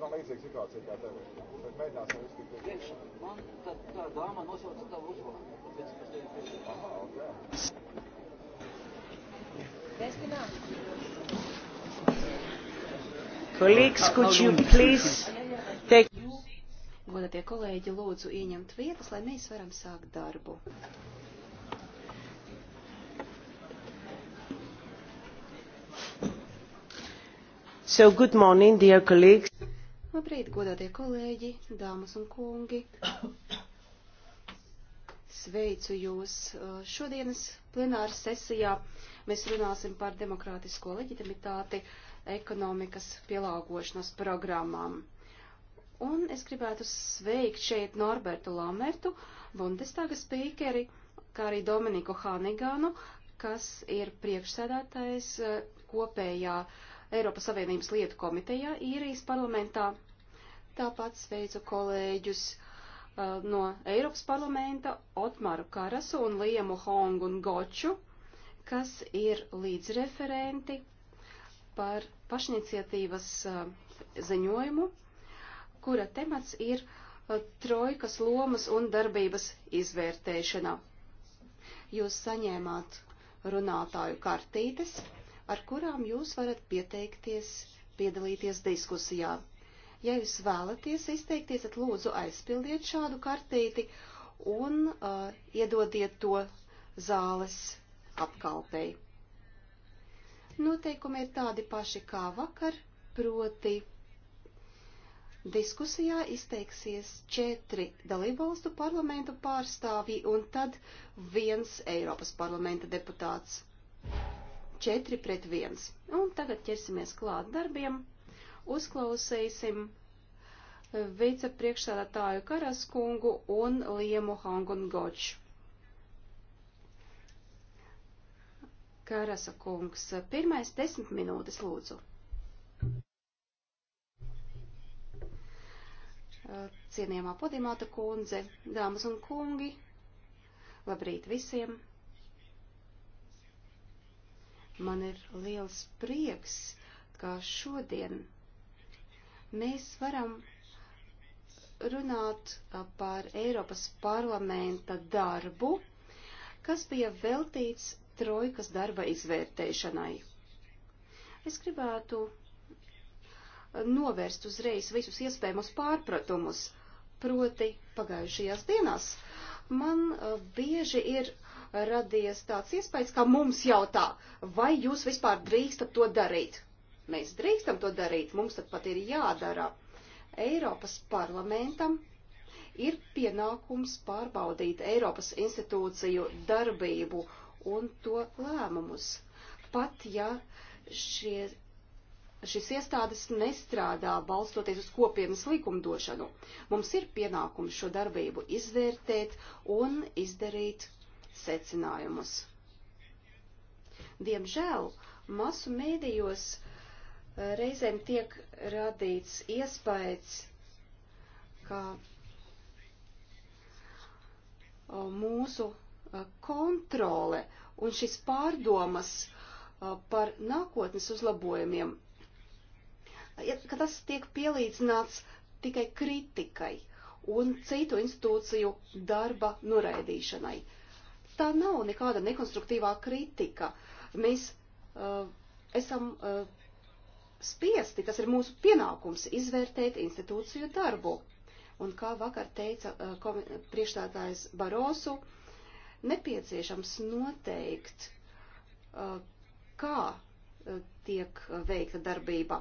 diezgan līdzīga situācija kā tev. Bet mēģināsim visu tikt priekšā. Man tā, tā dāma nosauca tavu uzvārdu. Tāpēc, kas tev ir priekšā. Aha, ok. Destinā. Colleagues, could you please take... Godatie kolēģi, lūdzu ieņemt vietas, lai mēs varam sākt darbu. So good morning, dear colleagues. Labrīt, godātie kolēģi, dāmas un kungi. Sveicu jūs uh, šodienas plenāras sesijā. Mēs runāsim par demokrātisko leģitimitāti ekonomikas pielāgošanas programmām. Un es gribētu sveikt šeit Norbertu Lamertu, Bundestaga spīkeri, kā arī Dominiku Haniganu, kas ir priekšsēdētājs uh, kopējā uh, Eiropas Savienības lietu komitejā īrijas parlamentā. Tāpat sveicu kolēģus uh, no Eiropas parlamenta Otmaru Karasu un Liemu Hongu un Goču, kas ir līdzreferenti par pašiniciatīvas uh, ziņojumu, kura temats ir uh, trojkas lomas un darbības izvērtēšana. Jūs saņēmāt runātāju kartītes ar kurām jūs varat pieteikties, piedalīties diskusijā. Ja jūs vēlaties izteikties, tad lūdzu aizpildiet šādu kartīti un uh, iedodiet to zāles apkalpei. Noteikumi ir tādi paši kā vakar, proti diskusijā izteiksies četri dalībvalstu parlamentu pārstāvji un tad viens Eiropas parlamenta deputāts. 4 pret 1. Un tagad ķersimies klāt darbiem. Uzklausīsim eh, vicepriekšsēdētāju Karaskungu un Liemu Hangun Goču. Karasa kungs, pirmais desmit minūtes lūdzu. Eh, cienījamā podimāta kundze, dāmas un kungi, labrīt visiem! Man ir liels prieks, ka šodien mēs varam runāt uh, par Eiropas parlamenta darbu, kas bija veltīts trojkas darba izvērtēšanai. Es gribētu uh, novērst uzreiz visus iespējamos pārpratumus, proti pagājušajās dienās man uh, bieži ir uh, radies tāds iespējas, ka mums jautā, vai jūs vispār drīkstat to darīt. Mēs drīkstam to darīt, mums tad pat ir jādara. Eiropas parlamentam ir pienākums pārbaudīt Eiropas institūciju darbību un to lēmumus. Pat ja šie, šis iestādes nestrādā balstoties uz kopienas likumdošanu, mums ir pienākums šo darbību izvērtēt un izdarīt secinājumus. Diemžēl masu mēdījos eh, reizēm tiek radīts iespējas, ka eh, mūsu eh, kontrole un šis pārdomas par nākotnes uzlabojumiem, ka tas tiek pielīdzināts tikai kritikai un citu institūciju darba noraidīšanai tā nav nekāda nekonstruktīvā kritika. Mēs uh, esam uh, spiesti, tas ir mūsu pienākums, izvērtēt institūciju darbu. Un kā vakar teica uh, priekšstādājs Barosu, nepieciešams noteikt, uh, kā uh, tiek uh, veikta darbība.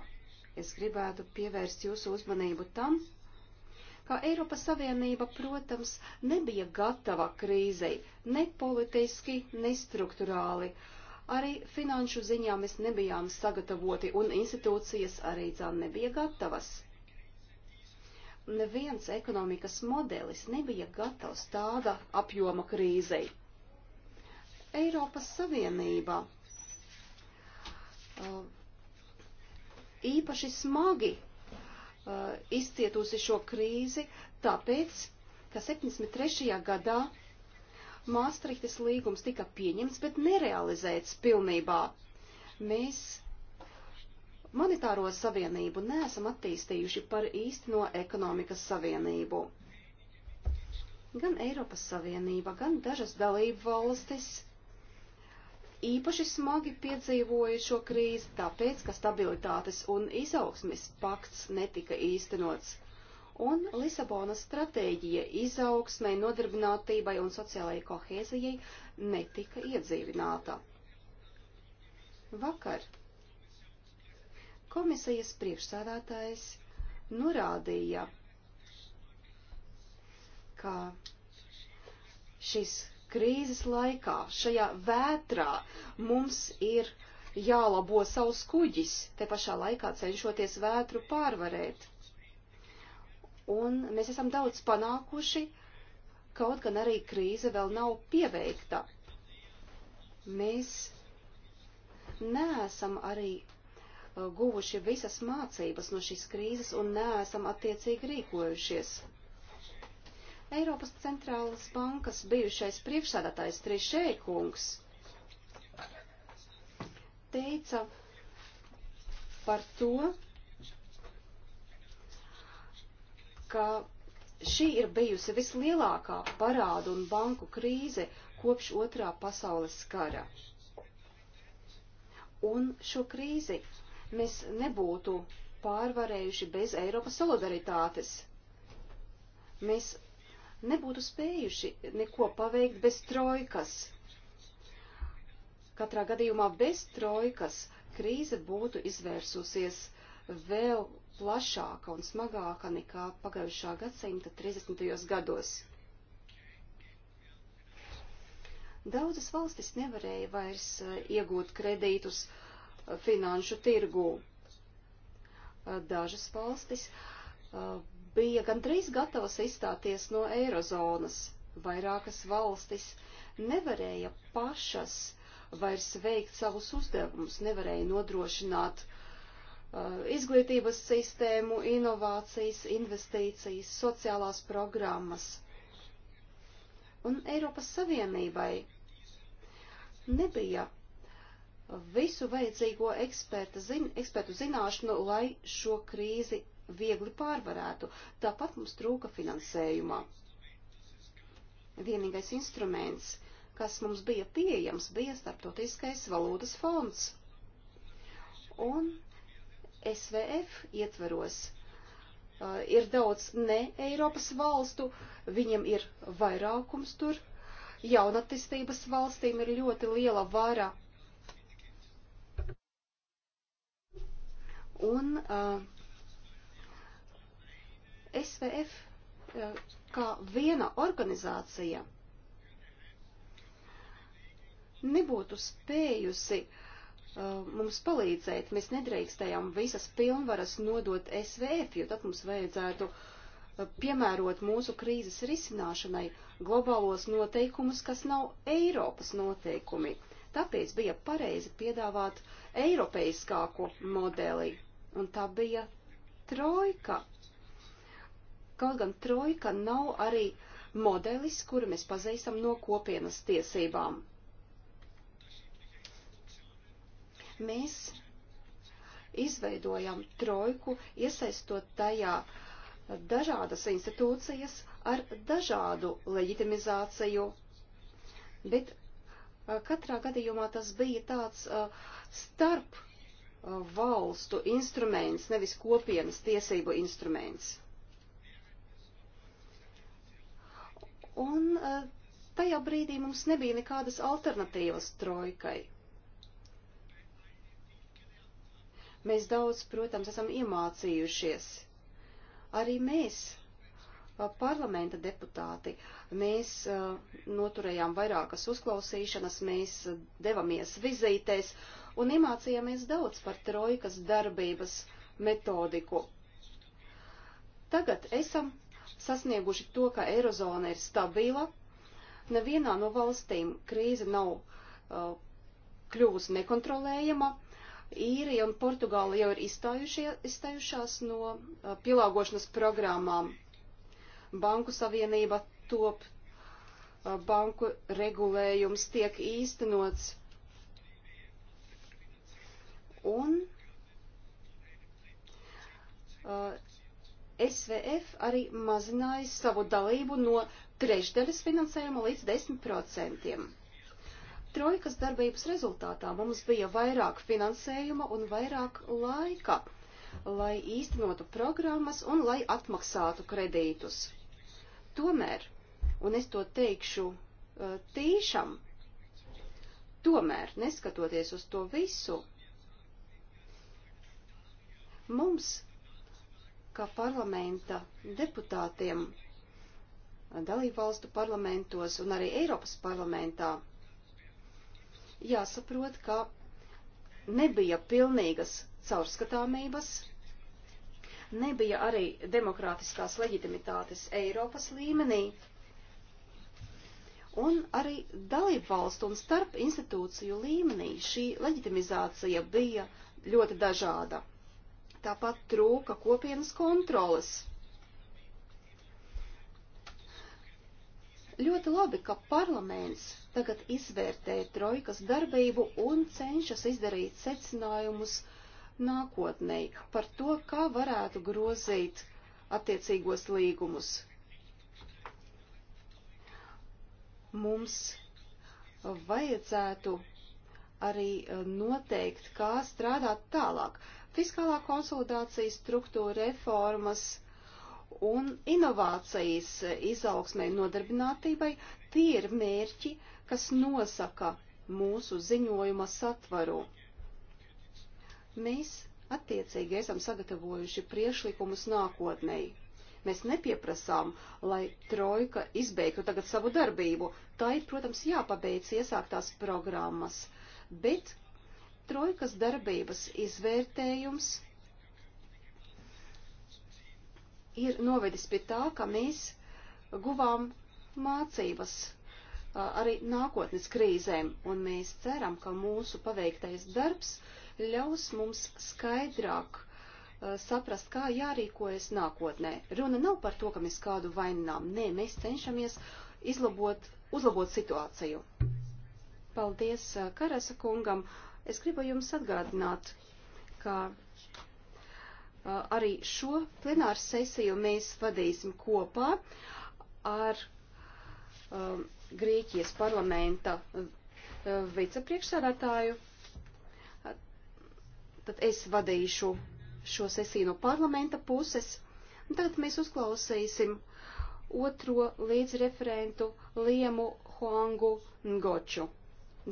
Es gribētu pievērst jūsu uzmanību tam, ka Eiropas Savienība, protams, nebija gatava krīzei, ne politiski, ne struktūrāli. Arī finanšu ziņā mēs nebijām sagatavoti un institūcijas arī dzām nebija gatavas. Neviens ekonomikas modelis nebija gatavs tāda apjoma krīzei. Eiropas Savienība uh, īpaši smagi uh, izcietusi šo krīzi, tāpēc, ka 73. gadā Māstrihtes līgums tika pieņemts, bet nerealizēts pilnībā. Mēs monetāro savienību neesam attīstījuši par īsti no ekonomikas savienību. Gan Eiropas Savienība, gan dažas dalību valstis īpaši smagi piedzīvoja šo krīzi, tāpēc, ka stabilitātes un izaugsmes pakts netika īstenots. Un Lisabonas stratēģija izaugsmai, nodarbinātībai un sociālajai kohēzijai netika iedzīvināta. Vakar komisijas priekšsādātājs norādīja, ka šis krīzes laikā, šajā vētrā mums ir jālabo savus kuģis, te pašā laikā cenšoties vētru pārvarēt. Un mēs esam daudz panākuši, kaut gan arī krīze vēl nav pieveikta. Mēs neesam arī uh, guvuši visas mācības no šīs krīzes un neesam attiecīgi rīkojušies. Eiropas centrālas bankas bijušais priekšsādātājs Trišēkungs teica par to, ka šī ir bijusi vislielākā parādu un banku krīze kopš otrā pasaules kara. Un šo krīzi mēs nebūtu pārvarējuši bez Eiropas solidaritātes. Mēs nebūtu spējuši neko paveikt bez trojkas. Katrā gadījumā bez trojkas krīze būtu izvērsusies vēl plašāka un smagāka nekā pagājušā gadsimta 30. gados. Daudzas valstis nevarēja vairs eh, iegūt kredītus eh, finanšu tirgū. Eh, dažas valstis bija gandrīz gatavas izstāties no eirozonas. Vairākas valstis nevarēja pašas vairs veikt savus uzdevumus, nevarēja nodrošināt uh, izglītības sistēmu, inovācijas, investīcijas, sociālās programmas. Un Eiropas Savienībai nebija visu vajadzīgo zin, ekspertu zināšanu, lai šo krīzi viegli pārvarētu. Tāpat mums trūka finansējumā. Vienīgais instruments, kas mums bija pieejams, bija starptautiskais valūtas fonds. Un SVF ietveros uh, ir daudz ne Eiropas valstu, viņiem ir vairākums tur, jaunatistības valstīm ir ļoti liela vara. Un uh, SVF eh, kā viena organizācija nebūtu spējusi uh, mums palīdzēt. Mēs nedrīkstējām visas pilnvaras nodot SVF, jo tad mums vajadzētu uh, piemērot mūsu krīzes risināšanai globālos noteikumus, kas nav Eiropas noteikumi. Tāpēc bija pareizi piedāvāt eiropeiskāko modeli, un tā bija trojka. Kaut gan trojka nav arī modelis, kuru mēs pazīstam no kopienas tiesībām. Mēs izveidojam trojku, iesaistot tajā dažādas institūcijas ar dažādu leģitimizāciju, bet katrā gadījumā tas bija tāds starp valstu instruments, nevis kopienas tiesību instruments. Un e, tajā brīdī mums nebija nekādas alternatīvas trojkai. Mēs daudz, protams, esam iemācījušies. Arī mēs, e, parlamenta deputāti, mēs e, noturējām vairākas uzklausīšanas, mēs devamies vizītēs un iemācījāmies daudz par trojkas darbības metodiku. Tagad esam sasnieguši to, ka Eirozona ir stabila. Nevienā no valstīm krīze nav uh, kļuvusi nekontrolējama. Īrija un Portugāla jau ir izstājušās no uh, pielāgošanas programmām. Banku savienība top, uh, banku regulējums tiek īstenots. Un uh, SVF arī mazināja savu dalību no trešdaļas finansējuma līdz 10%. Trojkas darbības rezultātā mums bija vairāk finansējuma un vairāk laika, lai īstenotu programmas un lai atmaksātu kredītus. Tomēr, un es to teikšu eh, tīšam, tomēr, neskatoties uz to visu, mums kā parlamenta deputātiem dalībvalstu parlamentos un arī Eiropas parlamentā jāsaprot, ka nebija pilnīgas caurskatāmības, nebija arī demokrātiskās leģitimitātes Eiropas līmenī, un arī dalībvalstu un starp institūciju līmenī šī leģitimizācija bija ļoti dažāda. Tāpat trūka kopienas kontroles. Ļoti labi, ka parlaments tagad izvērtē trojkas darbību un cenšas izdarīt secinājumus nākotnē par to, kā varētu grozīt attiecīgos līgumus. Mums vajadzētu arī eh, noteikt, kā strādāt tālāk. Fiskālā konsolidācija, struktūra reformas un inovācijas izaugsmē nodarbinātībai tie ir mērķi, kas nosaka mūsu ziņojuma satvaru. Mēs attiecīgi esam sagatavojuši priešlikumus nākotnēji. Mēs nepieprasām, lai trojka izbeigtu tagad savu darbību. Tā ir, protams, jāpabeidz iesāktās programmas, bet trojkas darbības izvērtējums ir novedis pie tā, ka mēs guvām mācības arī nākotnes krīzēm, un mēs ceram, ka mūsu paveiktais darbs ļaus mums skaidrāk saprast, kā jārīkojas nākotnē. Runa nav par to, ka mēs kādu vainām. Nē, mēs cenšamies izlabot, uzlabot situāciju. Paldies Karasa kungam, Es gribu jums atgādināt, ka arī šo plenāru sesiju mēs vadīsim kopā ar um, Grieķijas parlamenta vicepriekšsēdētāju. Tad es vadīšu šo sesiju no parlamenta puses. Un tagad mēs uzklausīsim otro līdzreferentu Liemu Huangu Ngoču.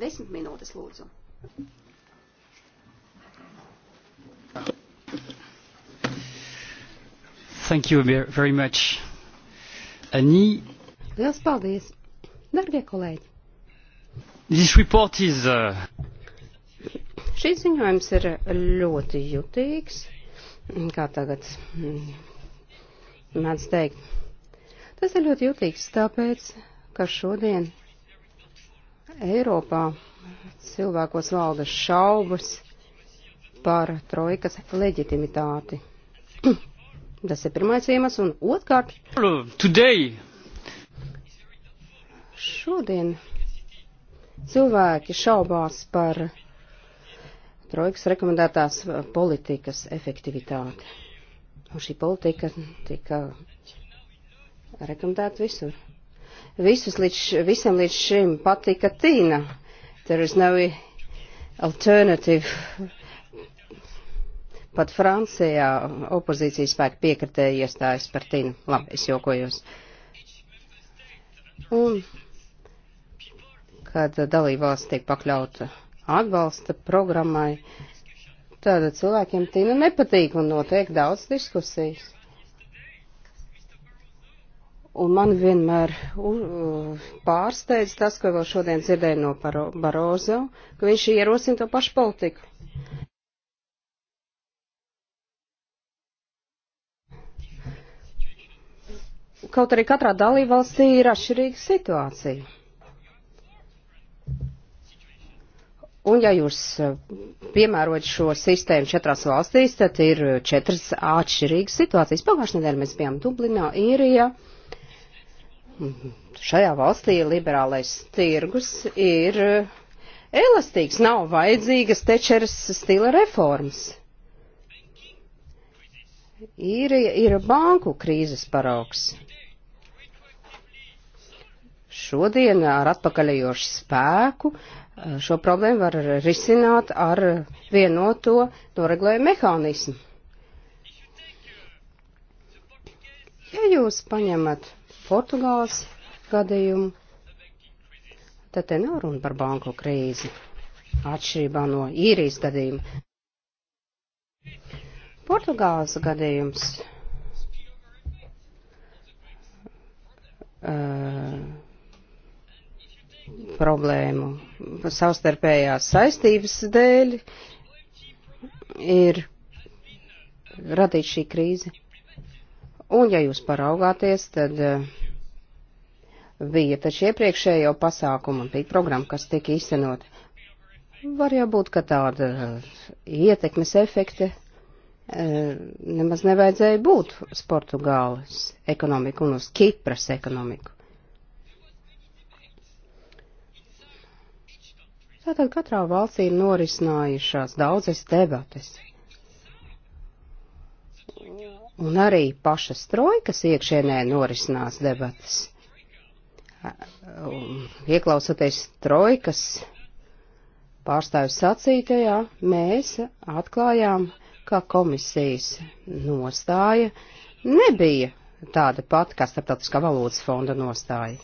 Desmit minūtes, lūdzu. Thank you very much, Annie. Liels paldies, darbie kolēģi. This report is. Uh... Šis ziņojums ir ļoti jutīgs, kā tagad mm, mēdz teikt. Tas ir ļoti jutīgs tāpēc, ka šodien Eiropā cilvēkos valda šaubas par trojkas leģitimitāti. Tas ir pirmais iemesls, un otrkārt. Today. Šodien cilvēki šaubās par trojkas rekomendētās eh, politikas efektivitāti. Un šī politika tika rekomendēta visur. Visus līdz, visam līdz šim patika Tīna. There is no alternative Pat Francijā opozīcijas spēki piekritēja iestājas par tīnu. Labi, es jokojos. Un, kad dalībvalsts tiek pakļauta atbalsta programmai, tad cilvēkiem tīna nepatīk un notiek daudz diskusijas. Un man vienmēr pārsteidz tas, ko vēl šodien dzirdēju no Barozo, ka viņš ierosina to pašu politiku. kaut arī katrā dalībvalstī ir atšķirīga situācija. Un ja jūs eh, piemērot šo sistēmu četrās valstīs, tad ir četras atšķirīgas situācijas. Pagājušajā nedēļā mēs bijām Dublinā, Īrijā. Šajā valstī liberālais tirgus ir elastīgs, nav vajadzīgas tečeras stila reformas. Īrija ir banku krīzes paraugs. Šodien ar atpakaļējošu spēku eh, šo problēmu var risināt ar vienoto noreglēju mehānismu. Ja jūs paņemat Portugāles gadījumu, tad te nav runa par banku krīzi, atšķirībā no īrijas gadījuma. Portugāles gadījums. Uh, problēmu savstarpējās saistības dēļ ir radīta šī krīze. Un, ja jūs paraugāties, tad eh, bija taču iepriekšējo pasākumu un bija programma, kas tika īstenot. Var jau būt, ka tāda eh, ietekmes efekte eh, nemaz nevajadzēja būt uz Portugāles ekonomiku un uz Kipras ekonomiku. Tātad katrā valstī ir norisinājušās daudzas debates. Un arī pašas trojkas iekšienē norisinās debatas. Ieklausoties trojkas pārstāvis sacītajā, mēs atklājām, ka komisijas nostāja nebija tāda pati kā starptautiskā valūtas fonda nostāja.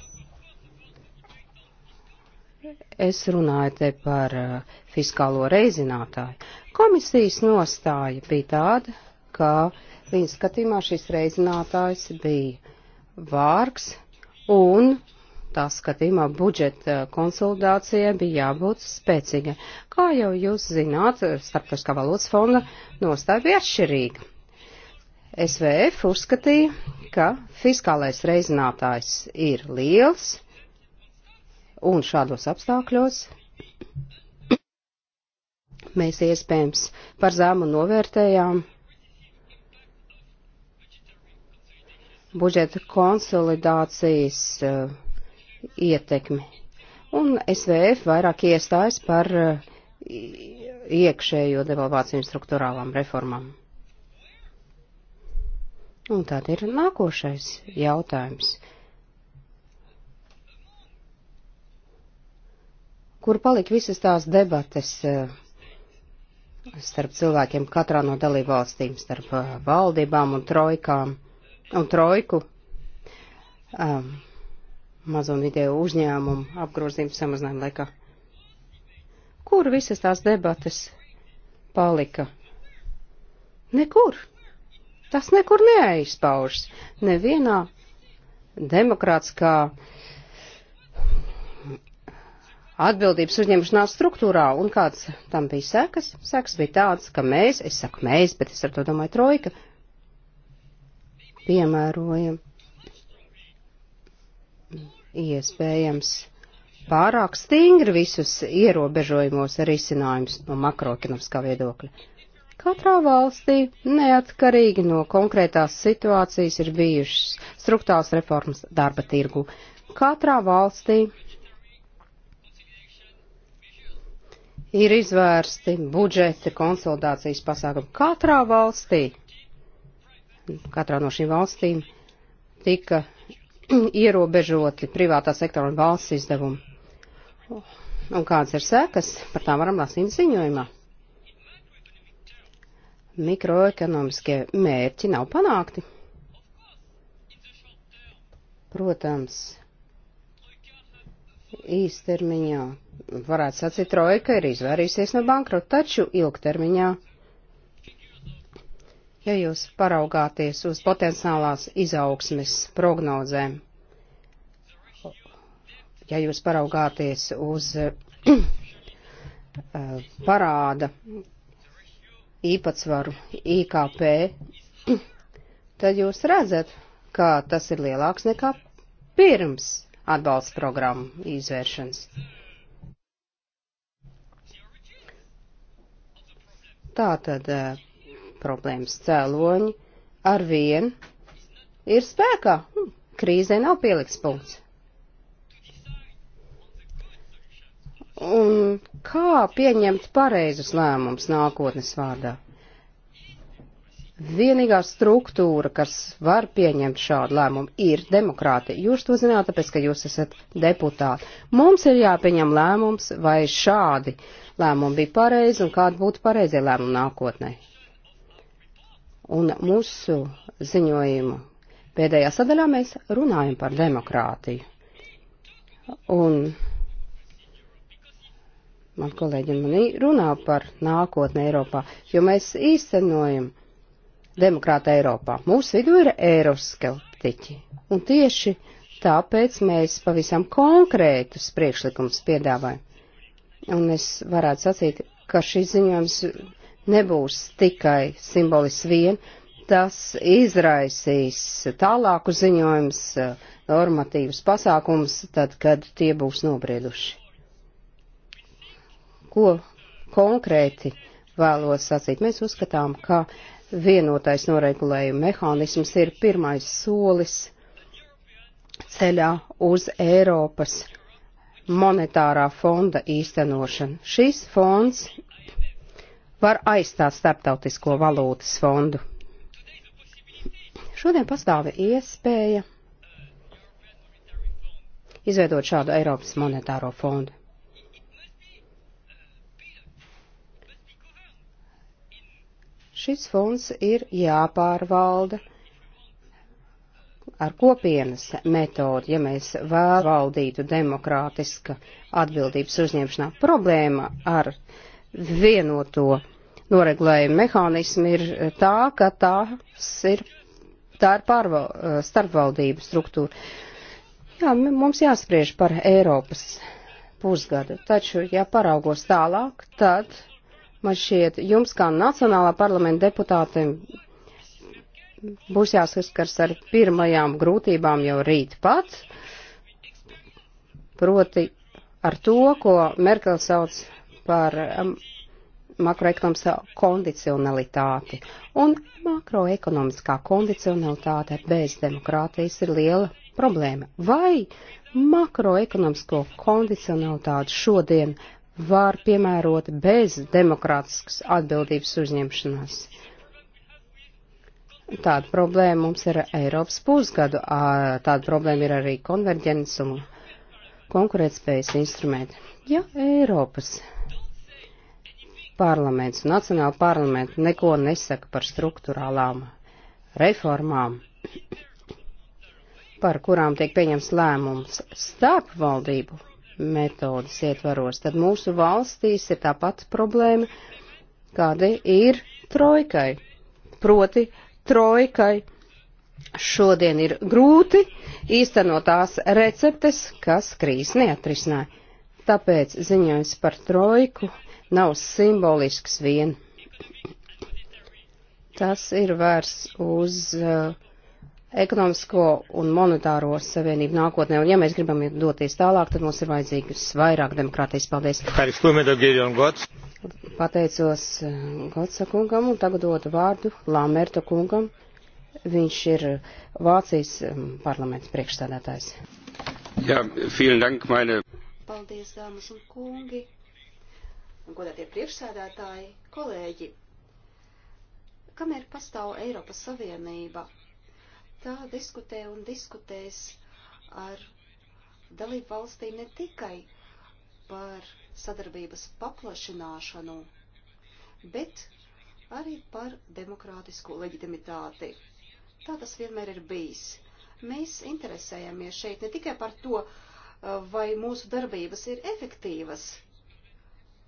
Es runāju te par uh, fiskālo reizinātāju. Komisijas nostāja bija tāda, ka viņa skatījumā šis reizinātājs bija vārgs un tā skatījumā budžeta konsolidācijai bija jābūt spēcīga. Kā jau jūs zināt, starptautiskā valodas fonda nostāja bija atšķirīga. SVF uzskatīja, ka fiskālais reizinātājs ir liels Un šādos apstākļos mēs iespējams par zēmu novērtējām budžeta konsolidācijas uh, ietekmi. Un SVF vairāk iestājas par uh, iekšējo devalvāciju struktūrālām reformām. Un tad ir nākošais jautājums. kur palika visas tās debates eh, starp cilvēkiem katrā no dalībvalstīm, starp eh, valdībām un trojkām un trojku. Um, mazo un ideju uzņēmumu apgrozījumu samazinājumu laikā. Kur visas tās debates palika? Nekur. Tas nekur neaizpaužas. Nevienā demokrātiskā uh, atbildības uzņemšanās struktūrā, un kāds tam bija sekas? Sekas bija tāds, ka mēs, es saku mēs, bet es ar to domāju trojka, piemērojam iespējams pārāk stingri visus ierobežojumos ar izcinājumus no makroekonomiskā viedokļa. Katrā valstī, neatkarīgi no konkrētās situācijas, ir bijušas struktūrās reformas darba tirgu. Katrā valstī ir izvērsti budžeta konsolidācijas pasākumi katrā valstī. Katrā no šīm valstīm tika ierobežoti privātā sektora un valsts izdevumi. Un kādas ir sekas, par tām varam lasīt ziņojumā. Mikroekonomiskie mērķi nav panākti. Protams, īstermiņā varētu sacīt, trojka ir izvairījusies no bankrota, taču ilgtermiņā, ja jūs paraugāties uz potenciālās izaugsmes prognozēm, ja jūs paraugāties uz eh, parāda īpatsvaru IKP, tad jūs redzat, ka tas ir lielāks nekā pirms atbalsta programmu izvēršanas. Tātad problēmas cēloņi ar vien ir spēkā. Hm, krīzē nav pieliks punkts. Un kā pieņemt pareizus lēmumus nākotnes vārdā? Vienīgā struktūra, kas var pieņemt šādu lēmumu, ir demokrātija. Jūs to zināt, tāpēc, ka jūs esat deputāti. Mums ir jāpieņem lēmums, vai šādi lēmumi bija pareizi un kādi būtu pareizie lēmumi nākotnē. Un mūsu ziņojumu pēdējā sadaļā mēs runājam par demokrātiju. Un man kolēģi manī runā par nākotni Eiropā, jo mēs īstenojam demokrāta Eiropā. Mūsu vidū ir eiroskeptiķi. Un tieši tāpēc mēs pavisam konkrētus priekšlikumus piedāvājam. Un es varētu sacīt, ka šis ziņojums nebūs tikai simbolis vien, tas izraisīs tālāku ziņojums, normatīvus pasākums, tad, kad tie būs nobrieduši. Ko konkrēti vēlos sacīt? Mēs uzskatām, ka uh, Vienotais noregulējuma mehānisms ir pirmais solis ceļā uz Eiropas monetārā fonda īstenošanu. Šis fonds var aizstāt starptautisko valūtas fondu. Šodien pastāv iespēja izveidot šādu Eiropas monetāro fondu. Šis fonds ir jāpārvalda ar kopienas metodu, ja mēs vēl valdītu demokrātiska atbildības uzņemšanā. Problēma ar vienoto noregulējumu mehānismu ir tā, ka tās ir, tā ir pārval, starpvaldību struktūra. Jā, mums jāspriež par Eiropas pusgadu, taču, ja paraugos tālāk, tad Man šķiet, jums kā Nacionālā parlamenta deputātiem būs jāsaskars ar pirmajām grūtībām jau rīt pat, proti ar to, ko Merkel sauc par um, makroekonomiskā kondicionalitāti. Un makroekonomiskā kondicionalitāte bez demokrātijas ir liela problēma. Vai makroekonomisko kondicionalitāti šodien var piemērot bez demokrātiskas atbildības uzņemšanās. Tāda problēma mums ir Eiropas pusgadu, tāda problēma ir arī konverģents un konkurētspējas instrumenti. Ja Eiropas parlaments un nacionāla parlamenta neko nesaka par struktūrālām reformām, par kurām tiek pieņems lēmums starp valdību metodas ietvaros, tad mūsu valstīs ir tā pati problēma, kāda ir trojkai. Proti, trojkai šodien ir grūti īstenot tās receptes, kas krīz neatrisināja. Tāpēc ziņojums par trojku nav simbolisks vien. Tas ir vērs uz uh, ekonomisko un monetāro savienību nākotnē. Un ja mēs gribam doties tālāk, tad mums ir vajadzīgas vairāk demokrātijas. Paldies! Pateicos eh, Gotsa kungam un tagad dodu vārdu Lamerta kungam. Viņš ir Vācijas eh, parlaments priekšstādātājs. Jā, vielen dank, meine. Paldies, dāmas un kungi, godātie priekšsēdētāji, kolēģi. Kamēr pastāv Eiropas Savienība, tā diskutē un diskutēs ar dalību valstīm ne tikai par sadarbības paplašināšanu, bet arī par demokrātisko leģitimitāti. Tā tas vienmēr ir bijis. Mēs interesējamies šeit ne tikai par to, vai mūsu darbības ir efektīvas,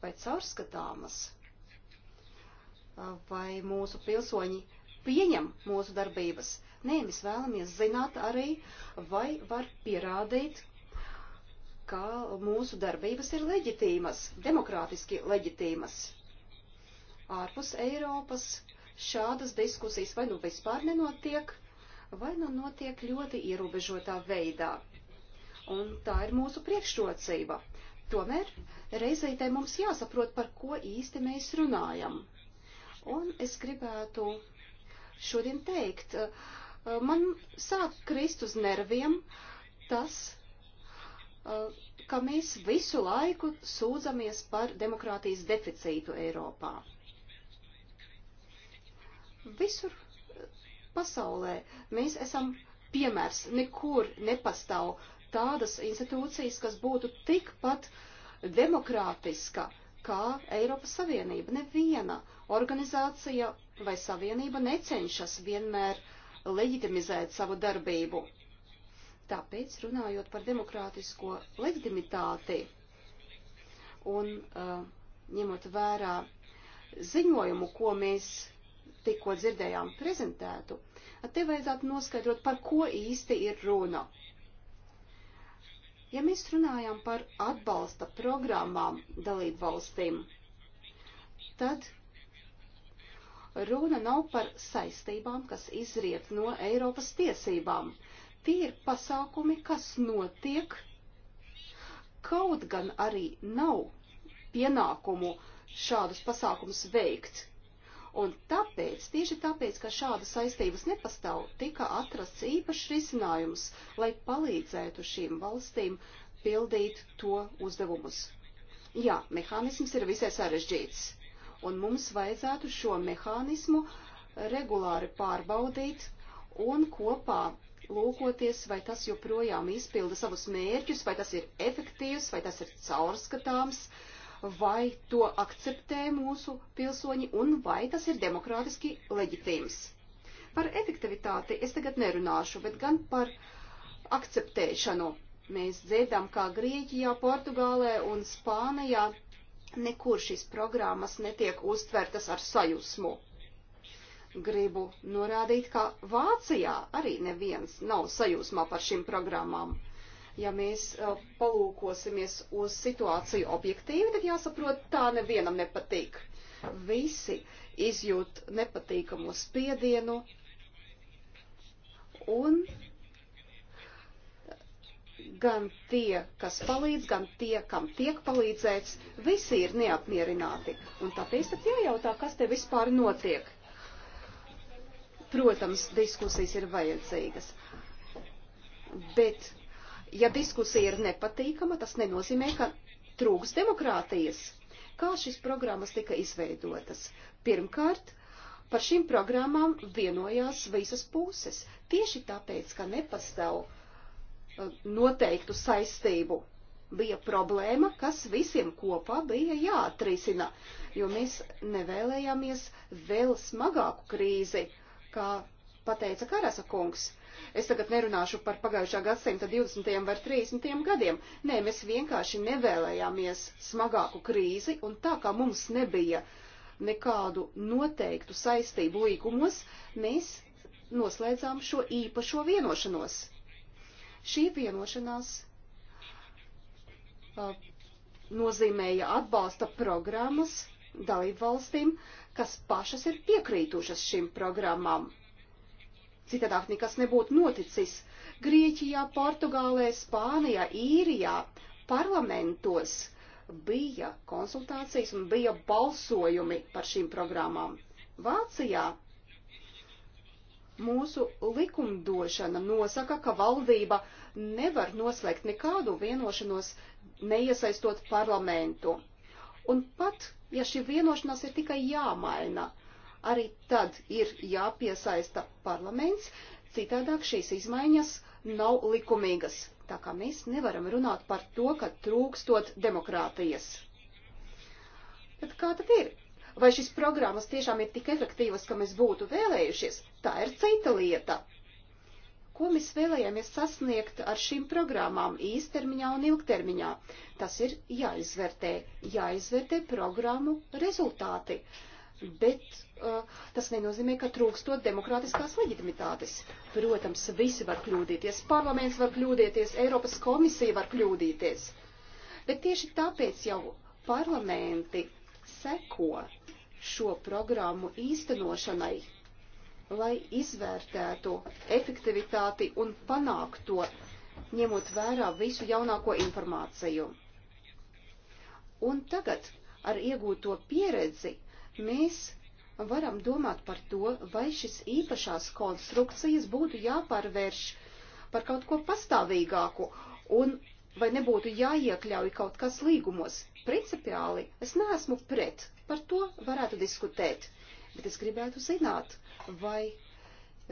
vai caurskatāmas, vai mūsu pilsoņi pieņem mūsu darbības, Nē, mēs vēlamies zināt arī, vai var pierādīt, ka mūsu darbības ir leģitīmas, demokrātiski leģitīmas. Ārpus Eiropas šādas diskusijas vai nu vispār nenotiek, vai nu notiek ļoti ierobežotā veidā. Un tā ir mūsu priekšrocība. Tomēr reizītē mums jāsaprot, par ko īsti mēs runājam. Un es gribētu šodien teikt, uh, Eh, man sāk krist uz nerviem tas, eh, ka mēs visu laiku sūdzamies par demokrātijas deficītu Eiropā. Visur eh, pasaulē mēs esam piemērs, nekur nepastāv tādas institūcijas, kas būtu tikpat demokrātiska kā Eiropas Savienība. Neviena organizācija vai savienība necenšas vienmēr uh, leģitimizēt savu darbību. Tāpēc, runājot par demokrātisko leģitimitāti un uh, ņemot vērā ziņojumu, ko mēs tikko dzirdējām prezentētu, te vajadzētu noskaidrot, par ko īsti ir runa. Ja mēs runājam par atbalsta programmām dalību valstīm, tad Runa nav par saistībām, kas izriet no Eiropas tiesībām. Tie ir pasākumi, kas notiek, kaut gan arī nav pienākumu šādus pasākumus veikt. Un tāpēc, tieši tāpēc, ka šādas saistības nepastāv, tika atrasts īpašs risinājums, lai palīdzētu šīm valstīm pildīt to uzdevumus. Jā, mehānisms ir visai sarežģīts un mums vajadzētu šo mehānismu regulāri pārbaudīt un kopā lūkoties, vai tas joprojām izpilda savus mērķus, vai tas ir efektīvs, vai tas ir caurskatāms, vai to akceptē mūsu pilsoņi un vai tas ir demokrātiski leģitīms. Par efektivitāti es tagad nerunāšu, bet gan par akceptēšanu. Mēs dzirdam, kā Grieķijā, Portugālē un Spānijā Nekur šīs programmas netiek uztvertas ar sajūsmu. Gribu norādīt, ka Vācijā arī neviens nav sajūsmā par šīm programmām ja mēs uh, palūkosimies uz situāciju objektīvi, tad jāsaprot, tā nevienam nepatīk. Visi izjūt nepatīkamu spiedienu un gan tie, kas palīdz, gan tie, kam tiek palīdzēts, visi ir neapmierināti. Un tāpēc tad jājautā, kas te vispār notiek. Protams, diskusijas ir vajadzīgas. Bet, ja diskusija ir nepatīkama, tas nenozīmē, ka trūks demokrātijas. Kā šīs programmas tika izveidotas? Pirmkārt, par šīm programmām vienojās visas puses. Tieši tāpēc, ka nepastāv noteiktu saistību. Bija problēma, kas visiem kopā bija jāatrisina, jo mēs nevēlējāmies vēl smagāku krīzi, kā pateica Karasa kungs. Es tagad nerunāšu par pagājušā gadsimta 20. vai 30. gadiem. Nē, mēs vienkārši nevēlējāmies smagāku krīzi, un tā kā mums nebija nekādu noteiktu saistību līgumos, mēs noslēdzām šo īpašo vienošanos. Šī vienošanās uh, nozīmēja atbalsta programmas dalību valstīm, kas pašas ir piekrītušas šīm programmām. Citādāk nekas nebūtu noticis. Grieķijā, Portugālē, Spānijā, Īrijā parlamentos bija konsultācijas un bija balsojumi par šīm programmām. Vācijā mūsu likumdošana nosaka, ka valdība nevar noslēgt nekādu vienošanos, neiesaistot parlamentu. Un pat, ja šī vienošanās ir tikai jāmaina, arī tad ir jāpiesaista parlaments, citādāk šīs izmaiņas nav likumīgas. Tā kā mēs nevaram runāt par to, ka trūkstot demokrātijas. Tad kā tad ir? Vai šīs programmas tiešām ir tik efektīvas, ka mēs būtu vēlējušies, tā ir cita lieta. Ko mēs vēlējāmies sasniegt ar šīm programmām īstermiņā un ilgtermiņā? Tas ir jāizvērtē, jāizvērtē programmu rezultāti. Bet uh, tas nenozīmē, ka trūkstot demokrātiskās leģitimitātes. Protams, visi var kļūdīties, parlaments var kļūdīties, Eiropas komisija var kļūdīties. Bet tieši tāpēc jau parlamenti seko šo programmu īstenošanai, lai izvērtētu efektivitāti un panākto, ņemot vērā visu jaunāko informāciju. Un tagad ar iegūto pieredzi mēs varam domāt par to, vai šis īpašās konstrukcijas būtu jāpārvērš par kaut ko pastāvīgāku un vai nebūtu jāiekļauj kaut kas līgumos. Principiāli es neesmu pret, par to varētu diskutēt, bet es gribētu zināt, vai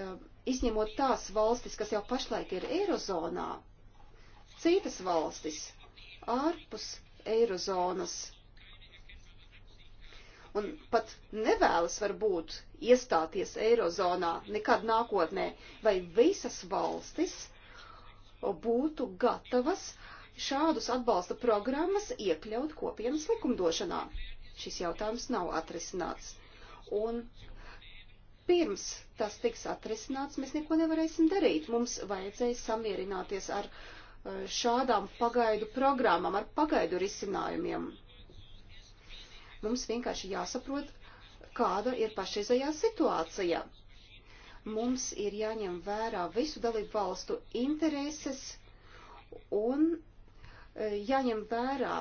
eh, izņemot tās valstis, kas jau pašlaik ir Eirozonā, citas valstis ārpus Eirozonas un pat nevēlas varbūt iestāties Eirozonā nekad nākotnē, vai visas valstis būtu gatavas šādus atbalsta programmas iekļaut kopienas likumdošanā. Šis jautājums nav atrisināts. Un pirms tas tiks atrisināts, mēs neko nevarēsim darīt. Mums vajadzēja samierināties ar eh, šādām pagaidu programmām, ar pagaidu risinājumiem. Mums vienkārši jāsaprot, kāda ir pašreizējā situācija. Mums ir jāņem vērā visu dalību valstu intereses un jāņem vērā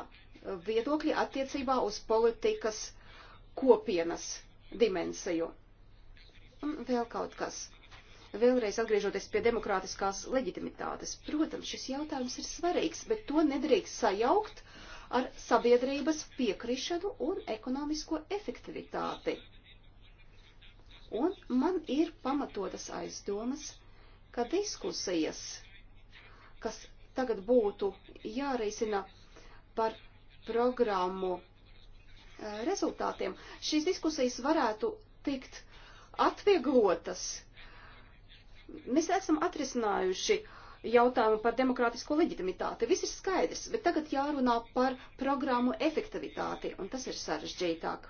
viedokļi attiecībā uz politikas kopienas dimensiju. Un vēl kaut kas. Vēlreiz atgriežoties pie demokrātiskās leģitimitātes. Protams, šis jautājums ir svarīgs, bet to nedrīkst sajaukt ar sabiedrības piekrišanu un ekonomisko efektivitāti. Un man ir pamatotas aizdomas, ka diskusijas, kas tagad būtu jārisina par programmu eh, rezultātiem, šīs diskusijas varētu tikt atvieglotas. Mēs esam atrisinājuši jautājumu par demokrātisko leģitimitāti. Viss ir skaidrs, bet tagad jārunā par programmu efektivitāti, un tas ir sarežģītāk.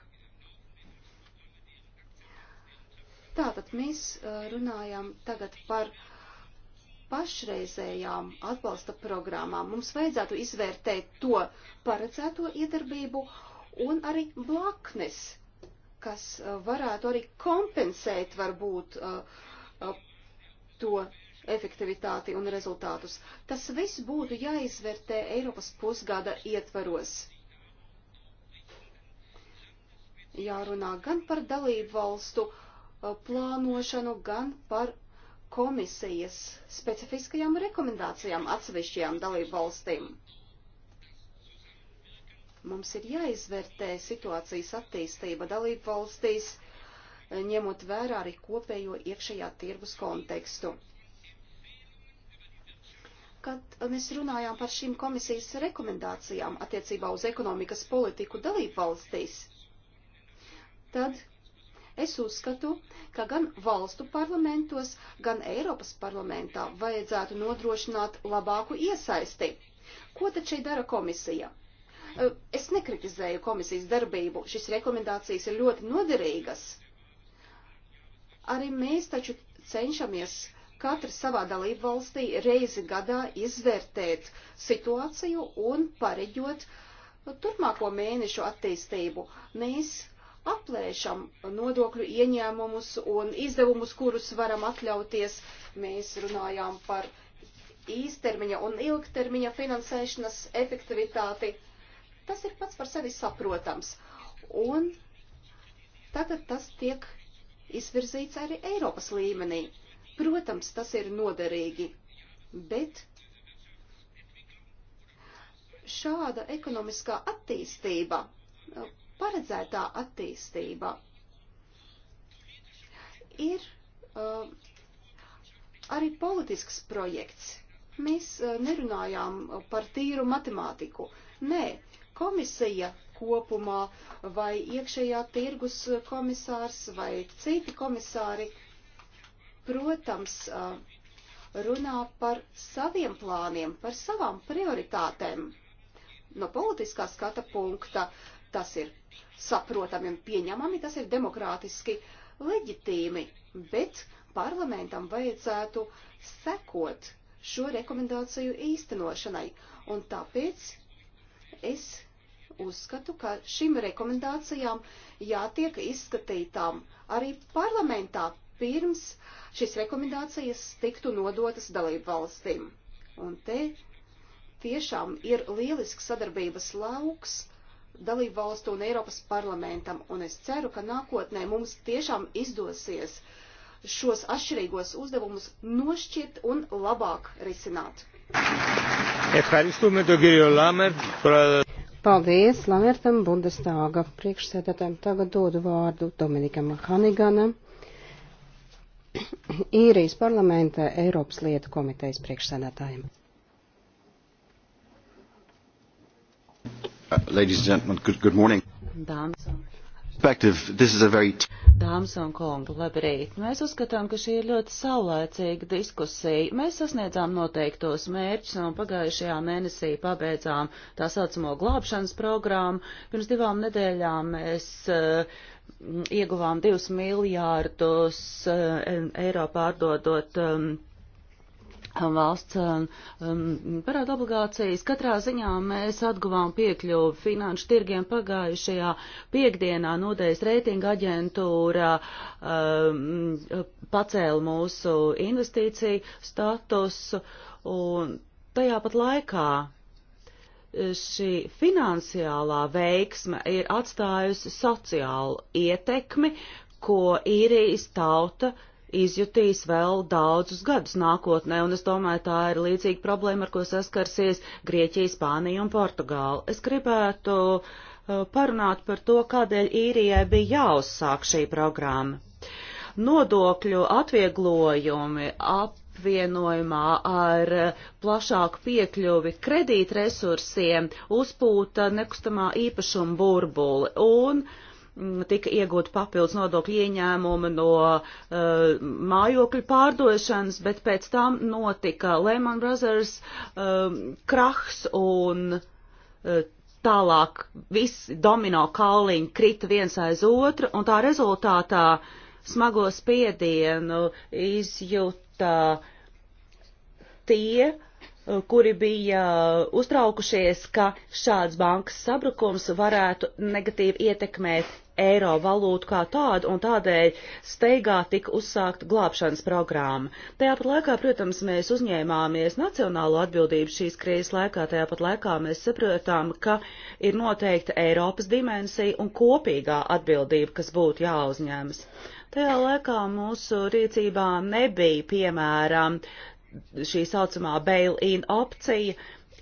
Tātad mēs eh, runājam tagad par uh, pašreizējām atbalsta programmām. Mums vajadzētu izvērtēt to paredzēto iedarbību un arī blaknes, kas uh, varētu arī kompensēt varbūt uh, uh, to efektivitāti un rezultātus. Tas viss būtu jāizvērtē Eiropas pusgada ietvaros. Jārunā gan par dalību valstu plānošanu, gan par komisijas specifiskajām rekomendācijām atsevišķajām dalību valstīm. Mums ir jāizvērtē situācijas attīstība dalību valstīs, ņemot vērā arī kopējo iekšējā tirgus kontekstu. Kad mēs runājām par šīm komisijas rekomendācijām attiecībā uz ekonomikas politiku dalību valstīs, tad Es uzskatu, ka gan valstu parlamentos, gan Eiropas parlamentā vajadzētu nodrošināt labāku iesaisti. Ko tad šeit dara komisija? Es nekritizēju komisijas darbību, šis rekomendācijas ir ļoti noderīgas. Arī mēs taču cenšamies katrs savā dalību valstī reizi gadā izvērtēt situāciju un pareģot turpmāko mēnešu attīstību. Mēs aplēšam nodokļu ieņēmumus un izdevumus, kurus varam atļauties. Mēs runājām par īstermiņa un ilgtermiņa finansēšanas efektivitāti. Tas ir pats par sevi saprotams. Un tagad tas tiek izvirzīts arī Eiropas līmenī. Protams, tas ir noderīgi, bet šāda ekonomiskā attīstība paredzētā attīstība ir uh, arī politisks projekts. Mēs uh, nerunājām par tīru matemātiku. Nē, komisija kopumā vai iekšējā tirgus komisārs vai citi komisāri, protams, uh, runā par saviem plāniem, par savām prioritātēm. No politiskā skata punkta tas ir saprotami un pieņemami, tas ir demokrātiski leģitīmi, bet parlamentam vajadzētu sekot šo rekomendāciju īstenošanai. Un tāpēc es uzskatu, ka šīm rekomendācijām jātiek izskatītām arī parlamentā pirms šīs rekomendācijas tiktu nodotas dalību valstīm. Un te tiešām ir lielisks sadarbības lauks dalību valstu un Eiropas parlamentam, un es ceru, ka nākotnē mums tiešām izdosies šos atšķirīgos uzdevumus nošķirt un labāk risināt. Paldies Lamertam Bundestāga priekšsēdētājiem. Tagad dodu vārdu Dominikam Haniganam, Īrijas parlamenta Eiropas lietu komitejas priekšsēdētājiem. Uh, ladies and gentlemen, good, good morning. Dāmas un, very... Dāmas un kungi, labrīt. Mēs uzskatām, ka šī ir ļoti saulēcīga diskusija. Mēs sasniedzām noteiktos mērķus un pagājušajā mēnesī pabeidzām tā saucamo glābšanas programmu. Pirms divām nedēļām mēs uh, ieguvām divus miljārdus uh, eiro pārdodot. Um, valsts um, um, parāda obligācijas. Katrā ziņā mēs atguvām piekļuvu finanšu tirgiem pagājušajā piekdienā. Nodeļas reitinga aģentūra um, pacēla mūsu investīciju statusu un tajā pat laikā šī finansiālā veiksme ir atstājusi sociālu ietekmi, ko īrijas tauta izjutīs vēl daudzus gadus nākotnē, un es domāju, tā ir līdzīga problēma, ar ko saskarsies Grieķija, Spānija un Portugāla. Es gribētu uh, parunāt par to, kādēļ īrijai bija jāuzsāk šī programma. Nodokļu atvieglojumi ap apvienojumā ar plašāku piekļuvi kredītresursiem uzpūta nekustamā īpašuma burbuli un uh, tika iegūta papildus nodokļu ieņēmumi no uh, mājokļu pārdošanas, bet pēc tam notika Lehman Brothers uh, krahs un uh, tālāk viss domino kalniņi krita viens aiz otru, un tā rezultātā smago spiedienu izjuta tie, kuri bija uztraukušies, ka šāds bankas sabrukums varētu negatīvi ietekmēt eiro valūtu kā tādu, un tādēļ steigā tika uzsākt glābšanas programma. Tajāpat laikā, protams, mēs uzņēmāmies nacionālo atbildību šīs krīzes laikā, tajāpat laikā mēs saprotām, ka ir noteikta Eiropas dimensija un kopīgā atbildība, kas būtu jāuzņemas. Tajā laikā mūsu rīcībā nebija, piemēram, šī saucamā bail-in opcija,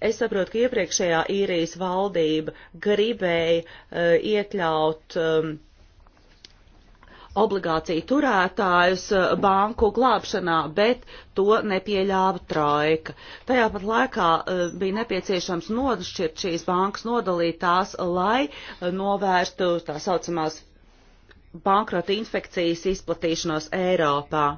Es saprotu, ka iepriekšējā īrijas valdība gribēja uh, iekļaut um, obligāciju turētājus eh, banku glābšanā, bet to nepieļāva trojka. Tajā pat laikā eh, bija nepieciešams nošķirt šīs bankas, nodalīt tās, lai novērstu tā saucamās bankrota infekcijas izplatīšanos Eiropā.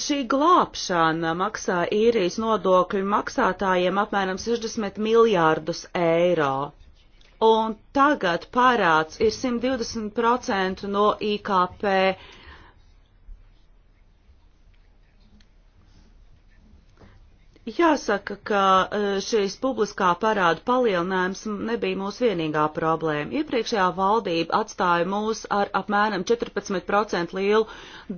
Šī glābšana maksā īrijas nodokļu maksātājiem apmēram 60 miljārdus eiro. Un tagad parāds ir 120% no IKP Jāsaka, ka eh, šīs publiskā parāda palielinājums nebija mūsu vienīgā problēma. Iepriekšējā valdība atstāja mūs ar apmēram 14% lielu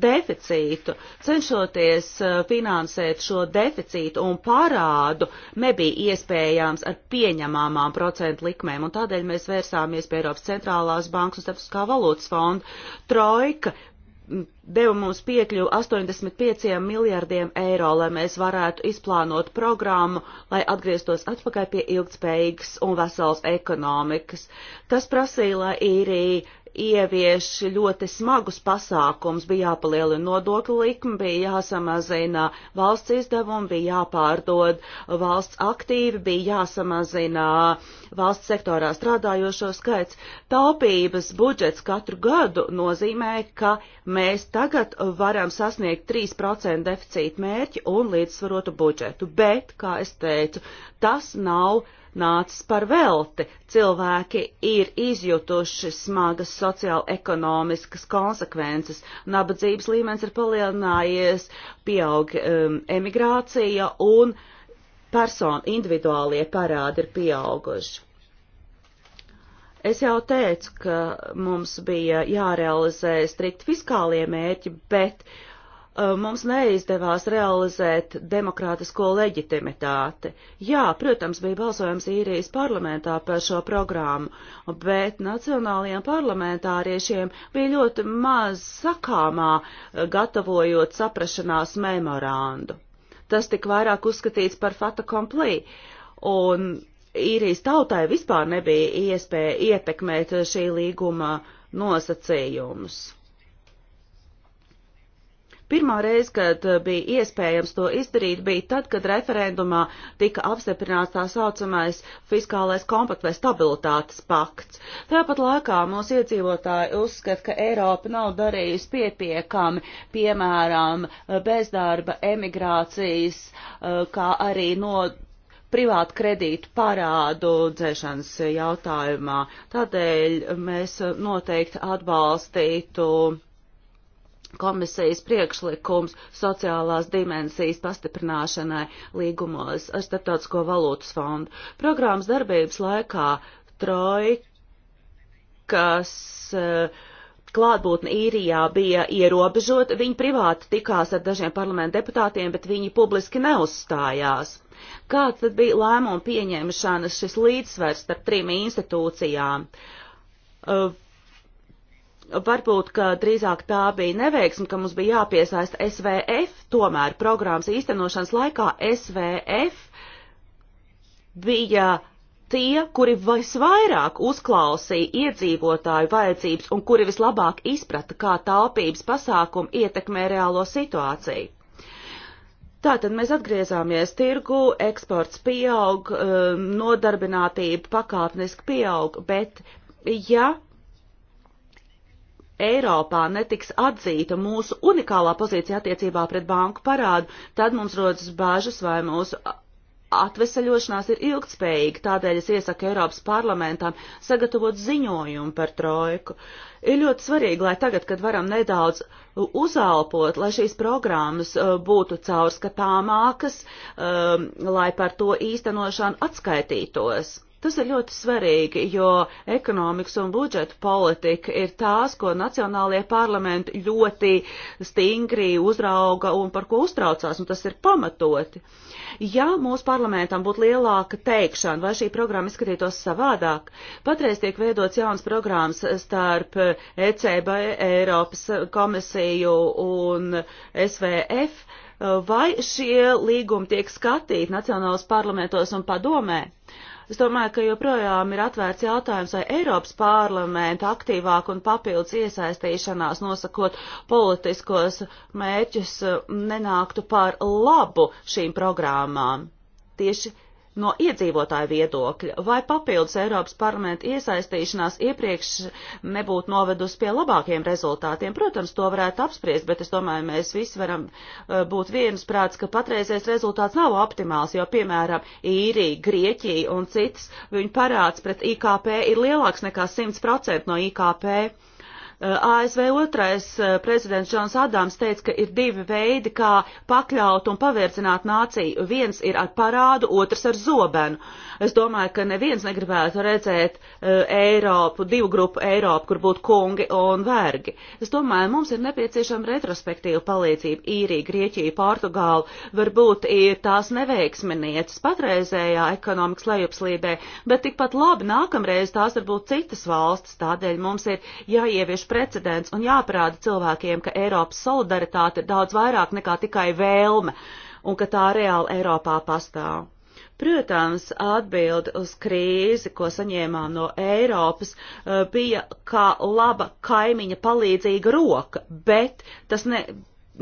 deficītu. Cenšoties eh, finansēt šo deficītu un parādu, nebija iespējams ar pieņemamām procentu likmēm, un tādēļ mēs vērsāmies pie Eiropas centrālās bankas un starptautiskā valūtas fonda. Trojka deva mums piekļuvu 85 miljardiem eiro, lai mēs varētu izplānot programmu, lai atgrieztos atpakaļ pie ilgtspējīgas un veselas ekonomikas. Tas prasīja, lai īrija ievieš ļoti smagus pasākums, bija jāpalielina nodokļu likme, bija jāsamazina valsts izdevumi, bija jāpārdod valsts aktīvi, bija jāsamazina valsts sektorā strādājošo skaits. Taupības budžets katru gadu nozīmē, ka mēs tagad varam sasniegt 3% deficīta mērķi un līdzsvarotu budžetu, bet, kā es teicu, tas nav nācis par velti. Cilvēki ir izjutuši smagas sociāla-ekonomiskas konsekvences. Nabadzības līmenis ir palielinājies, pieaug um, emigrācija un personu individuālie parādi ir pieauguši. Es jau teicu, ka mums bija jārealizē strikt fiskālie mērķi, bet uh, mums neizdevās realizēt demokrātisko leģitimitāti. Jā, protams, bija balsojums īrijas parlamentā par šo programmu, bet nacionālajiem parlamentāriešiem bija ļoti maz sakāmā, gatavojot saprašanās memorandu. Tas tik vairāk uzskatīts par fata komplī. Un īrijas tautai vispār nebija iespēja ietekmēt šī līguma nosacījumus. Pirmā reize, kad uh, bija iespējams to izdarīt, bija tad, kad referendumā tika apstiprināts tā saucamais fiskālais kompakt vai stabilitātes pakts. Tāpat laikā mūsu iedzīvotāji uzskata, ka Eiropa nav darījusi piepiekami, piemēram, uh, bezdarba, emigrācijas, uh, kā arī no privātu kredītu parādu dzēšanas jautājumā. Tādēļ mēs noteikti atbalstītu komisijas priekšlikums sociālās dimensijas pastiprināšanai līgumos ar Startautisko valūtas fondu. Programmas darbības laikā trojkas eh, klātbūtne īrijā bija ierobežota, viņi privāti tikās ar dažiem parlamentu deputātiem, bet viņi publiski neuzstājās. Kāds tad bija lēmuma pieņemšanas šis līdzsvers starp trim institūcijām? Uh, varbūt, ka drīzāk tā bija neveiksme, ka mums bija jāpiesaista SVF, tomēr programmas īstenošanas laikā SVF bija tie, kuri visvairāk uzklausīja iedzīvotāju vajadzības un kuri vislabāk izprata, kā taupības pasākumi ietekmē reālo situāciju. Tātad mēs atgriezāmies tirgu, eksports pieaug, um, nodarbinātība pakāpeniski pieaug, bet ja Eiropā netiks atzīta mūsu unikālā pozīcija attiecībā pret banku parādu, tad mums rodas bāžas vai mūsu atveseļošanās ir ilgtspējīga, tādēļ es iesaku Eiropas parlamentam sagatavot ziņojumu par trojku. Ir ļoti svarīgi, lai tagad, kad varam nedaudz uzalpot, lai šīs programmas uh, būtu caurskatāmākas, um, lai par to īstenošanu atskaitītos. Tas ir ļoti svarīgi, jo ekonomikas un budžeta politika ir tās, ko nacionālajie parlamenti ļoti stingri uzrauga un par ko uztraucās, un tas ir pamatoti. Ja mūsu parlamentam būtu lielāka teikšana, vai šī programma izskatītos savādāk, patreiz tiek veidots jauns programmas starp ECB, Eiropas komisiju un SVF, vai šie līgumi tiek skatīti nacionālos parlamentos un padomē? Es domāju, ka joprojām ir atvērts jautājums, vai Eiropas parlamenta aktīvāk un papildus iesaistīšanās nosakot politiskos mērķus nenāktu par labu šīm programmām. Tieši no iedzīvotāju viedokļa, vai papildus Eiropas parlamenta iesaistīšanās iepriekš nebūtu novedusi pie labākiem rezultātiem. Protams, to varētu apspriest, bet es domāju, mēs visi varam eh, būt viensprāts, ka patreizais rezultāts nav optimāls, jo, piemēram, Īrija, Grieķija un citas, viņu parāds pret IKP ir lielāks nekā 100% no IKP. ASV otrais eh, prezidents Džons Adams teica, ka ir divi veidi, kā pakļaut un pavērcināt nāciju. Viens ir ar parādu, otrs ar zobenu. Es domāju, ka neviens negribētu redzēt eh, Eiropu, divu grupu Eiropu, kur būtu kungi un vergi. Es domāju, mums ir nepieciešama retrospektīva palīdzība. Īrija, Grieķija, Portugāla varbūt ir tās neveiksminieces patreizējā ekonomikas lejupslīdē, bet tikpat labi nākamreiz tās varbūt citas valstis. Tādēļ mums ir jāievieš precedents un jāparāda cilvēkiem, ka Eiropas solidaritāte ir daudz vairāk nekā tikai vēlme un ka tā reāli Eiropā pastāv. Protams, atbildi uz krīzi, ko saņēmām no Eiropas, eh, bija kā laba kaimiņa palīdzīga roka, bet tas ne,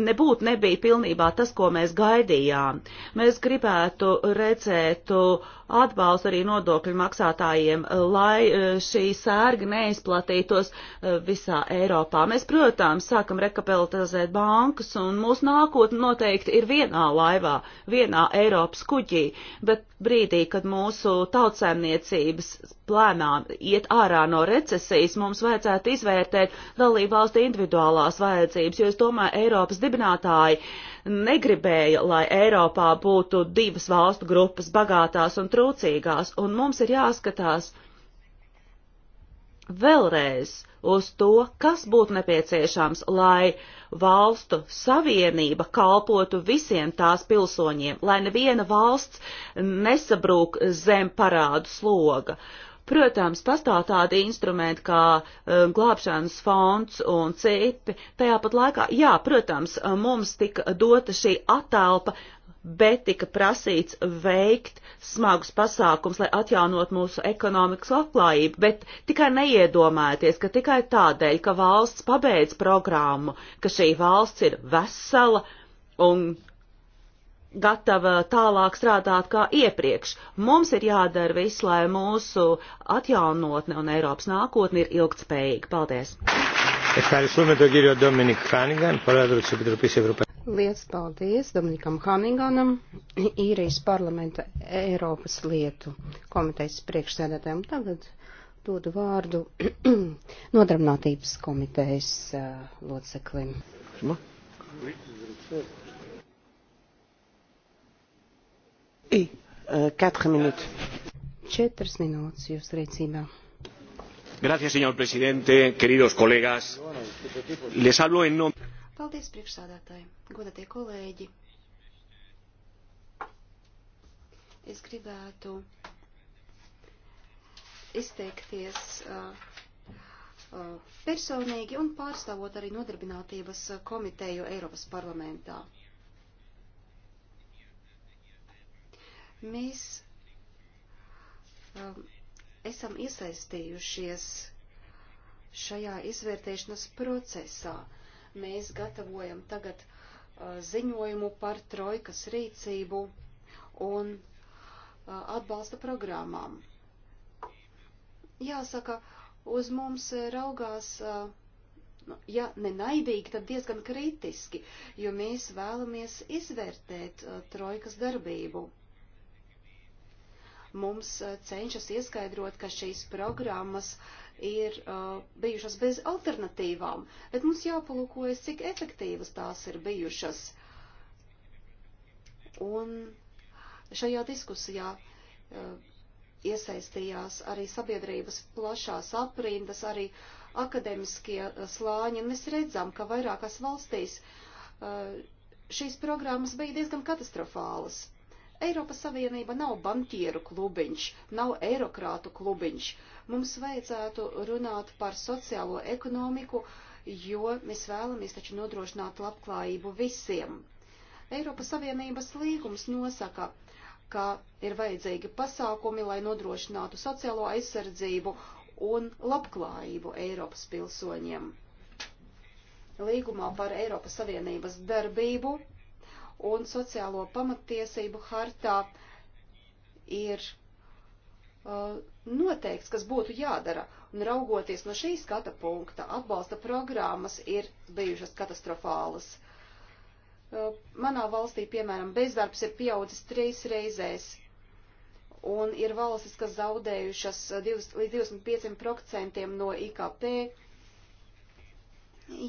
nebūtu nebija pilnībā tas, ko mēs gaidījām. Mēs gribētu redzēt uh, atbalstu arī nodokļu maksātājiem, lai e, šī sērga neizplatītos e, visā Eiropā. Mēs, protams, sākam rekapitalizēt bankas, un mūsu nākotne noteikti ir vienā laivā, vienā Eiropas kuģī, bet brīdī, kad mūsu tautsēmniecības plēnām iet ārā no recesijas, mums vajadzētu izvērtēt dalībvalstu individuālās vajadzības, jo es domāju, Eiropas dibinātāji uh, negribēja, lai Eiropā būtu divas valstu grupas - bagātās un trūcīgās, un mums ir jāskatās vēlreiz uz to, kas būtu nepieciešams, lai valstu savienība kalpotu visiem tās pilsoņiem, lai neviena valsts nesabrūk zem parādu sloga. Uh, Protams, pastāv tādi instrumenti kā um, glābšanas fonds un cipi. Tajā pat laikā, jā, protams, eh, mums tika dota šī atelpa, bet tika prasīts veikt smagus pasākums, lai atjaunot mūsu ekonomikas labklājību, bet tikai neiedomājieties, ka tikai tādēļ, ka valsts pabeidz programmu, ka šī valsts ir vesela un gatava tālāk strādāt kā iepriekš. Mums ir jādara viss, lai mūsu atjaunotne un Eiropas nākotne ir ilgtspējīga. Paldies! Lielas paldies Dominikam Haniganam, īrijas parlamenta Eiropas lietu komitejas priekšsēdētājiem. Tagad dodu vārdu nodarbinātības komitejas uh, loceklim. Sma? I, katra eh, minūte. Četras minūtes jūs rīcībā. Gracias, señor presidente, queridos colegas. Les hablo en nombre. Paldies, priekšsādātāji, godatie kolēģi. Es gribētu izteikties uh, personīgi un pārstāvot arī nodarbinātības komiteju Eiropas parlamentā. Mēs um, esam iesaistījušies šajā izvērtēšanas procesā. Mēs gatavojam tagad uh, ziņojumu par trojkas rīcību un uh, atbalsta programmām. Jāsaka, uz mums raugās uh, ja ne naidīgi, tad diezgan kritiski, jo mēs vēlamies izvērtēt uh, trojkas darbību mums eh, cenšas ieskaidrot, ka šīs programmas ir uh, bijušas bez alternatīvām, bet mums jāpalūkojas, cik efektīvas tās ir bijušas. Un šajā diskusijā uh, iesaistījās arī sabiedrības plašās aprindas, arī akademiskie uh, slāņi, un mēs redzam, ka vairākās valstīs uh, šīs programmas bija diezgan katastrofālas. Eiropas Savienība nav bankieru klubiņš, nav eirokrātu klubiņš. Mums vajadzētu runāt par sociālo ekonomiku, jo mēs vēlamies taču nodrošināt labklājību visiem. Eiropas Savienības līgums nosaka, ka ir vajadzīgi pasākumi, lai nodrošinātu sociālo aizsardzību un labklājību Eiropas pilsoņiem. Līgumā par Eiropas Savienības darbību un sociālo pamatiesību hartā ir uh, noteikts, kas būtu jādara, un raugoties no šī skata punkta, atbalsta programmas ir bijušas katastrofālas. Uh, manā valstī, piemēram, bezdarbs ir pieaudzis trīs reizēs, un ir valstis, kas zaudējušas 20, līdz 25% no IKP,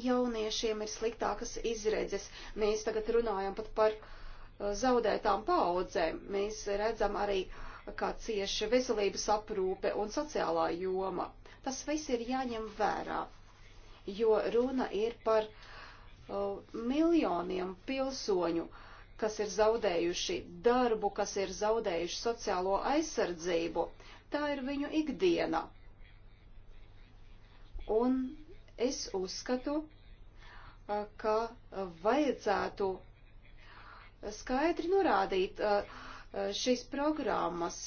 jauniešiem ir sliktākas izredzes. Mēs tagad runājam pat par uh, zaudētām paudzēm. Mēs redzam arī, uh, kā cieši veselības aprūpe un sociālā joma. Tas viss ir jāņem vērā, jo runa ir par uh, miljoniem pilsoņu, kas ir zaudējuši darbu, kas ir zaudējuši sociālo aizsardzību. Tā ir viņu ikdiena. Un es uzskatu, ka vajadzētu skaidri norādīt, šīs programmas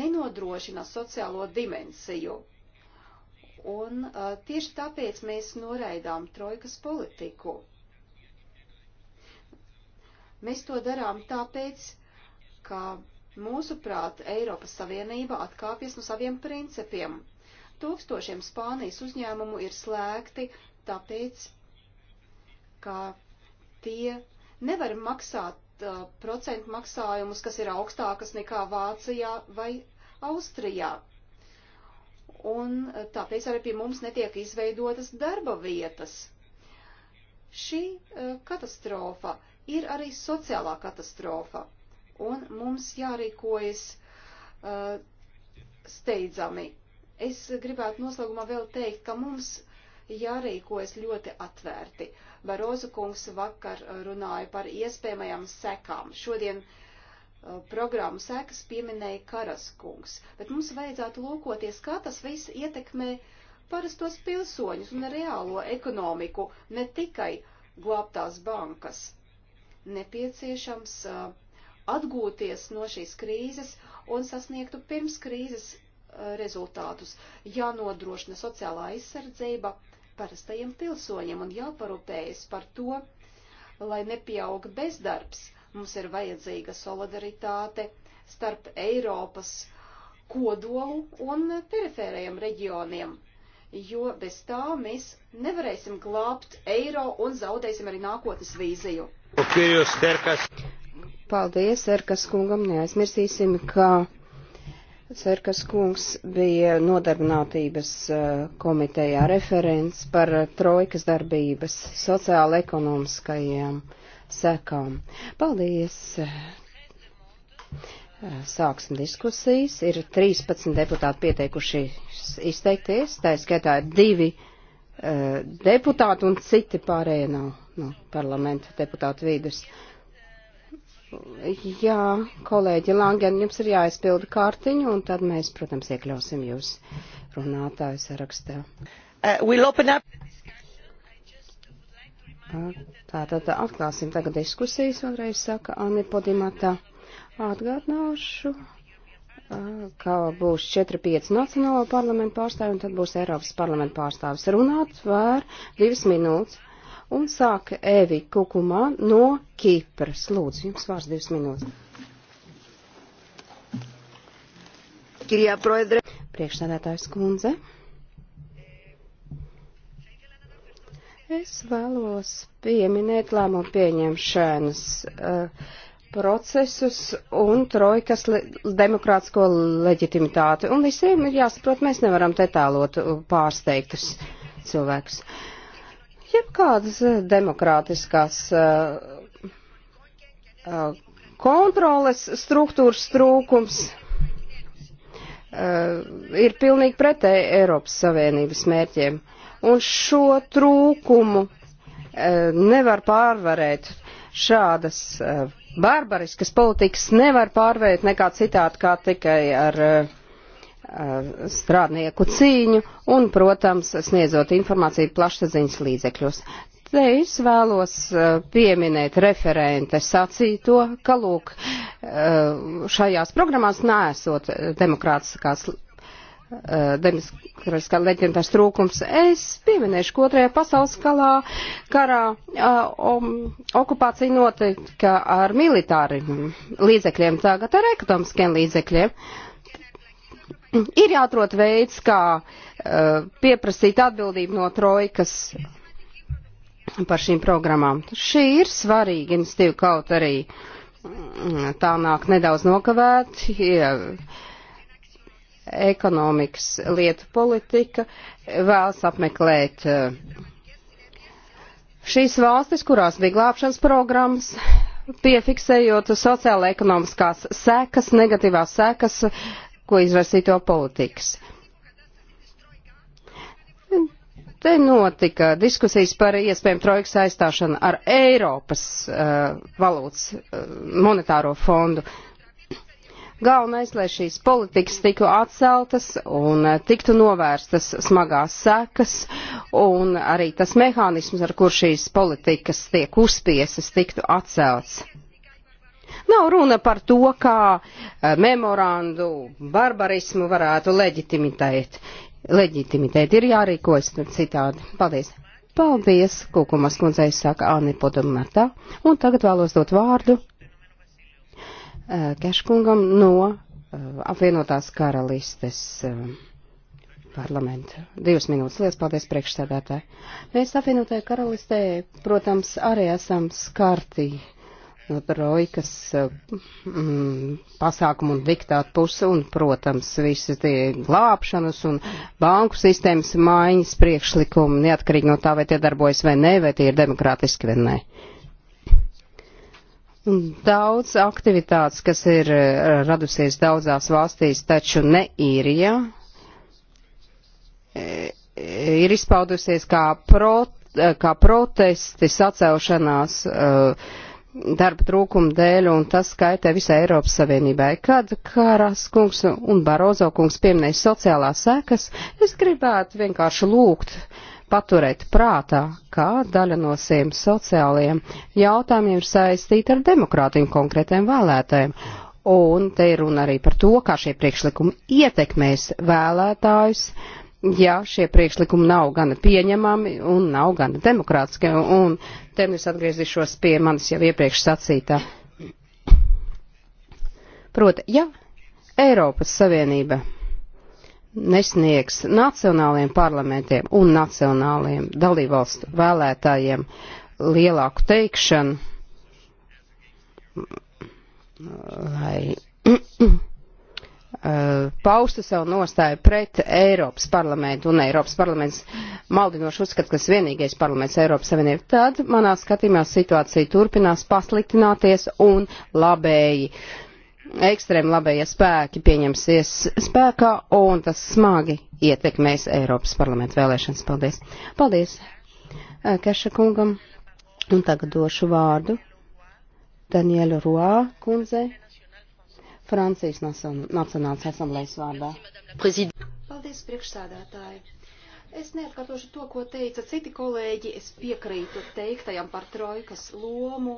nenodrošina sociālo dimensiju. Un tieši tāpēc mēs noraidām trojkas politiku. Mēs to darām tāpēc, ka mūsuprāt Eiropas Savienība atkāpjas no saviem principiem Tūkstošiem Spānijas uzņēmumu ir slēgti, tāpēc, ka tie nevar maksāt uh, procentu maksājumus, kas ir augstākas nekā Vācijā vai Austrijā. Un uh, tāpēc arī pie mums netiek izveidotas darba vietas. Šī uh, katastrofa ir arī sociālā katastrofa, un mums jārīkojas steidzami. Es gribētu noslēgumā vēl teikt, ka mums jārīkojas ļoti atvērti. Barozu kungs vakar uh, runāja par iespējamajām sekām. Šodien uh, programmu sekas pieminēja Karas kungs, bet mums vajadzētu lūkoties, kā tas viss ietekmē parastos pilsoņus un reālo ekonomiku, ne tikai glābtās bankas. Nepieciešams uh, atgūties no šīs krīzes un sasniegtu pirms krīzes Eh, rezultātus, jānodrošina sociālā aizsardzība parastajiem pilsoņiem un jāparūpējas par to, lai nepieaug bezdarbs. Mums ir vajadzīga solidaritāte starp Eiropas kodolu un perifērajiem reģioniem, jo bez tā mēs nevarēsim glābt eiro un zaudēsim arī nākotnes vīziju. Paldies, Erkas kungam, neaizmirsīsim, ka Cerkas kungs bija nodarbinātības komitejā referents par trojkas darbības sociāla ekonomiskajiem sekām. Paldies! Sāksim diskusijas. Ir 13 deputāti pieteikušies izteikties, tā skaitā divi uh, deputāti un citi pārējie nav no, no parlamenta deputātu vīdes. Uh, Jā, kolēģi Langen, jums ir jāizpilda kārtiņu, un tad mēs, protams, iekļausim jūs runātāju sarakstā. Uh, we'll uh, Tātad atklāsim tagad diskusijas, vēlreiz saka Anni Podimata. Atgādināšu, uh, ka būs 4-5 nacionālo parlamentu pārstāvi un tad būs Eiropas parlamentu pārstāvis. Runāt var 2 minūtes un sāka Evi Kukumā no Kīpras. Lūdzu, jums vārds divas minūtes. Priekšsēdētājs kundze. Es vēlos pieminēt lēmumu pieņemšanas uh, procesus un trojkas le demokrātisko leģitimitāti. Un visiem ir jāsaprot, mēs nevaram tetālot eh, pārsteigtus cilvēkus. Uh, jebkādas eh, demokrātiskās eh, eh, kontroles struktūras trūkums ir pilnīgi pretēji Eiropas Savienības mērķiem. Un šo trūkumu nevar pārvarēt. Šādas barbariskas politikas nevar pārvarēt nekā citādi kā tikai ar uh, Eh, strādnieku cīņu un, protams, sniedzot informāciju plašsaziņas līdzekļos. Te es vēlos eh, pieminēt referente sacīto, ka, lūk, eh, šajās programmās nēsot demokrātiskās demokrātiskā leģendārs trūkums. Es pieminēšu, ka otrajā pasaules kalā, karā um, okupācija notika ar militāriem līdzekļiem, tagad ar ekonomiskiem līdzekļiem. Uh, Ir jāatrod veids, kā uh, pieprasīt atbildību no trojkas par šīm programmām. Šī ir svarīga institīva, kaut arī mm, tā nāk nedaudz nokavēt. Ja, ekonomikas lietu politika vēlas apmeklēt eh, šīs valstis, kurās bija glābšanas programmas, piefiksējot sociāla ekonomiskās sekas, negatīvās sekas uh, ko izrasīto politikas. Te notika diskusijas par iespējumu trojkas aizstāšanu ar Eiropas uh, valūtas uh, monetāro fondu. Galvenais, lai šīs politikas tiktu atceltas un uh, tiktu novērstas smagās sekas un arī tas mehānisms, ar kur šīs politikas tiek uzspiesas, tiktu atcelts. Nav runa par to, kā eh, memorandu barbarismu varētu leģitimitēt. Leģitimitēt ir jārīkojas citādi. Paldies! Paldies, Kukumas kundzei saka Anni Podomata. Un tagad vēlos dot vārdu Keškungam eh, no eh, apvienotās karalistes parlamentu. Divas minūtes. Lielas paldies priekšsēdētāji. Mēs apvienotāju karalistē, protams, arī esam skarti no trojkas mm, pasākumu un diktātu puse, un, protams, visas tie glābšanas un banku sistēmas maiņas priekšlikumi, neatkarīgi no tā, vai tie darbojas vai nē, vai tie ir demokrātiski vai nē. Daudz aktivitātes, kas ir eh, radusies daudzās valstīs, taču ne īrijā, e, ir izpaudusies kā, pro, eh, kā protesti, sacēlšanās. Uh, eh, darba trūkuma dēļ, un tas skaitē visai Eiropas Savienībai. Kad Kāras kungs un Barozo kungs pieminēja sociālās sekas, es gribētu vienkārši lūgt paturēt prātā, kā daļa no šiem sociālajiem jautājumiem ir saistīta ar demokrātiem konkrētiem vēlētājiem. Un te ir runa arī par to, kā šie priekšlikumi ietekmēs vēlētājus. Uh, ja šie priekšlikumi nav gana pieņemami un nav gana demokrātiski. Un te es atgriezīšos pie manis jau iepriekš sacītā. Proti, ja Eiropas Savienība nesniegs nacionāliem parlamentiem un nacionāliem dalībvalstu vēlētājiem lielāku teikšanu, lai Uh, paustu savu nostāju pret Eiropas parlamentu un Eiropas parlaments maldinoši uzskat, ka tas vienīgais parlaments Eiropas Savienība. Tad manā skatījumā situācija turpinās pasliktināties un labēji. Ekstrēm labējie spēki pieņemsies spēkā un tas smagi ietekmēs Eiropas parlamentu vēlēšanas. Paldies. Paldies uh, Keša kungam. Un tagad došu vārdu Danielu Ruā kundzei. Francijas Nacionālās asamblējas vārdā. Paldies, priekšsādātāji! Es neatkārtošu to, ko teica citi kolēģi. Es piekrītu teiktajam par trojkas lomu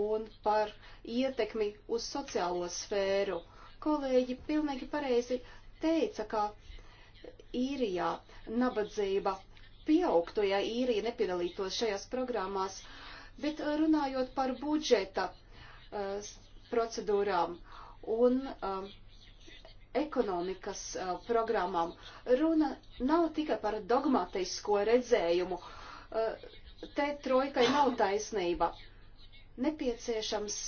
un par ietekmi uz sociālo sfēru. Kolēģi pilnīgi pareizi teica, ka īrijā nabadzība pieaugtu, ja īrija nepiedalītos šajās programmās, bet runājot par budžeta uh, procedūrām un um, ekonomikas uh, programmām. Runa nav tikai par dogmatisko redzējumu. Uh, te trojkai nav taisnība. Nepieciešams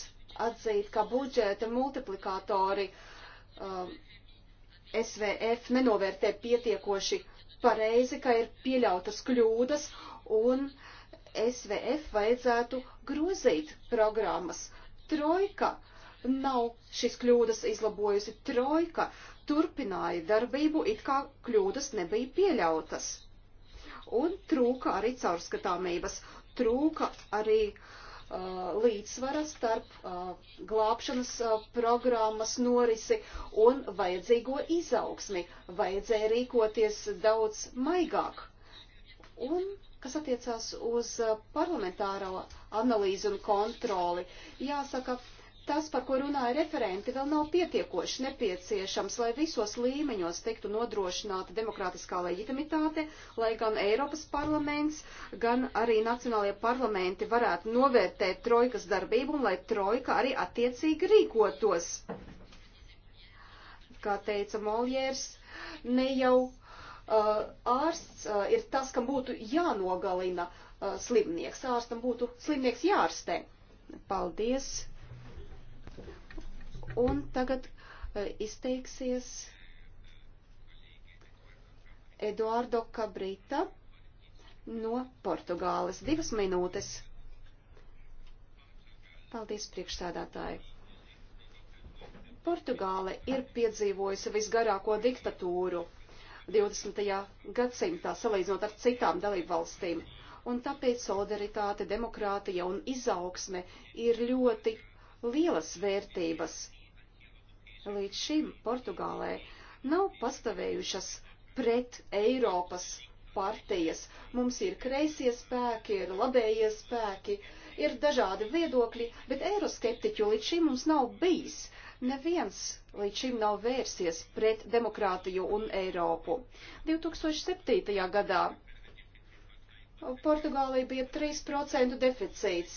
atzīt, ka budžeta multiplikātori uh, um, SVF nenovērtē pietiekoši pareizi, ka ir pieļautas kļūdas un SVF vajadzētu grozīt programmas trojka nav šīs kļūdas izlabojusi. Trojka turpināja darbību, it kā kļūdas nebija pieļautas. Un trūka arī caurskatāmības, trūka arī uh, līdzsvara starp uh, glābšanas uh, programmas norisi un vajadzīgo izaugsmi. Vajadzēja rīkoties daudz maigāk. Un kas attiecās uz uh, parlamentāro analīzi un kontroli, jāsaka, tas, par ko runāja referenti, vēl nav pietiekoši nepieciešams, lai visos līmeņos tiktu nodrošināta demokrātiskā leģitimitāte, lai gan Eiropas parlaments, gan arī nacionālajie parlamenti varētu novērtēt trojkas darbību un lai trojka arī attiecīgi rīkotos. Kā teica Moljērs, ne jau uh, Uh, ārsts uh, ir tas, kam būtu jānogalina uh, slimnieks. Ārstam būtu slimnieks jārastē. Paldies. Un tagad izteiksies Eduardo Cabrita no Portugāles. Divas minūtes. Paldies, priekšsēdētāji. Portugāle ir piedzīvojusi visgarāko diktatūru 20. gadsimtā salīdzinot ar citām dalību valstīm. Un tāpēc solidaritāte, demokrātija un izaugsme ir ļoti lielas vērtības. Līdz šim Portugālē nav pastāvējušas pret Eiropas partijas. Mums ir kreisie spēki, ir labējie spēki, ir dažādi viedokļi, bet eiroskeptiķu līdz šim mums nav bijis. Uh, Neviens līdz šim nav vērsies pret demokrātiju un Eiropu. 2007. gadā Portugālija bija 3% deficīts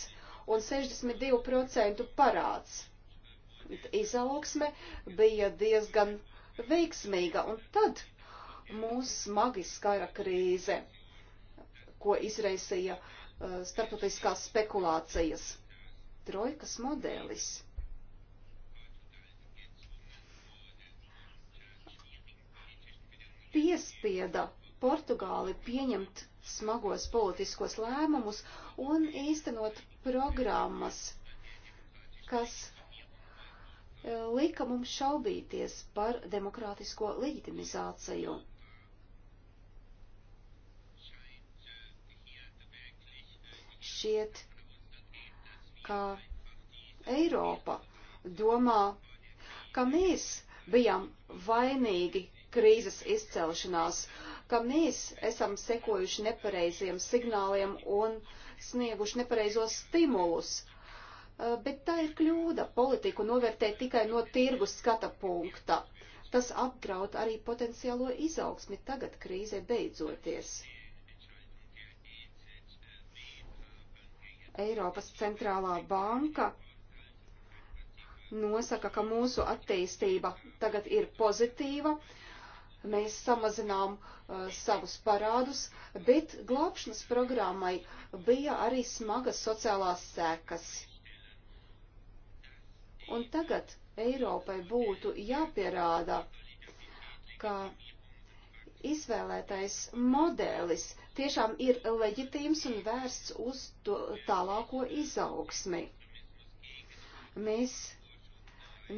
un 62% parāds. Izaugsme bija diezgan veiksmīga, un tad mūs smagi skara krīze, ko izraisīja uh, starptautiskās spekulācijas. Trojkas modelis piespieda Portugāli pieņemt smagos politiskos lēmumus un īstenot programmas, kas e, lika mums šaubīties par demokrātisko leģitimizāciju. Šķiet, ka Eiropa domā, ka mēs bijām vainīgi krīzes izcelšanās, ka mēs esam sekojuši nepareiziem signāliem un snieguši nepareizos stimulus. Eh, bet tā ir kļūda politiku novērtēt tikai no tirgus skata punkta. Tas apdraud arī potenciālo izaugsmi tagad krīzē beidzoties. Eiropas centrālā banka nosaka, ka mūsu attīstība tagad ir pozitīva, mēs samazinām uh, savus parādus, bet glābšanas programmai bija arī smagas sociālās sēkas. Un tagad Eiropai būtu jāpierāda, ka izvēlētais modelis tiešām ir leģitīms un vērsts uz to tālāko izaugsmi. Mēs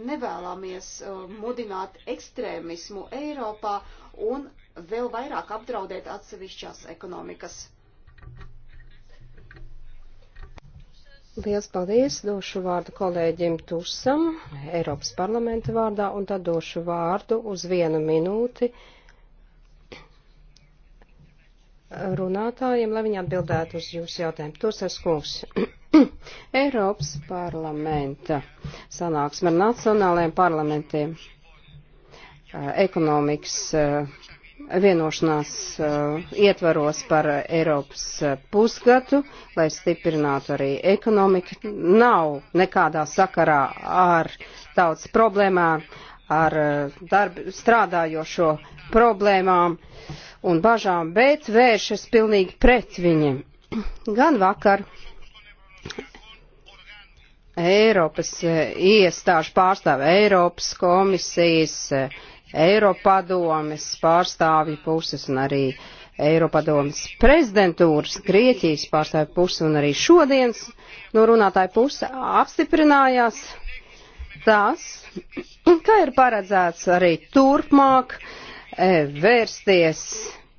nevēlamies uh, mudināt ekstrēmismu Eiropā un vēl vairāk apdraudēt atsevišķās ekonomikas. Liels paldies! Došu vārdu kolēģim Tusam, Eiropas parlamenta vārdā, un tad došu vārdu uz vienu minūti runātājiem, lai viņi atbildētu uz jūsu jautājumu. Tusars kungs, Eiropas parlamenta sanāksme ar nacionālajiem parlamentiem, ekonomikas vienošanās ietvaros par Eiropas pusgadu, lai stiprinātu arī ekonomiku, nav nekādā sakarā ar tautas problēmām, ar darb, strādājošo problēmām. Uh, un bažām, bet vēršas pilnīgi pret viņiem. Gan vakar Eiropas eh, iestāžu pārstāvi, Eiropas komisijas, eh, Eiropadomes pārstāvi puses un arī Eiropadomes prezidentūras, Grieķijas pārstāvi puses un arī šodienas no runātāja puse apstiprinājās tas, ka ir paredzēts arī turpmāk uh, E, vērsties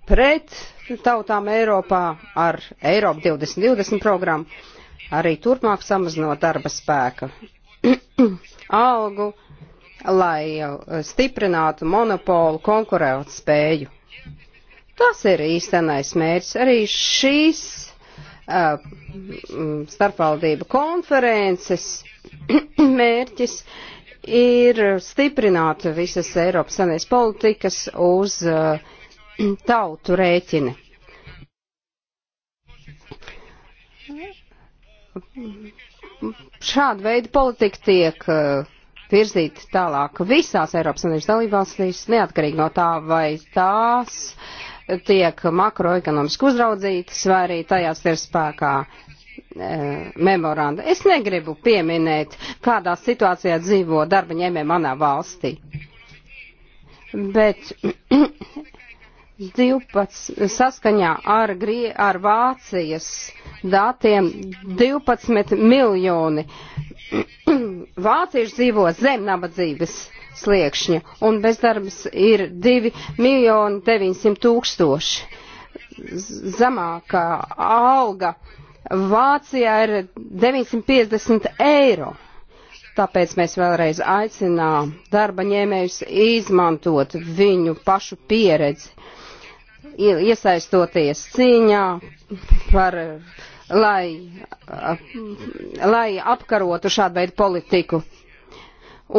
pret tautām Eiropā ar Eiropu 2020 programmu, arī turpmāk samazinot darba spēka algu, lai stiprinātu monopolu konkurēt spēju. Tas ir īstenais mērķis. Arī šīs uh, e, starpvaldība konferences mērķis ir stiprināt visas Eiropas Savienības politikas uz uh, tautu rēķini. Šāda veida politika tiek uh, virzīta tālāk visās Eiropas Savienības dalībvalstīs, neatkarīgi no tā, vai tās tiek makroekonomiski uzraudzītas, vai arī tajās ir spēkā E, memoranda. Es negribu pieminēt, kādā situācijā dzīvo darba ņēmē manā valstī. Bet 12 saskaņā ar, Grie, ar Vācijas datiem 12 miljoni vācieši dzīvo zem nabadzības sliekšņa un bezdarbs ir 2 miljoni 900 tūkstoši. Zamākā alga uh, Vācijā ir 950 eiro. Tāpēc mēs vēlreiz aicinām darba ņēmējus izmantot viņu pašu pieredzi, iesaistoties cīņā par, lai, lai apkarotu šādu veidu politiku.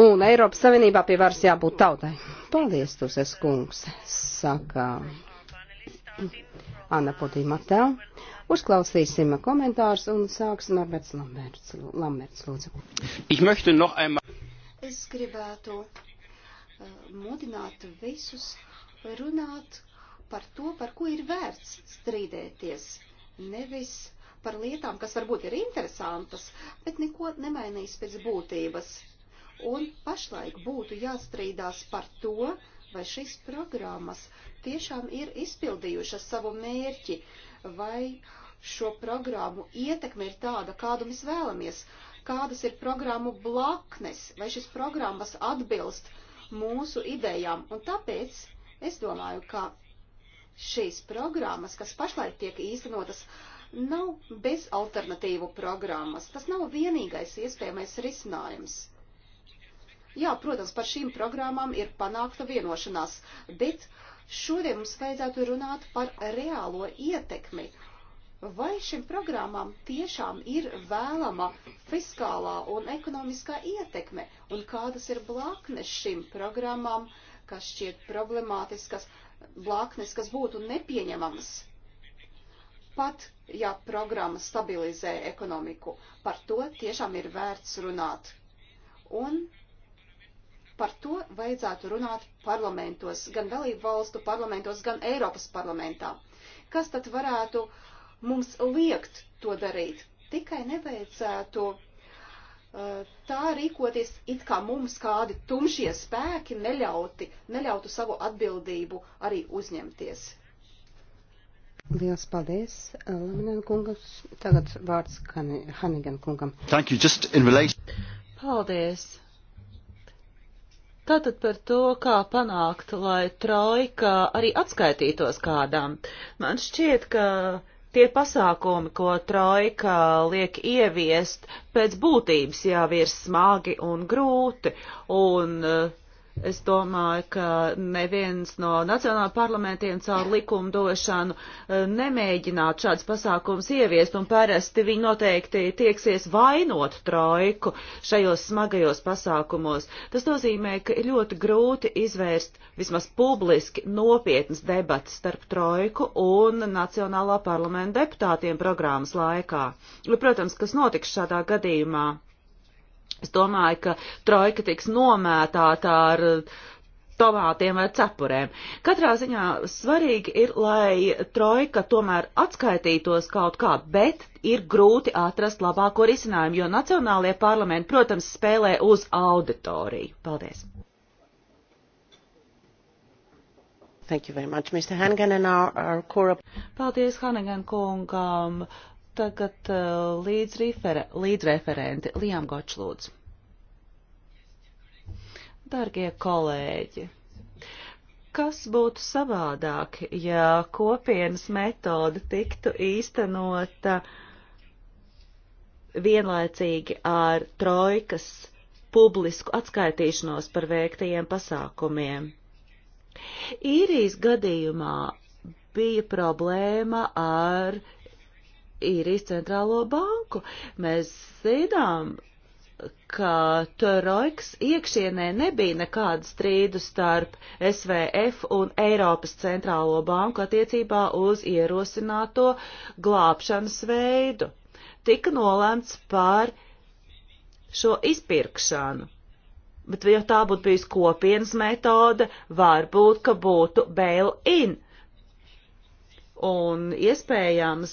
Un Eiropas Savienībā pie varas jābūt tautai. Paldies, Tuses kungs, saka Anna Potīmatā. Uzklausīsim komentārus un sāks Norberts Lamberts, Lamberts lūdzu. Es gribētu uh, mudināt visus runāt par to, par ko ir vērts strīdēties, nevis par lietām, kas varbūt ir interesantas, bet neko nemainīs pēc būtības. Un pašlaik būtu jāstrīdās par to, vai šīs programmas tiešām ir izpildījušas savu mērķi, uh, vai šo programmu ietekme ir tāda, kādu mēs vēlamies, kādas ir programmu blaknes, vai šis programmas atbilst mūsu idejām. Un tāpēc es domāju, ka šīs programmas, kas pašlaik tiek īstenotas, nav bezalternatīvu programmas. Tas nav vienīgais iespējamais risinājums. Jā, protams, par šīm programmām ir panākta vienošanās, bet uh, Šodien mums vajadzētu runāt par reālo ietekmi. Vai šim programmām tiešām ir vēlama fiskālā un ekonomiskā ietekme, un kādas ir blaknes šim programmām, kas šķiet problemātiskas, blaknes, kas būtu nepieņemamas pat ja programma stabilizē ekonomiku. Par to tiešām ir vērts runāt. Un Par to vajadzētu runāt parlamentos, gan dalību valstu parlamentos, gan Eiropas parlamentā. Kas tad varētu mums liekt to darīt? Tikai nevajadzētu uh, tā rīkoties, it kā mums kādi tumšie spēki neļauti, neļautu savu atbildību arī uzņemties. Liels paldies, uh, Laminen kungas. Tagad vārds Hanigan kungam. Thank you, just in relation. Paldies. Tātad par to, kā panākt, lai trojka arī atskaitītos kādām. Man šķiet, ka tie pasākumi, ko trojka liek ieviest, pēc būtības jau ir smagi un grūti, un uh, Es domāju, ka neviens no nacionālajiem parlamentiem caur likumdošanu eh, nemēģinātu šāds pasākums ieviest, un parasti viņi noteikti tieksies vainot trojku šajos smagajos pasākumos. Tas nozīmē, ka ir ļoti grūti izvērst vismaz publiski nopietnas debatas starp trojku un nacionālā parlamenta deputātiem programmas laikā. Nu, protams, kas notiks šādā gadījumā? Es domāju, ka trojka tiks nomētāta ar tomātiem vai cepurēm. Katrā ziņā svarīgi ir, lai trojka tomēr atskaitītos kaut kā, bet ir grūti atrast labāko risinājumu, jo nacionālajie parlamenti, protams, spēlē uz auditoriju. Paldies! Thank you very much, Mr. Hangan and our, our core... Paldies Hanagan kungam. Uh, tagad līdzreferenti uh, līdz Lijām Gočlūdzu. Dargie kolēģi, kas būtu savādāk, ja kopienas metode tiktu īstenota vienlaicīgi ar trojkas publisku atskaitīšanos par veiktajiem pasākumiem? Īrijas gadījumā bija problēma ar uh, īrijas centrālo banku. Mēs zinām, ka Trojks iekšienē nebija nekādu strīdu starp SVF un Eiropas centrālo banku attiecībā uz ierosināto glābšanas veidu. Tika nolēmts par šo izpirkšanu. Bet, ja tā būtu bijusi kopienas metode, varbūt, ka būtu bail-in Un iespējams,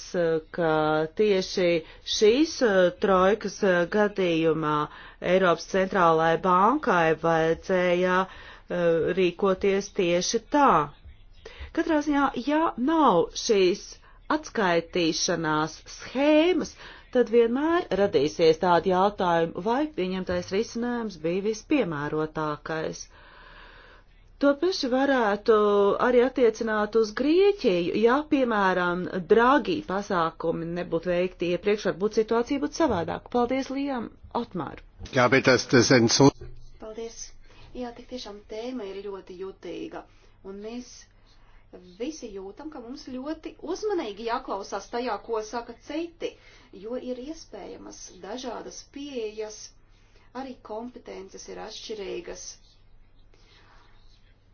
ka tieši šīs eh, trojkas eh, gadījumā Eiropas centrālajai bankai vajadzēja eh, rīkoties tieši tā. Katrā ziņā, ja nav šīs atskaitīšanās schēmas, tad vienmēr radīsies tādi jautājumi, vai pieņemtais risinājums bija vispiemērotākais. To pašu varētu arī attiecināt uz Grieķiju. Ja, piemēram, dragi pasākumi nebūtu veikti iepriekš, varbūt situācija būtu savādāka. Paldies, Lijam Otmār. Jā, bet tas, tas ensu. Paldies. Jā, tik tiešām tēma ir ļoti jutīga. Un mēs visi jūtam, ka mums ļoti uzmanīgi jāklausās tajā, ko saka citi, jo ir iespējamas dažādas pieejas, arī kompetences ir atšķirīgas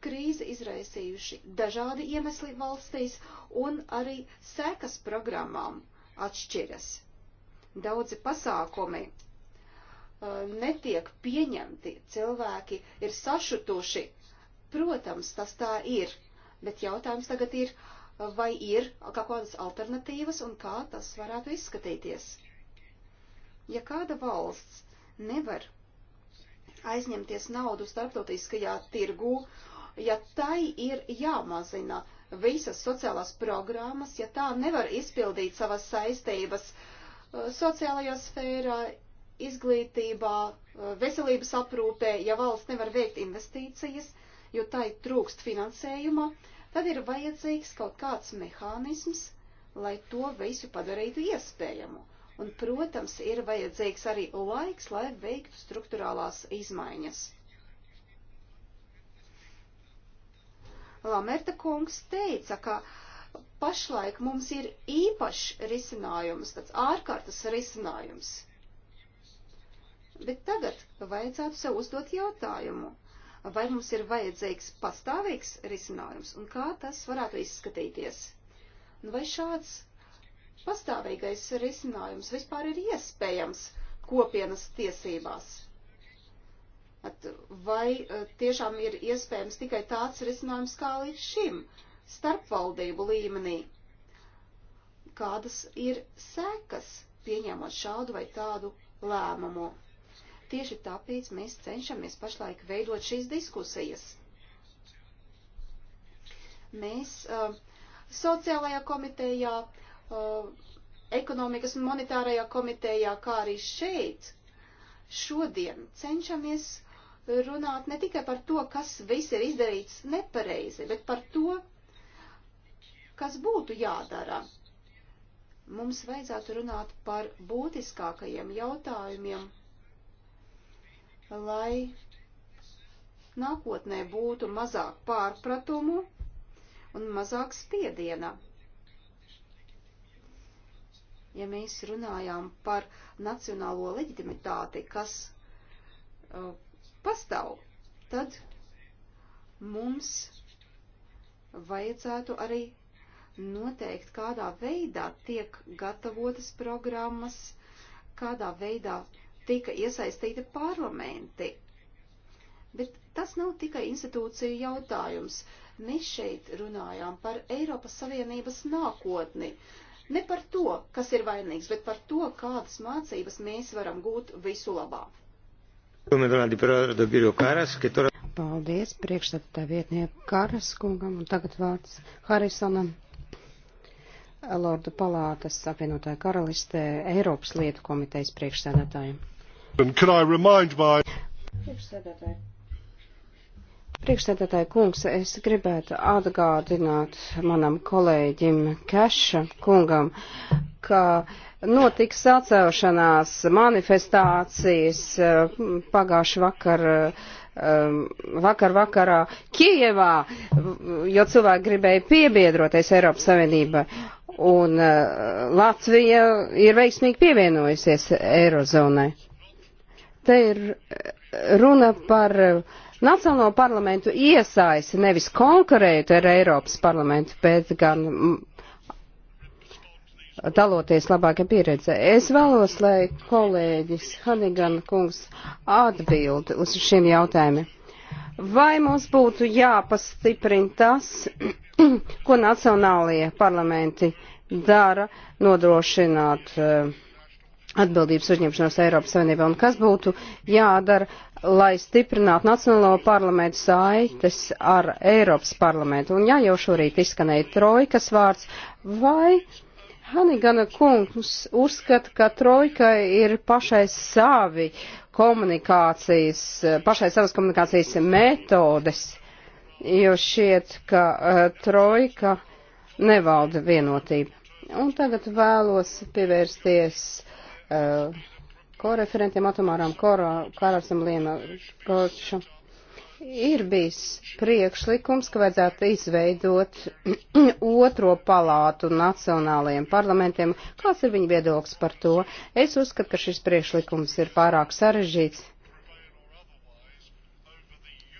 krīzi izraisījuši dažādi iemesli valstīs un arī sekas programmām atšķiras. Daudzi pasākumi uh, netiek pieņemti, cilvēki ir sašutuši. Protams, tas tā ir, bet jautājums tagad ir, uh, vai ir kaut kādas alternatīvas un kā tas varētu izskatīties. Ja kāda valsts nevar aizņemties naudu starptautiskajā tirgū ja tai ir jāmazina visas sociālās programmas, ja tā nevar izpildīt savas saistības uh, sociālajā sfērā, izglītībā, uh, veselības aprūpē, ja valsts nevar veikt investīcijas, jo tai trūkst finansējuma, tad ir vajadzīgs kaut kāds mehānisms, lai to visu padarītu iespējamu. Un, protams, ir vajadzīgs arī laiks, lai veiktu struktūrālās izmaiņas. Lamerta kungs teica, ka pašlaik mums ir īpašs risinājums, tāds ārkārtas risinājums. Bet tagad vajadzētu sev uzdot jautājumu, vai mums ir vajadzīgs pastāvīgs risinājums un kā tas varētu izskatīties. Un nu, vai šāds pastāvīgais risinājums vispār ir iespējams kopienas tiesībās? Vai e, tiešām ir iespējams tikai tāds risinājums kā līdz šim, starpvaldību līmenī? Kādas ir sekas pieņemot šādu vai tādu lēmumu? Tieši tāpēc mēs cenšamies pašlaik veidot šīs diskusijas. Mēs uh, sociālajā komitejā, uh, ekonomikas un monetārajā komitejā, kā arī šeit šodien cenšamies runāt ne tikai par to, kas viss ir izdarīts nepareizi, bet par to, kas būtu jādara. Mums vajadzētu runāt par būtiskākajiem jautājumiem, lai nākotnē būtu mazāk pārpratumu un mazāk spiediena. Ja mēs runājām par nacionālo leģitimitāti, kas uh, pastāv, tad mums vajadzētu arī noteikt, kādā veidā tiek gatavotas programmas, kādā veidā tika iesaistīti parlamenti. Bet tas nav tikai institūciju jautājums. Mēs šeit runājām par Eiropas Savienības nākotni. Ne par to, kas ir vainīgs, bet par to, kādas mācības mēs varam gūt visu labāk. Paldies priekšstatā vietnieku Kāras kungam un tagad vārds Harisonam. Lordu palātas apvienotāja karalistē Eiropas lietu komitejas priekšsēdētājiem. My... Priekšsēdētāji. Priekšstādātāja kungs, es gribētu atgādināt manam kolēģim Keša kungam, ka notiks sacelšanās manifestācijas eh, pagājuši vakar, eh, vakar vakarā Kijevā, jo cilvēki gribēja piebiedroties Eiropas Savienībai. Un eh, Latvija ir veiksmīgi pievienojusies Eirozonai. Te ir runa par uh, Nacionālo parlamentu iesaisti nevis konkurēt ar Eiropas parlamentu, bet gan mm, daloties labākai pieredzē. Es vēlos, lai kolēģis Hanigan kungs atbild uz šiem jautājumiem. Vai mums būtu jāpastiprina tas, ko nacionālajie parlamenti dara, nodrošināt uh, atbildības uzņemšanos Eiropas Savienībā un kas būtu jādara, lai stiprinātu Nacionālo parlamentu saites ar Eiropas parlamentu. Un ja jau šorīt izskanēja trojkas vārds, vai Hanigana kungs uzskata, ka trojka ir pašai savi komunikācijas, pašai savas komunikācijas metodes, jo šiet, ka uh, trojka nevalda vienotība. Un tagad vēlos pievērsties uh, koreferentiem atomārām kārāsam Liena Goču. Ir bijis priekšlikums, ka vajadzētu izveidot otro palātu nacionālajiem parlamentiem. Kāds ir viņa viedoklis par to? Es uzskatu, ka šis priekšlikums ir pārāk sarežģīts.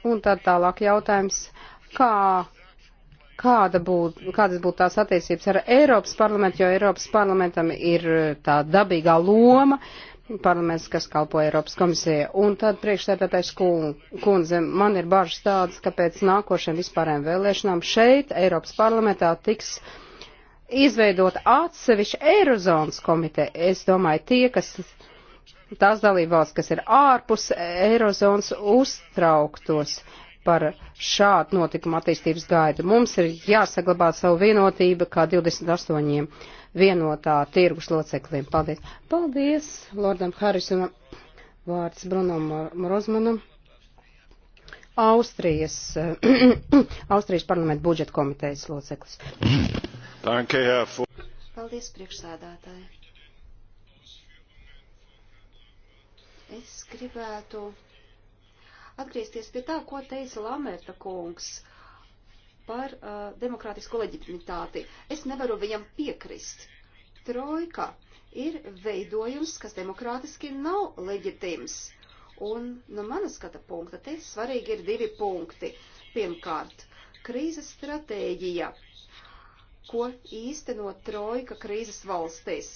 Un tad tālāk jautājums, kā kāda būt, kādas būtu tās attiecības ar Eiropas parlamentu, jo Eiropas parlamentam ir tā dabīgā loma parlaments, kas kalpo Eiropas komisijai. Un tad priekšstādātais kundze, man ir bažas tādas, ka pēc nākošiem vispārējiem vēlēšanām šeit, Eiropas parlamentā, tiks izveidot atsevišķi Eirozonas komiteja. Es domāju, tie, kas tās dalībvalsts, kas ir ārpus Eirozonas, uztrauktos par šādu notikumu attīstības gaidu. Mums ir jāsaglabā savu vienotību kā 28 vienotā tirgus loceklim. Paldies! Paldies Lordam Harisonam! Vārds Brunam Rozmanam. Austrijas, Austrijas parlamenta budžeta komitejas loceklis. Paldies, priekšsādātāji. Es gribētu atgriezties pie tā, ko teica Lamerta kungs. Uh, par uh, demokrātisko leģitimitāti. Es nevaru viņam piekrist. Trojka ir veidojums, kas demokrātiski nav leģitīms. Un no manas skata punkta te svarīgi ir divi punkti. Pirmkārt, krīzes stratēģija, ko īsteno trojka krīzes valstīs,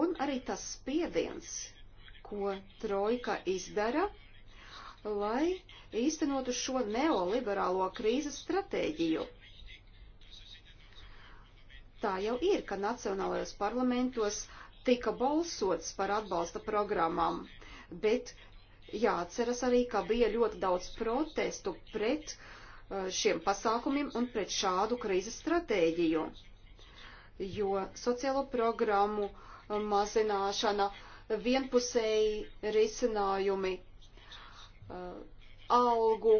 un arī tas spiediens, ko trojka izdara lai īstenotu šo neoliberālo krīzes stratēģiju. Tā jau ir, ka nacionālajos parlamentos tika balsots par atbalsta programmām, bet jāatceras arī, ka bija ļoti daudz protestu pret uh, šiem pasākumiem un pret šādu krīzes stratēģiju, jo sociālo programmu mazināšana, vienpusēji risinājumi Uh, algu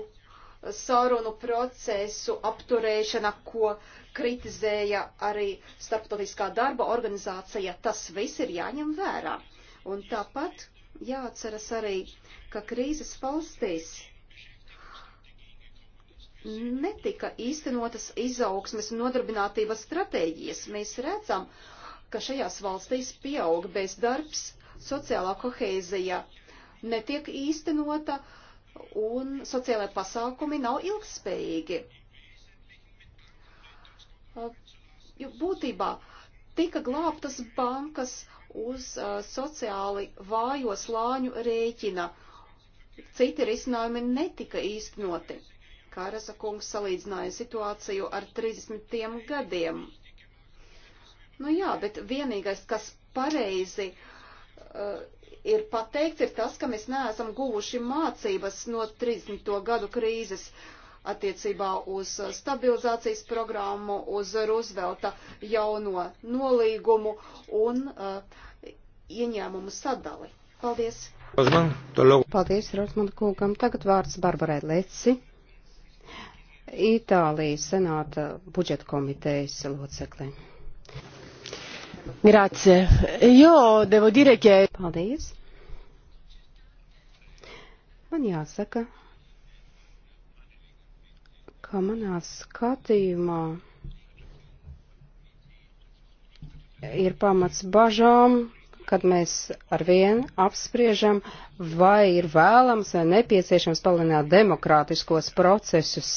sarunu procesu apturēšana, ko kritizēja arī Starptautiskā darba organizācija. Tas viss ir jāņem vērā. Un tāpat jāatceras arī, ka krīzes valstīs netika īstenotas izaugsmes un nodarbinātības stratēģijas. Mēs redzam, ka šajās valstīs pieaug bezdarbs, sociālā koheizija netiek īstenota un sociālai pasākumi nav ilgspējīgi. Uh, jo būtībā tika glābtas bankas uz uh, sociāli vājo slāņu rēķina. Citi risinājumi netika īstenoti. Kārasa kungs salīdzināja situāciju ar 30 gadiem. Nu jā, bet vienīgais, kas pareizi uh, ir pateikts, ir tas, ka mēs neesam guvuši mācības no 30. gadu krīzes attiecībā uz stabilizācijas programmu, uz Roosevelta jauno nolīgumu un uh, ieņēmumu sadali. Paldies! Paldies, Rosman kungam. Tagad vārds Barbarai Leci. Itālijas senāta budžeta komitejas loceklē. Grazie. Jo, devo dire che... Paldies. Man jāsaka, ka manā skatījumā ir pamats bažām, kad mēs arvien apspriežam, vai ir vēlams vai nepieciešams palielināt demokrātiskos procesus.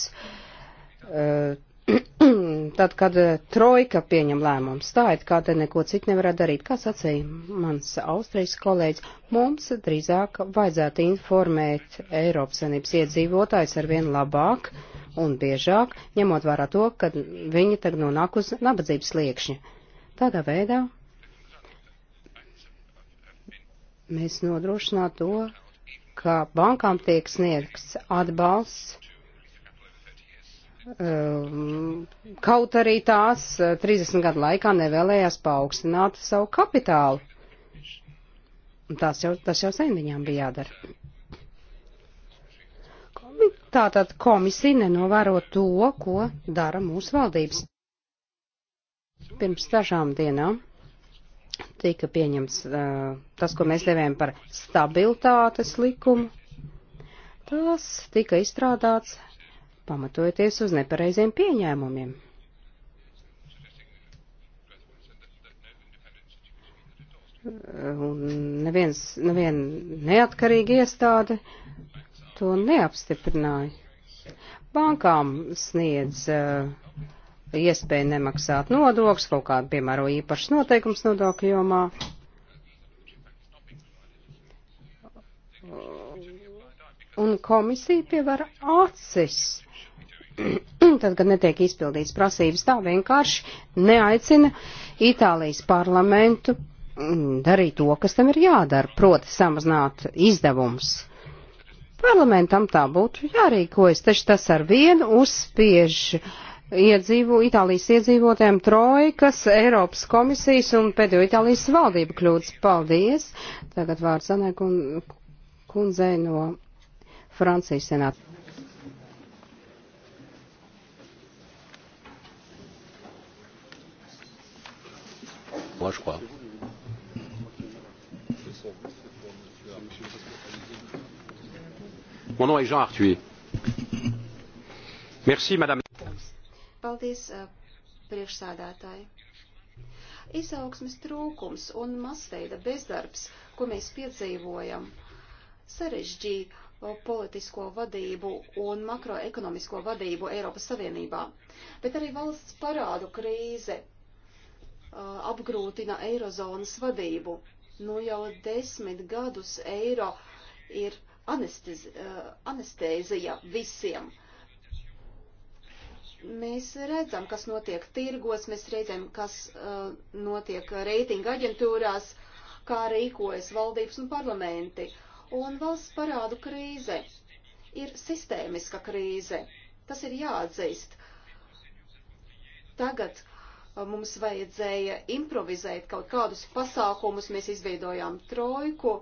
Uh, tad, kad eh, trojka pieņem lēmumus, tā it kā te neko citu nevarētu darīt. Kā sacīja mans austrijas kolēģis, mums drīzāk vajadzētu informēt Eiropas Savienības iedzīvotājs ar vien labāk un biežāk, ņemot vērā to, ka viņi tagad nonāk uz nabadzības sliekšņa. Tādā veidā mēs nodrošinātu to, ka bankām tiek sniegts atbalsts Ehm, kaut arī tās 30 eh, gadu laikā nevēlējās paaugstināt savu kapitālu. Tas jau, tas jau sen viņām bija jādara. Tātad komisija nenovēro to, ko dara mūsu valdības. Pirms dažām dienām tika pieņemts uh, tas, ko mēs devējam par stabilitātes likumu. Tas tika izstrādāts pamatojoties uz nepareiziem pieņēmumiem. Un neviens, nevien neatkarīga iestāde to neapstiprināja. Bankām sniedz uh, iespēju nemaksāt nodokļus, kaut kādu piemēro īpašs noteikums nodokļu jomā. Un komisija pievēra acis tad, kad netiek izpildīts prasības, tā vienkārši neaicina Itālijas parlamentu mm, darīt to, kas tam ir jādara, proti samazināt izdevumus. Parlamentam tā būtu jārīkojas, taču tas ar vienu uzspiež iedzīvo, Itālijas iedzīvotēm trojkas, Eiropas komisijas un pēdējo Itālijas valdību kļūdas. Paldies! Tagad vārds Anē kundzei no Francijas senāta. moi je crois. Mon nom est Jean Arthuis. Merci, madame. Paldies, eh, priekšsādātāji. Izaugsmes trūkums un masveida bezdarbs, ko mēs piedzīvojam, sarežģīja politisko vadību un makroekonomisko vadību Eiropas Savienībā, bet arī valsts parādu krīze Uh, apgrūtina eirozonas vadību. Nu jau desmit gadus eiro ir anestezi, uh, anestēzija visiem. Mēs redzam, kas notiek tirgos, mēs redzam, kas uh, notiek reitinga aģentūrās, kā rīkojas valdības un parlamenti. Un valsts parādu krīze ir sistēmiska krīze. Tas ir jāatzīst. Tagad uh, mums vajadzēja improvizēt kaut kādus pasākumus, mēs izveidojām trojku,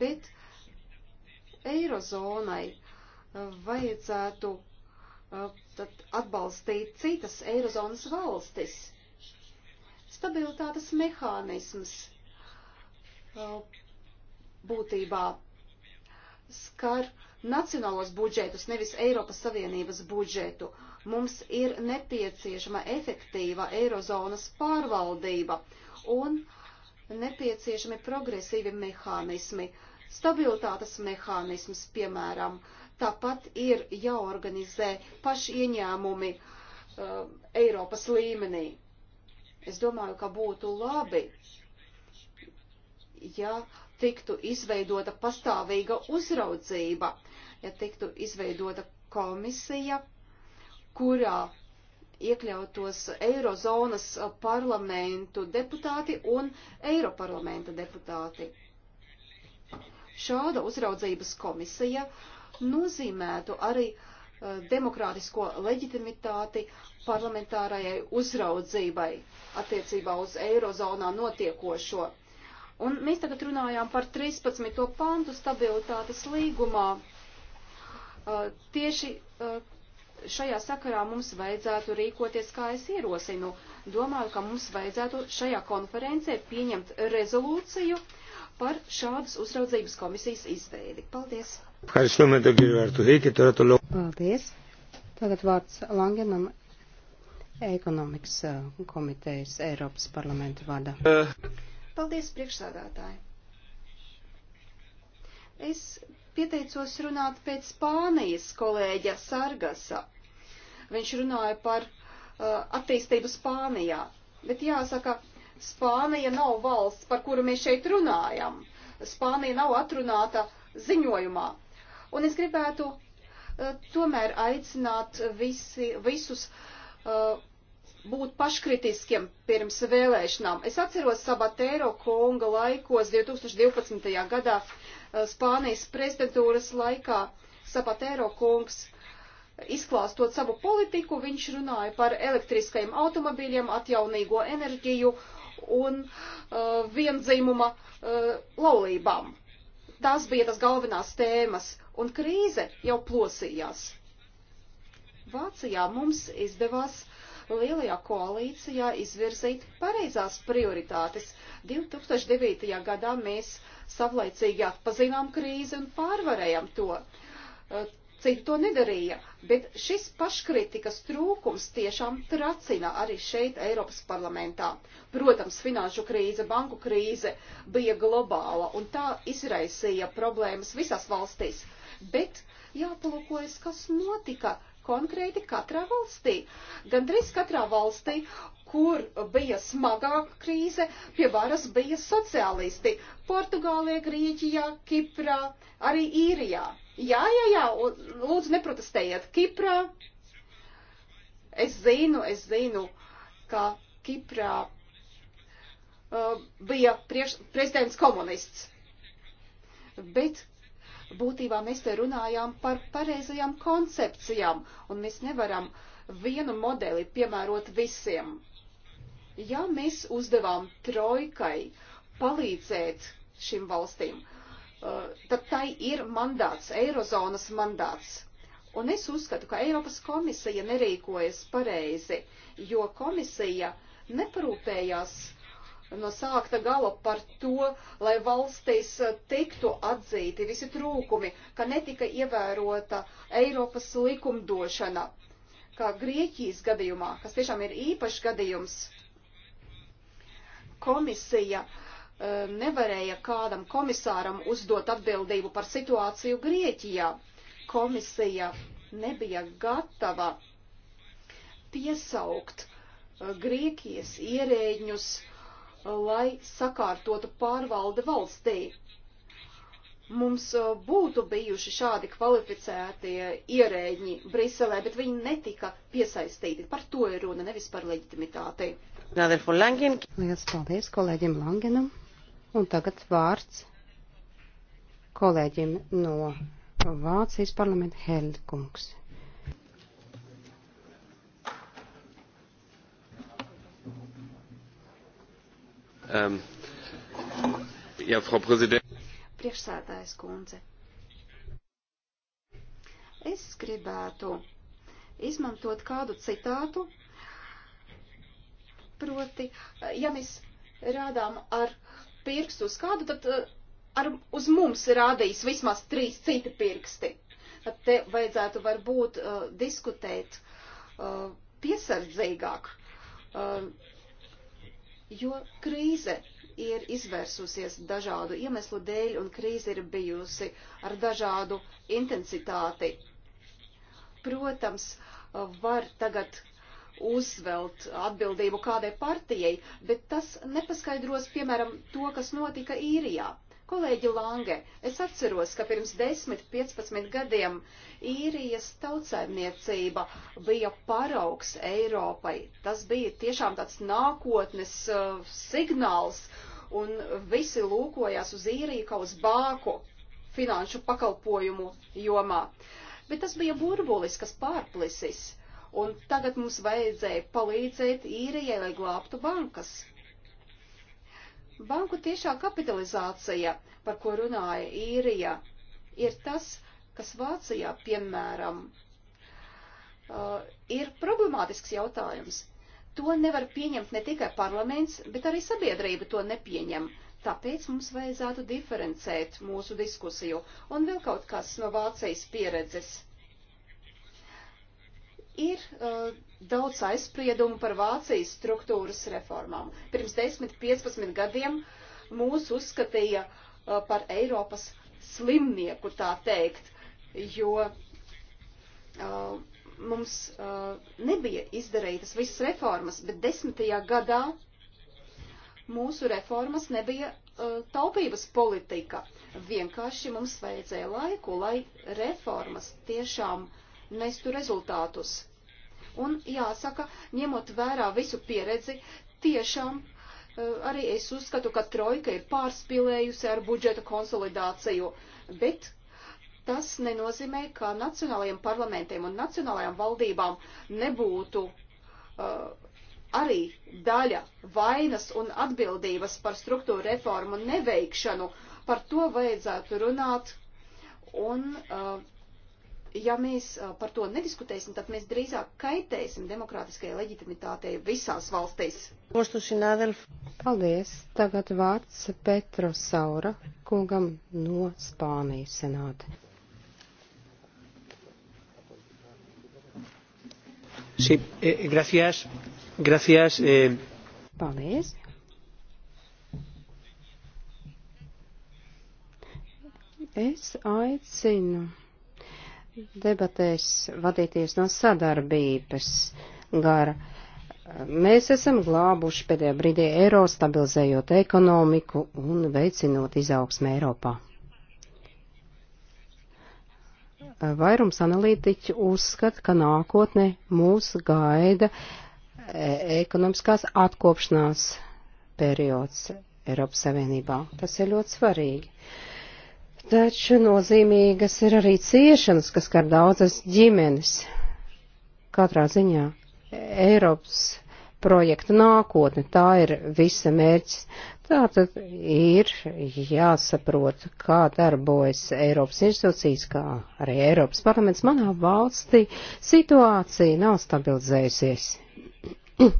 bet eirozonai vajadzētu tad atbalstīt citas eirozonas valstis. Stabilitātes mehānisms būtībā skar nacionālos budžetus, nevis Eiropas Savienības budžetu. Uh, Mums ir nepieciešama efektīva eirozonas pārvaldība un nepieciešami progresīvi mehānismi, stabilitātes mehānisms, piemēram. Tāpat ir jāorganizē paši ieņēmumi uh, Eiropas līmenī. Es domāju, ka būtu labi, ja tiktu izveidota pastāvīga uzraudzība, ja tiktu izveidota komisija, kurā iekļautos Eirozonas parlamentu deputāti un Eiroparlamenta deputāti. Šāda uzraudzības komisija nozīmētu arī uh, demokrātisko leģitimitāti parlamentārajai uzraudzībai attiecībā uz Eirozonā notiekošo. Un mēs tagad runājām par 13. pantu stabilitātes līgumā. Uh, tieši uh, šajā sakarā mums vajadzētu rīkoties, kā es ierosinu. Domāju, ka mums vajadzētu šajā konferencē pieņemt rezolūciju par šādas uzraudzības komisijas izveidi. Paldies! Paldies! Tagad vārds Langenam ekonomikas uh, komitejas Eiropas parlamenta vada. Uh. Paldies, priekšsādātāji! Es pieteicos runāt pēc Spānijas kolēģa Sargasa. Viņš runāja par uh, attīstību Spānijā, bet jāsaka, Spānija nav valsts, par kuru mēs šeit runājam. Spānija nav atrunāta ziņojumā. Un es gribētu uh, tomēr aicināt visi, visus uh, būt paškritiskiem pirms vēlēšanām. Es atceros Sabatēro kunga laikos 2012. gadā Eh, Spānijas prezidentūras laikā Sapatēro kungs izklāstot savu politiku, viņš runāja par elektriskajiem automobīļiem, atjaunīgo enerģiju un uh, eh, viendzimuma uh, eh, laulībām. Tās bija tas galvenās tēmas, un krīze jau plosījās. Vācijā mums izdevās lielajā koalīcijā izvirzīt pareizās prioritātes. 2009. gadā mēs uh, savlaicīgi atpazinām krīzi un pārvarējām to. Citi to nedarīja, bet šis paškritikas trūkums tiešām tracina arī šeit Eiropas parlamentā. Protams, finanšu krīze, banku krīze bija globāla un tā izraisīja problēmas visās valstīs, bet jāpalūkojas, kas notika konkrēti katrā valstī. Gan drīz katrā valstī, kur bija smagāka krīze, pie varas bija sociālisti - Portugālē, Grieķijā, Kiprā, arī Īrijā. Jā, jā, jā, lūdzu neprotestējiet. Kiprā, es zinu, es zinu, ka Kiprā uh, bija prieš, prezidents komunists. Bet būtībā mēs te runājām par pareizajām koncepcijām, un mēs nevaram vienu modeli piemērot visiem. Ja mēs uzdevām trojkai palīdzēt šīm valstīm, eh, tad tai ir mandāts, Eirozonas mandāts. Un es uzskatu, ka Eiropas komisija nerīkojas pareizi, jo komisija neparūpējās uh, no sākta gala par to, lai valstīs eh, tiktu atzīti visi trūkumi, ka netika ievērota Eiropas likumdošana, kā Grieķijas gadījumā, kas tiešām ir īpašs gadījums. Komisija eh, nevarēja kādam komisāram uzdot atbildību par situāciju Grieķijā. Komisija nebija gatava piesaukt eh, Grieķijas ierēģņus uh, lai sakārtotu pārvalde valstī. Mums uh, būtu bijuši šādi kvalificētie ierēģi Briselē, bet viņi netika piesaistīti. Par to ir runa, nevis par leģitimitāti. Lielas paldies kolēģim Langenam. Un tagad vārds kolēģim no Vācijas parlamenta Helkungs. Um, jā, Frau Prezident. Priekšsētājs kundze. Es gribētu izmantot kādu citātu, proti, ja mēs rādām ar pirkstu uz kādu, tad uh, ar, uz mums rādīs vismaz trīs citi pirksti. Tad te vajadzētu varbūt uh, diskutēt uh, piesardzīgāk. Uh, jo krīze ir izvērsusies dažādu iemeslu dēļ, un krīze ir bijusi ar dažādu intensitāti. Protams, var tagad uzvelt atbildību kādai partijai, bet tas nepaskaidros, piemēram, to, kas notika īrijā. Kolēģi Lange, es atceros, ka pirms 10-15 gadiem īrijas tautsaimniecība bija paraugs Eiropai. Tas bija tiešām tāds nākotnes uh, signāls, un visi lūkojās uz īriju kā uz bāku finanšu pakalpojumu jomā. Bet tas bija burbulis, kas pārplisis, un tagad mums vajadzēja palīdzēt īrijai, lai glābtu bankas Banku tiešā kapitalizācija, par ko runāja īrija, ir tas, kas Vācijā, piemēram, uh, ir problemātisks jautājums. To nevar pieņemt ne tikai parlaments, bet arī sabiedrība to nepieņem. Tāpēc mums vajadzētu diferencēt mūsu diskusiju un vēl kaut kas no Vācijas pieredzes. Ir uh, daudz aizspriedumu par Vācijas struktūras reformām. Pirms 10-15 gadiem mūs uzskatīja uh, par Eiropas slimnieku, tā teikt, jo uh, mums uh, nebija izdarītas visas reformas, bet desmitajā gadā mūsu reformas nebija taupības politika. Vienkārši mums vajadzēja laiku, lai reformas tiešām nestu rezultātus Un jāsaka, ņemot vērā visu pieredzi, tiešām eh, arī es uzskatu, ka trojka ir pārspīlējusi ar budžeta konsolidāciju, bet tas nenozīmē, ka nacionālajiem parlamentiem un nacionālajām valdībām nebūtu uh, arī daļa vainas un atbildības par struktūra reformu neveikšanu. Par to vajadzētu runāt un uh, ja mēs uh, par to nediskutēsim, tad mēs drīzāk kaitēsim demokrātiskajai leģitimitātei visās valstīs. Paldies! Tagad vārds Petro Saura kungam no Spānijas senāta. Sí, eh, gracias, gracias. Eh. Paldies. Es aicinu debatēs vadīties no sadarbības gara. Mēs esam glābuši pēdējā brīdī eiro, stabilizējot ekonomiku un veicinot izaugsmē Eiropā. Vairums analītiķu uzskata, ka nākotnē mūs gaida e, ekonomiskās atkopšanās periods Eiropas Savienībā. Tas ir ļoti svarīgi. Uh, Taču nozīmīgas ir arī ciešanas, kas skar daudzas ģimenes. Katrā ziņā Eiropas projekta nākotne, tā ir visa mērķis. Tā tad ir jāsaprot, kā darbojas Eiropas institūcijas, kā arī Eiropas parlaments. Manā valstī situācija nav stabilizējusies.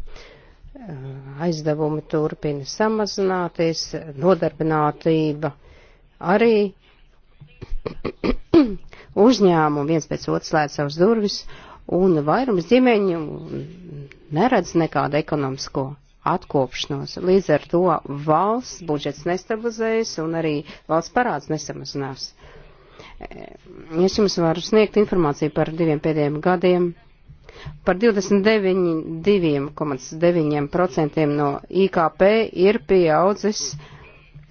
Aizdevumi turpina samazināties, nodarbinātība arī uzņēmumi viens pēc otras slēdz savus durvis, un vairums ģimeņu neredz nekādu ekonomisko atkopšanos. Līdz ar to valsts budžets nestabilizējas un arī valsts parāds nesamazinās. Eh, es jums varu sniegt informāciju par diviem pēdējiem gadiem. Par 29,9% no IKP ir pieaudzis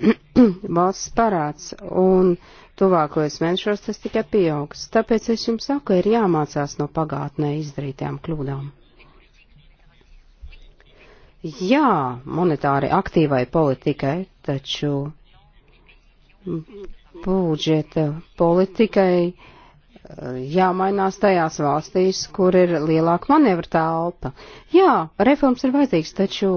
valsts parāds. Un uh, Tuvākajos mēnešos tas tikai pieaugs, tāpēc es jums saku, ir jāmācās no pagātnē izdarītajām kļūdām. Jā, monetāri aktīvai politikai, taču budžeta politikai eh, jāmainās tajās valstīs, kur ir lielāka manevra telpa. Jā, reformas ir vajadzīgas, taču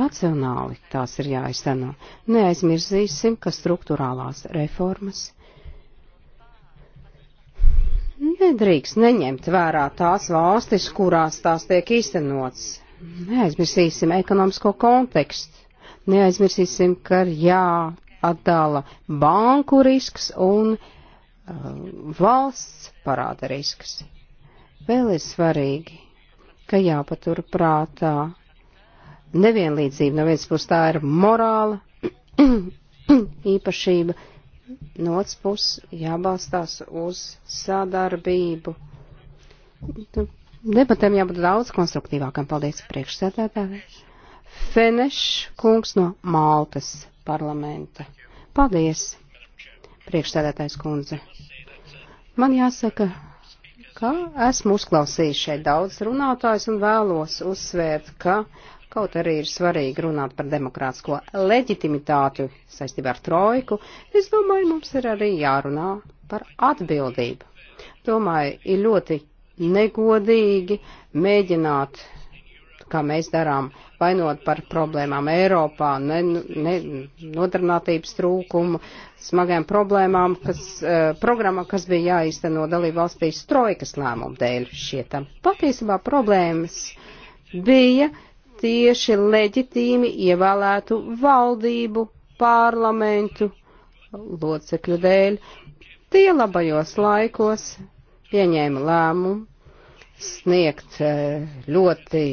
racionāli tās ir jāizteno. Neaizmirsīsim, ka struktūrālās reformas nedrīkst neņemt vērā tās valstis, kurās tās tiek īstenots. Neaizmirsīsim ekonomisko kontekstu. Neaizmirsīsim, ka ir jāatdala banku risks un uh, valsts parāda risks. Vēl ir svarīgi, ka jāpatur prātā nevienlīdzība. No vienas puses tā ir morāla īpašība no otras puses jābalstās uz sadarbību. Nu, debatēm jābūt daudz konstruktīvākam. Paldies priekšsēdētājai. Feneš kungs no Maltas parlamenta. Paldies, priekšsēdētājs kundze. Man jāsaka, ka esmu uzklausījis šeit daudz runātājs un vēlos uzsvērt, ka kaut arī ir svarīgi runāt par demokrātisko leģitimitāti saistībā ar trojku, es domāju, mums ir arī jārunā par atbildību. Domāju, ir ļoti negodīgi mēģināt, kā mēs darām, vainot par problēmām Eiropā, ne, ne, nodarbinātības trūkumu, smagām problēmām, kas, uh, eh, programma, kas bija jāizteno dalību valstīs trojkas lēmumu dēļ šietam. Patiesībā problēmas bija tieši leģitīmi ievēlētu valdību, parlamentu, locekļu dēļ. Tie labajos laikos pieņēma lēmumu sniegt e, ļoti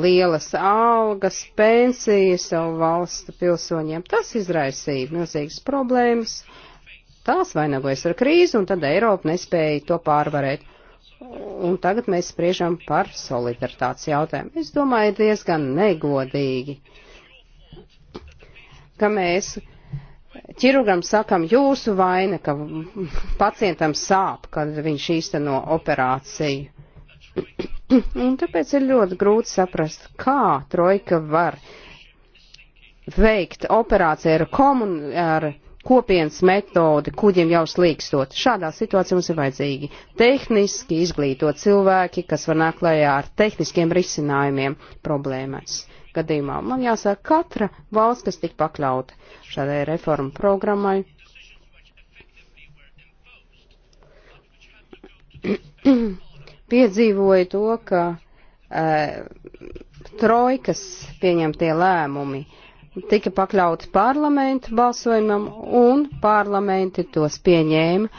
lielas algas, pensijas savu valstu pilsoņiem. Tas izraisīja milzīgas problēmas. Tās vainagojas ar krīzi, un tad Eiropa nespēja to pārvarēt un tagad mēs spriežam par solidaritātes jautājumu. Es domāju, ir diezgan negodīgi, ka mēs ķirurgam sakam jūsu vaina, ka pacientam sāp, kad viņš īsteno operāciju. Un tāpēc ir ļoti grūti saprast, kā trojka var veikt operāciju ar, komun, ar kopienas metodi kuģiem jau slīkstot. Šādā situācijā mums ir vajadzīgi tehniski izglītot cilvēki, kas var nākt klējā ar tehniskiem risinājumiem problēmās. Gadījumā man jāsaka, katra valsts, kas tik pakļauta šādai reformu programmai, piedzīvoja to, ka uh, trojkas pieņemtie lēmumi uh, tika pakļauti parlamentu balsojumam un parlamenti tos pieņēma,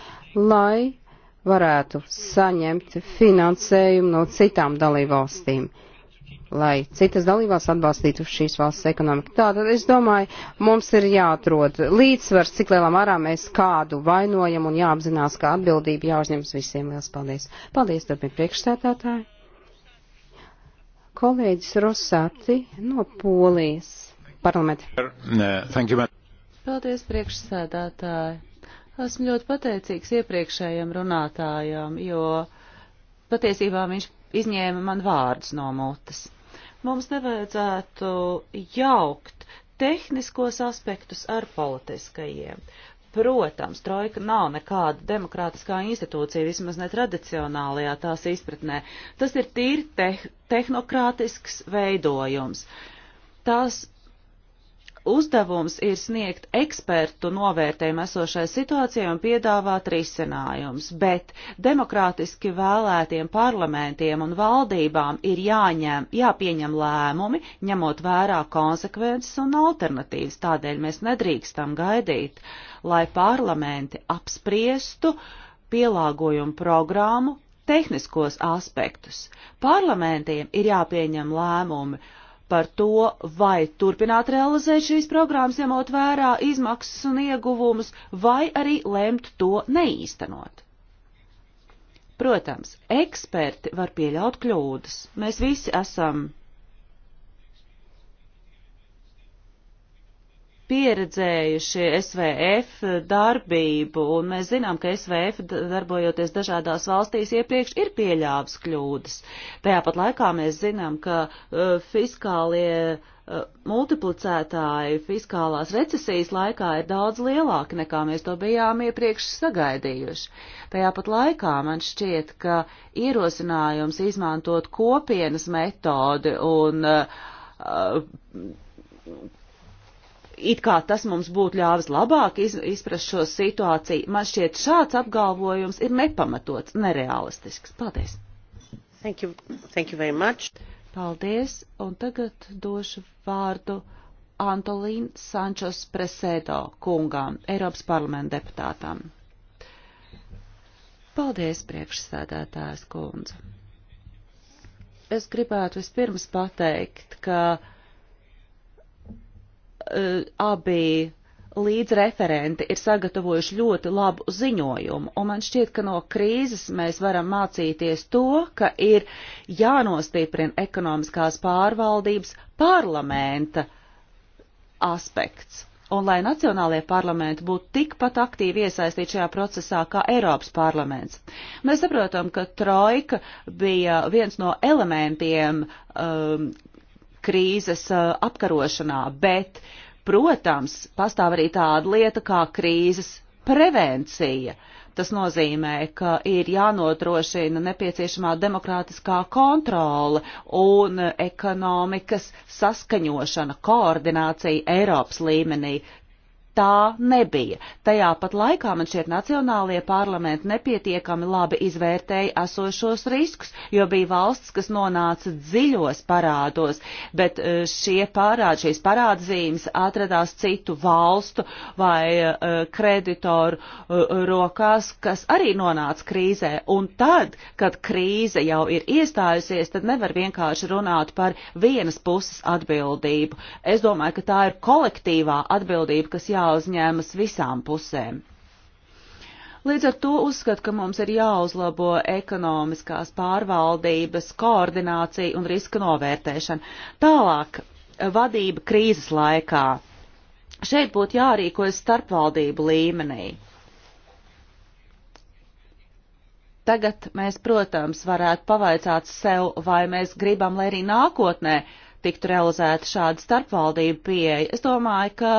lai varētu saņemt finansējumu no citām dalībvalstīm, lai citas dalībvalsts atbalstītu šīs valsts ekonomiku. Tātad es domāju, mums ir jāatrod līdzsvars, cik lielā mērā mēs kādu vainojam un jāapzinās, ka atbildība jāuzņems visiem. Lielas paldies! Paldies, turpin priekšstādātāji! Kolēģis Rosati no Polijas parlamenti. Uh, Paldies, priekšsēdētāji. Esmu ļoti pateicīgs iepriekšējiem runātājiem, jo patiesībā viņš izņēma man vārdus no mutes. Mums nevajadzētu jaukt tehniskos aspektus ar politiskajiem. Protams, trojka nav nekāda demokrātiskā institūcija, vismaz ne tradicionālajā tās izpratnē. Tas ir tīri te tehnokrātisks veidojums. Tās uzdevums ir sniegt ekspertu novērtējumu esošai situācijai un piedāvāt risinājums, bet demokrātiski vēlētiem parlamentiem un valdībām ir jāņem, jāpieņem lēmumi, ņemot vērā konsekvences un alternatīvas. Tādēļ mēs nedrīkstam gaidīt, lai parlamenti apspriestu pielāgojumu programmu tehniskos aspektus. Parlamentiem ir jāpieņem lēmumi par to, vai turpināt realizēt šīs programmas, ņemot vērā izmaksas un ieguvumus, vai arī lemt to neīstenot. Protams, eksperti var pieļaut kļūdas. Mēs visi esam pieredzējuši SVF darbību, un mēs zinām, ka SVF darbojoties dažādās valstīs iepriekš ir pieļāvis kļūdas. Tajāpat laikā mēs zinām, ka uh, fiskālie uh, multiplicētāji fiskālās recesijas laikā ir daudz lielāki, nekā mēs to bijām iepriekš sagaidījuši. Tajāpat laikā man šķiet, ka ierosinājums izmantot kopienas metodi un uh, uh it kā tas mums būtu ļāvis labāk iz, izprast šo situāciju. Man šķiet, šāds apgalvojums ir nepamatots, nereālistisks. Paldies! Thank you. Thank you very much. Paldies, un tagad došu vārdu Antolīn Sančos Presēdo kungām, Eiropas parlamenta deputātām. Paldies, priekšsēdētājs kundze. Es gribētu vispirms pateikt, ka Eh, abi līdzreferenti ir sagatavojuši ļoti labu ziņojumu, un man šķiet, ka no krīzes mēs varam mācīties to, ka ir jānostiprina ekonomiskās pārvaldības parlamenta aspekts. Un lai nacionālajie parlamenti būtu tikpat aktīvi iesaistīti šajā procesā kā Eiropas parlaments. Mēs saprotam, ka trojka bija viens no elementiem, um, krīzes uh, apkarošanā, bet, protams, pastāv arī tāda lieta kā krīzes prevencija. Tas nozīmē, ka ir jānodrošina nepieciešamā demokrātiskā kontrole un ekonomikas saskaņošana, koordinācija Eiropas līmenī tā nebija. Tajā pat laikā man šie nacionālie parlamenti nepietiekami labi izvērtēja esošos riskus, jo bija valsts, kas nonāca dziļos parādos, bet eh, šie parādi, šīs parādzīmes atradās citu valstu vai eh, kreditoru eh, rokās, kas arī nonāca krīzē. Un tad, kad krīze jau ir iestājusies, tad nevar vienkārši runāt par vienas puses atbildību. Es domāju, ka tā ir kolektīvā atbildība, kas jā jāuzņēmas visām pusēm. Līdz ar to uzskatu, ka mums ir jāuzlabo ekonomiskās pārvaldības, koordinācija un riska novērtēšana. Tālāk, vadība krīzes laikā. Šeit būtu jārīkojas starpvaldību līmenī. Tagad mēs, protams, varētu pavaicāt sev, vai mēs gribam, lai arī nākotnē uh, tiktu realizēta šāda starpvaldība pieeja. Es domāju, ka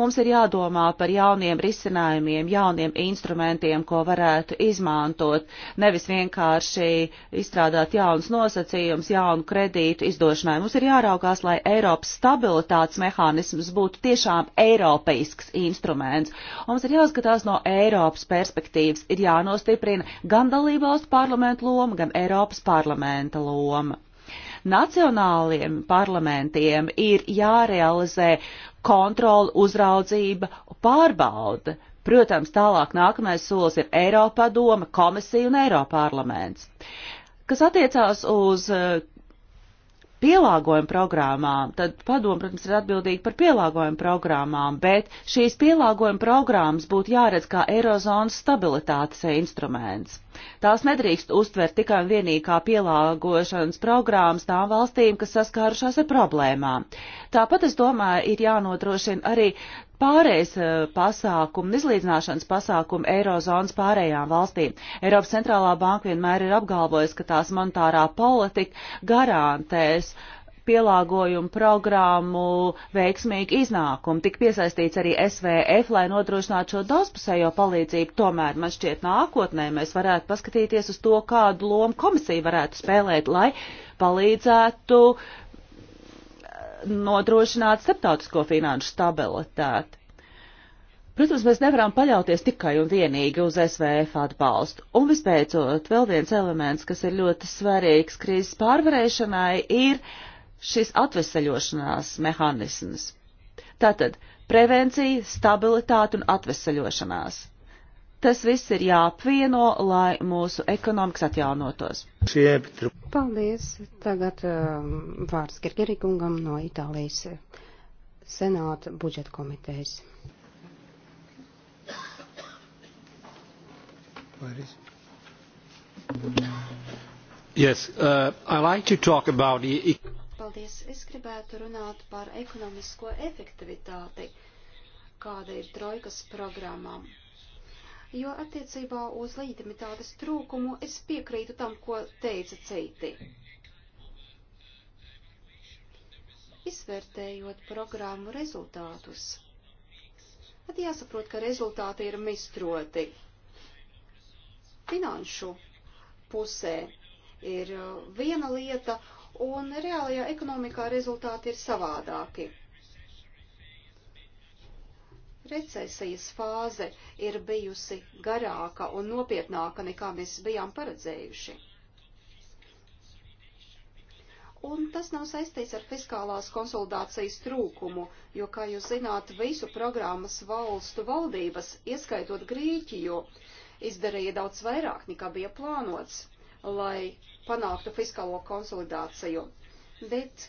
mums ir jādomā par jauniem risinājumiem, jauniem instrumentiem, ko varētu izmantot, nevis vienkārši izstrādāt jaunus nosacījumus, jaunu kredītu izdošanai. Mums ir jāraugās, lai Eiropas stabilitātes mehānisms būtu tiešām eiropeisks instruments. Un mums ir jāskatās no Eiropas perspektīvas, ir jānostiprina gan dalībvalstu parlamentu loma, gan Eiropas parlamenta loma nacionāliem parlamentiem ir jārealizē kontrola, uzraudzība, pārbauda. Protams, tālāk nākamais solis ir Eiropa doma, komisija un Eiropa parlaments. Kas attiecās uz eh, pielāgojuma programmām, tad padomu, protams, ir atbildīgi par pielāgojuma programmām, bet šīs pielāgojuma programmas būtu jāredz kā Eirozonas stabilitātes instruments. Tās nedrīkst uztvert tikai un vienīgi kā pielāgošanas programmas tām valstīm, kas saskārušās ar problēmām. Tāpat, es domāju, ir jānodrošina arī pārējais eh, pasākumu, izlīdzināšanas pasākumu Eirozonas pārējām valstīm. Eiropas centrālā banka vienmēr ir apgalvojusi, ka tās monetārā politika garantēs pielāgojumu programmu veiksmīgu iznākumu. Tik piesaistīts arī SVF, lai nodrošinātu šo daudzpusējo palīdzību. Tomēr man šķiet nākotnē mēs varētu paskatīties uz to, kādu lomu komisija varētu spēlēt, lai palīdzētu uh, nodrošināt starptautisko finanšu stabilitāti. Protams, mēs nevaram paļauties tikai un vienīgi uz SVF atbalstu. Un visbeidzot, vēl viens elements, kas ir ļoti svarīgs krīzes pārvarēšanai, ir šis atveseļošanās mehānisms. Tātad prevencija, stabilitāte un atveseļošanās. Tas viss ir jāapvieno, lai mūsu ekonomikas atjaunotos. Paldies. Tagad um, vārds Gergerikungam no Itālijas Senāta budžeta komitejas. Yes, uh, I like to talk about the... E- Paldies. Es gribētu runāt par ekonomisko efektivitāti, kāda ir trojkas programmām jo attiecībā uz leģitimitātes trūkumu es piekrītu tam, ko teica citi. Izvērtējot programmu rezultātus, tad jāsaprot, ka rezultāti ir mistroti. Finanšu pusē ir uh, viena lieta, un reālajā ekonomikā rezultāti ir savādāki recesijas fāze ir bijusi garāka un nopietnāka nekā mēs bijām paredzējuši. Un tas nav saistīts ar fiskālās konsolidācijas trūkumu, jo, kā jūs zināt, visu programmas valstu valdības, ieskaitot Grieķiju, izdarīja daudz vairāk nekā bija plānots, lai panāktu fiskālo konsolidāciju. Bet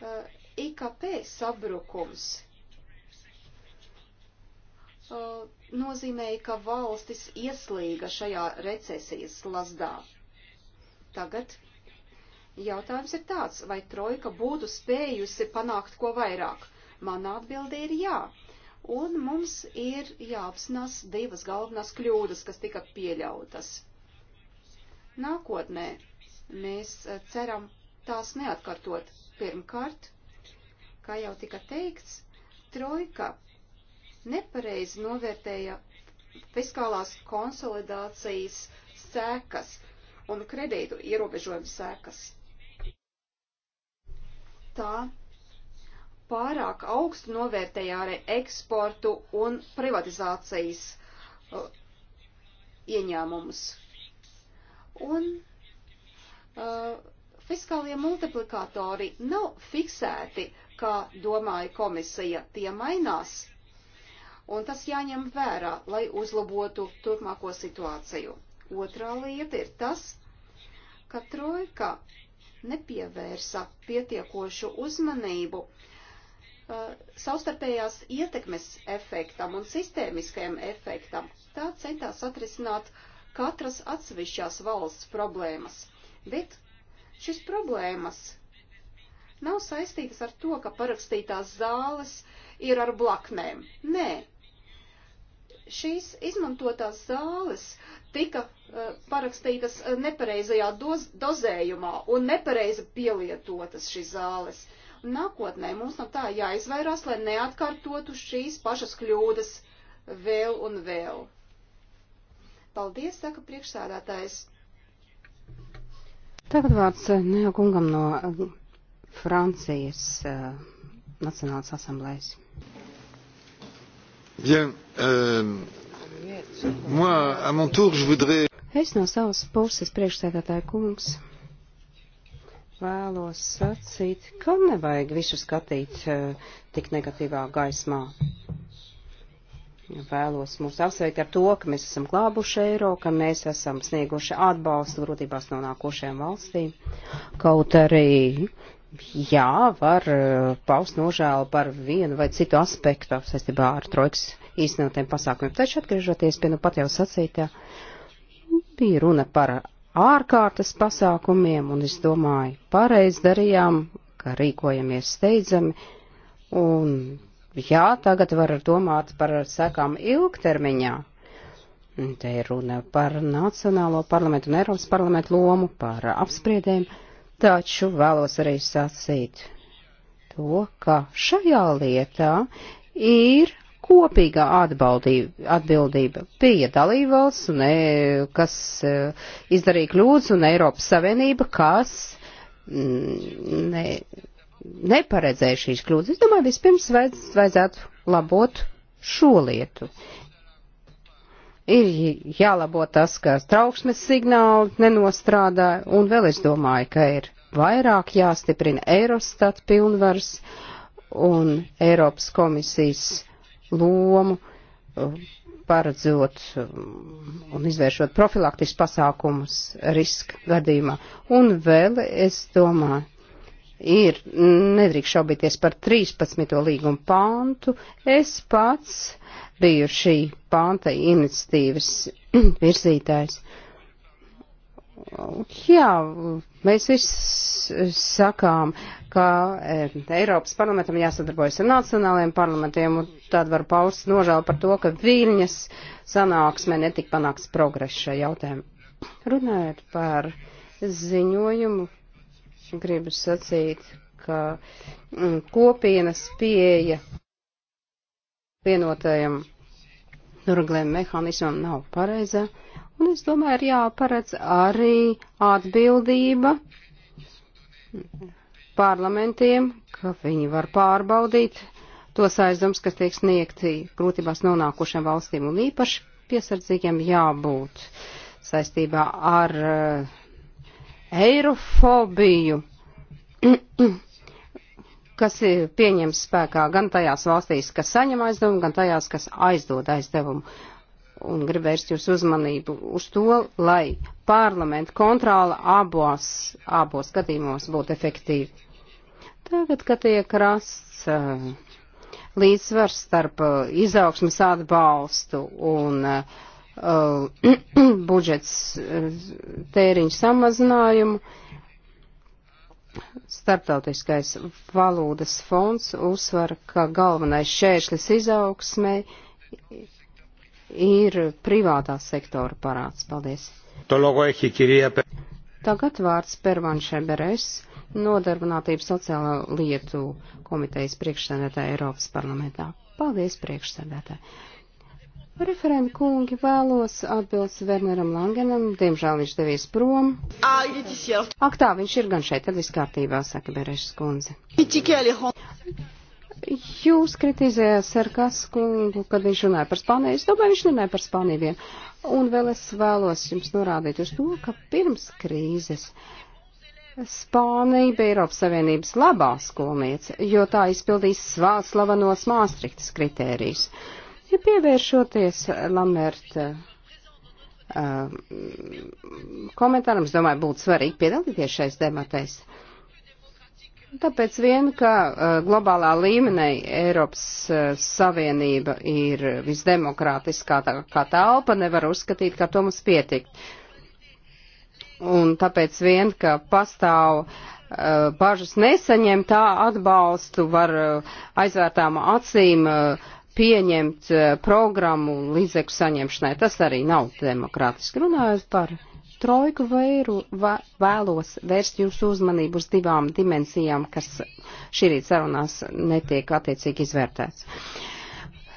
uh, IKP sabrukums nozīmēja, ka valstis ieslīga šajā recesijas lazdā. Tagad jautājums ir tāds, vai trojka būtu spējusi panākt ko vairāk? Mana atbilde ir jā. Un mums ir jāapsnās divas galvenās kļūdas, kas tika pieļautas. Nākotnē mēs e, ceram tās neatkārtot. Pirmkārt, kā jau tika teikts, trojka nepareizi novērtēja fiskālās konsolidācijas sēkas un kredītu ierobežojumu sēkas. Tā pārāk augstu novērtēja arī eksportu un privatizācijas uh, ieņēmumus. Un uh, fiskālie multiplikatori nav fiksēti, kā domāja komisija, tie mainās un tas jāņem vērā, lai uzlabotu turpmāko situāciju. Otrā lieta ir tas, ka trojka nepievērsa pietiekošu uzmanību uh, savstarpējās ietekmes efektam un sistēmiskajam efektam. Tā centās atrisināt katras atsevišķās valsts problēmas, bet šis problēmas nav saistītas ar to, ka parakstītās zāles ir ar blaknēm. Nē, Šīs izmantotās zāles tika uh, parakstītas e, nepareizajā doz, dozējumā un nepareizi pielietotas šīs zāles. Nākotnē mums no tā jāizvairās, lai neatkārtotu šīs pašas kļūdas vēl un vēl. Paldies, saka priekšsādātājs. Tagad vārds e, Neokungam no Francijas uh, Nacionālas asamblējas. Bien, euh, moi, à mon tour, je voudrais... Es no savas puses priekšsēdētāja kungs vēlos sacīt, ka nevajag visu skatīt uh, tik negatīvā gaismā. Vēlos mūs apsveikt ar to, ka mēs esam klābuši eiro, ka mēs esam snieguši atbalstu grūtībās nonākošajām valstīm, kaut arī jā, var eh, paust nožēlu par vienu vai citu aspektu saistībā ar trojkas īstenotiem pasākumiem. Taču atgriežoties pie nu pat jau sacītā, bija runa par ārkārtas pasākumiem, un es domāju, pareiz darījām, ka rīkojamies steidzami, un jā, tagad var domāt par sekām ilgtermiņā. Te ir runa par Nacionālo parlamentu un Eiropas parlamentu lomu, par apspriedēm. Uh, taču vēlos arī sacīt to, ka šajā lietā ir kopīga atbildība bija dalībvalsts, un, kas eh, izdarīja kļūdas, un Eiropas Savienība, kas mm, ne, neparedzēja šīs kļūdas. Es domāju, vispirms vajadz, vajadzētu labot šo lietu ir jālabo tas, ka trauksmes signāli nenostrādā, un vēl es domāju, ka ir vairāk jāstiprina Eirostat pilnvars un Eiropas komisijas lomu, um, paredzot um, un izvēršot profilaktiskus pasākumus riska gadījumā. Un vēl es domāju, ir, nedrīkst šaubīties par 13. līgumu pāntu, es pats uh, biju šī panta iniciatīvas virzītājs. Jā, mēs visi sakām, ka eh, Eiropas parlamentam jāsadarbojas ar nacionālajiem parlamentiem, un tad var paust nožēlu par to, ka Viļņas sanāksmē netika panāks progress šajā jautājumā. Runājot par ziņojumu, gribu sacīt, ka mm, kopienas pieeja vienotajam noraglēm mehānismam nav pareiza, un es domāju, ir jāparedz arī atbildība parlamentiem, ka viņi var pārbaudīt tos aizdoms, kas tiek sniegti grūtībās nonākušiem valstīm un īpaši piesardzīgiem jābūt saistībā ar uh, eirofobiju. kas ir pieņems spēkā gan tajās valstīs, kas saņem aizdevumu, gan tajās, kas aizdod aizdevumu. Un gribu vērst jūs uzmanību uz to, lai parlamenta kontrola abos, abos gadījumos būtu efektīva. Tagad, kad tiek rasts uh, līdzsvars starp uh, izaugsmas atbalstu un uh, budžets tēriņu samazinājumu, Startautiskais valūdas fonds uzsver, ka galvenais šēršlis izaugsmē ir privātā sektora parāds. Paldies. Tagad vārds Pervanšai Beres, nodarbinātības sociālo lietu komitejas priekšsēdētāja Eiropas parlamentā. Paldies, priekšsēdētāji. Referenta kungi vēlos atbilst Werneram Langenam, diemžēl viņš devies prom. Ah, Ak tā, viņš ir gan šeit, tad viss kārtībā, saka Berešas kundze. Jūs kritizējāt Sarkas kungu, kad viņš runāja par Spāniju. Es domāju, viņš runāja par Spāniju vien. Un vēl es vēlos jums norādīt uz to, ka pirms krīzes Spānija bija Eiropas Savienības labā skolniece, jo tā izpildīs svāts slavenos Māstrihtas kritērijus. Uh, Ja pievēršoties eh, Lamberta uh, eh, mm, komentāram, es domāju, būtu svarīgi piedalīties šais debatēs. Tāpēc vien, ka uh, globālā līmenī Eiropas uh, Savienība ir visdemokrātiskā tā, kā telpa, nevar uzskatīt, ka to mums pietikt. Un tāpēc vien, ka pastāv uh, bažas nesaņem tā atbalstu, var aizvērtām acīm uh, pieņemt eh, programmu līdzekļu saņemšanai. Tas arī nav demokrātiski. Runājot par trojku vēru, vēlos vērst jūsu uzmanību uz divām dimensijām, kas šī rīt sarunās netiek attiecīgi izvērtēts. Uh,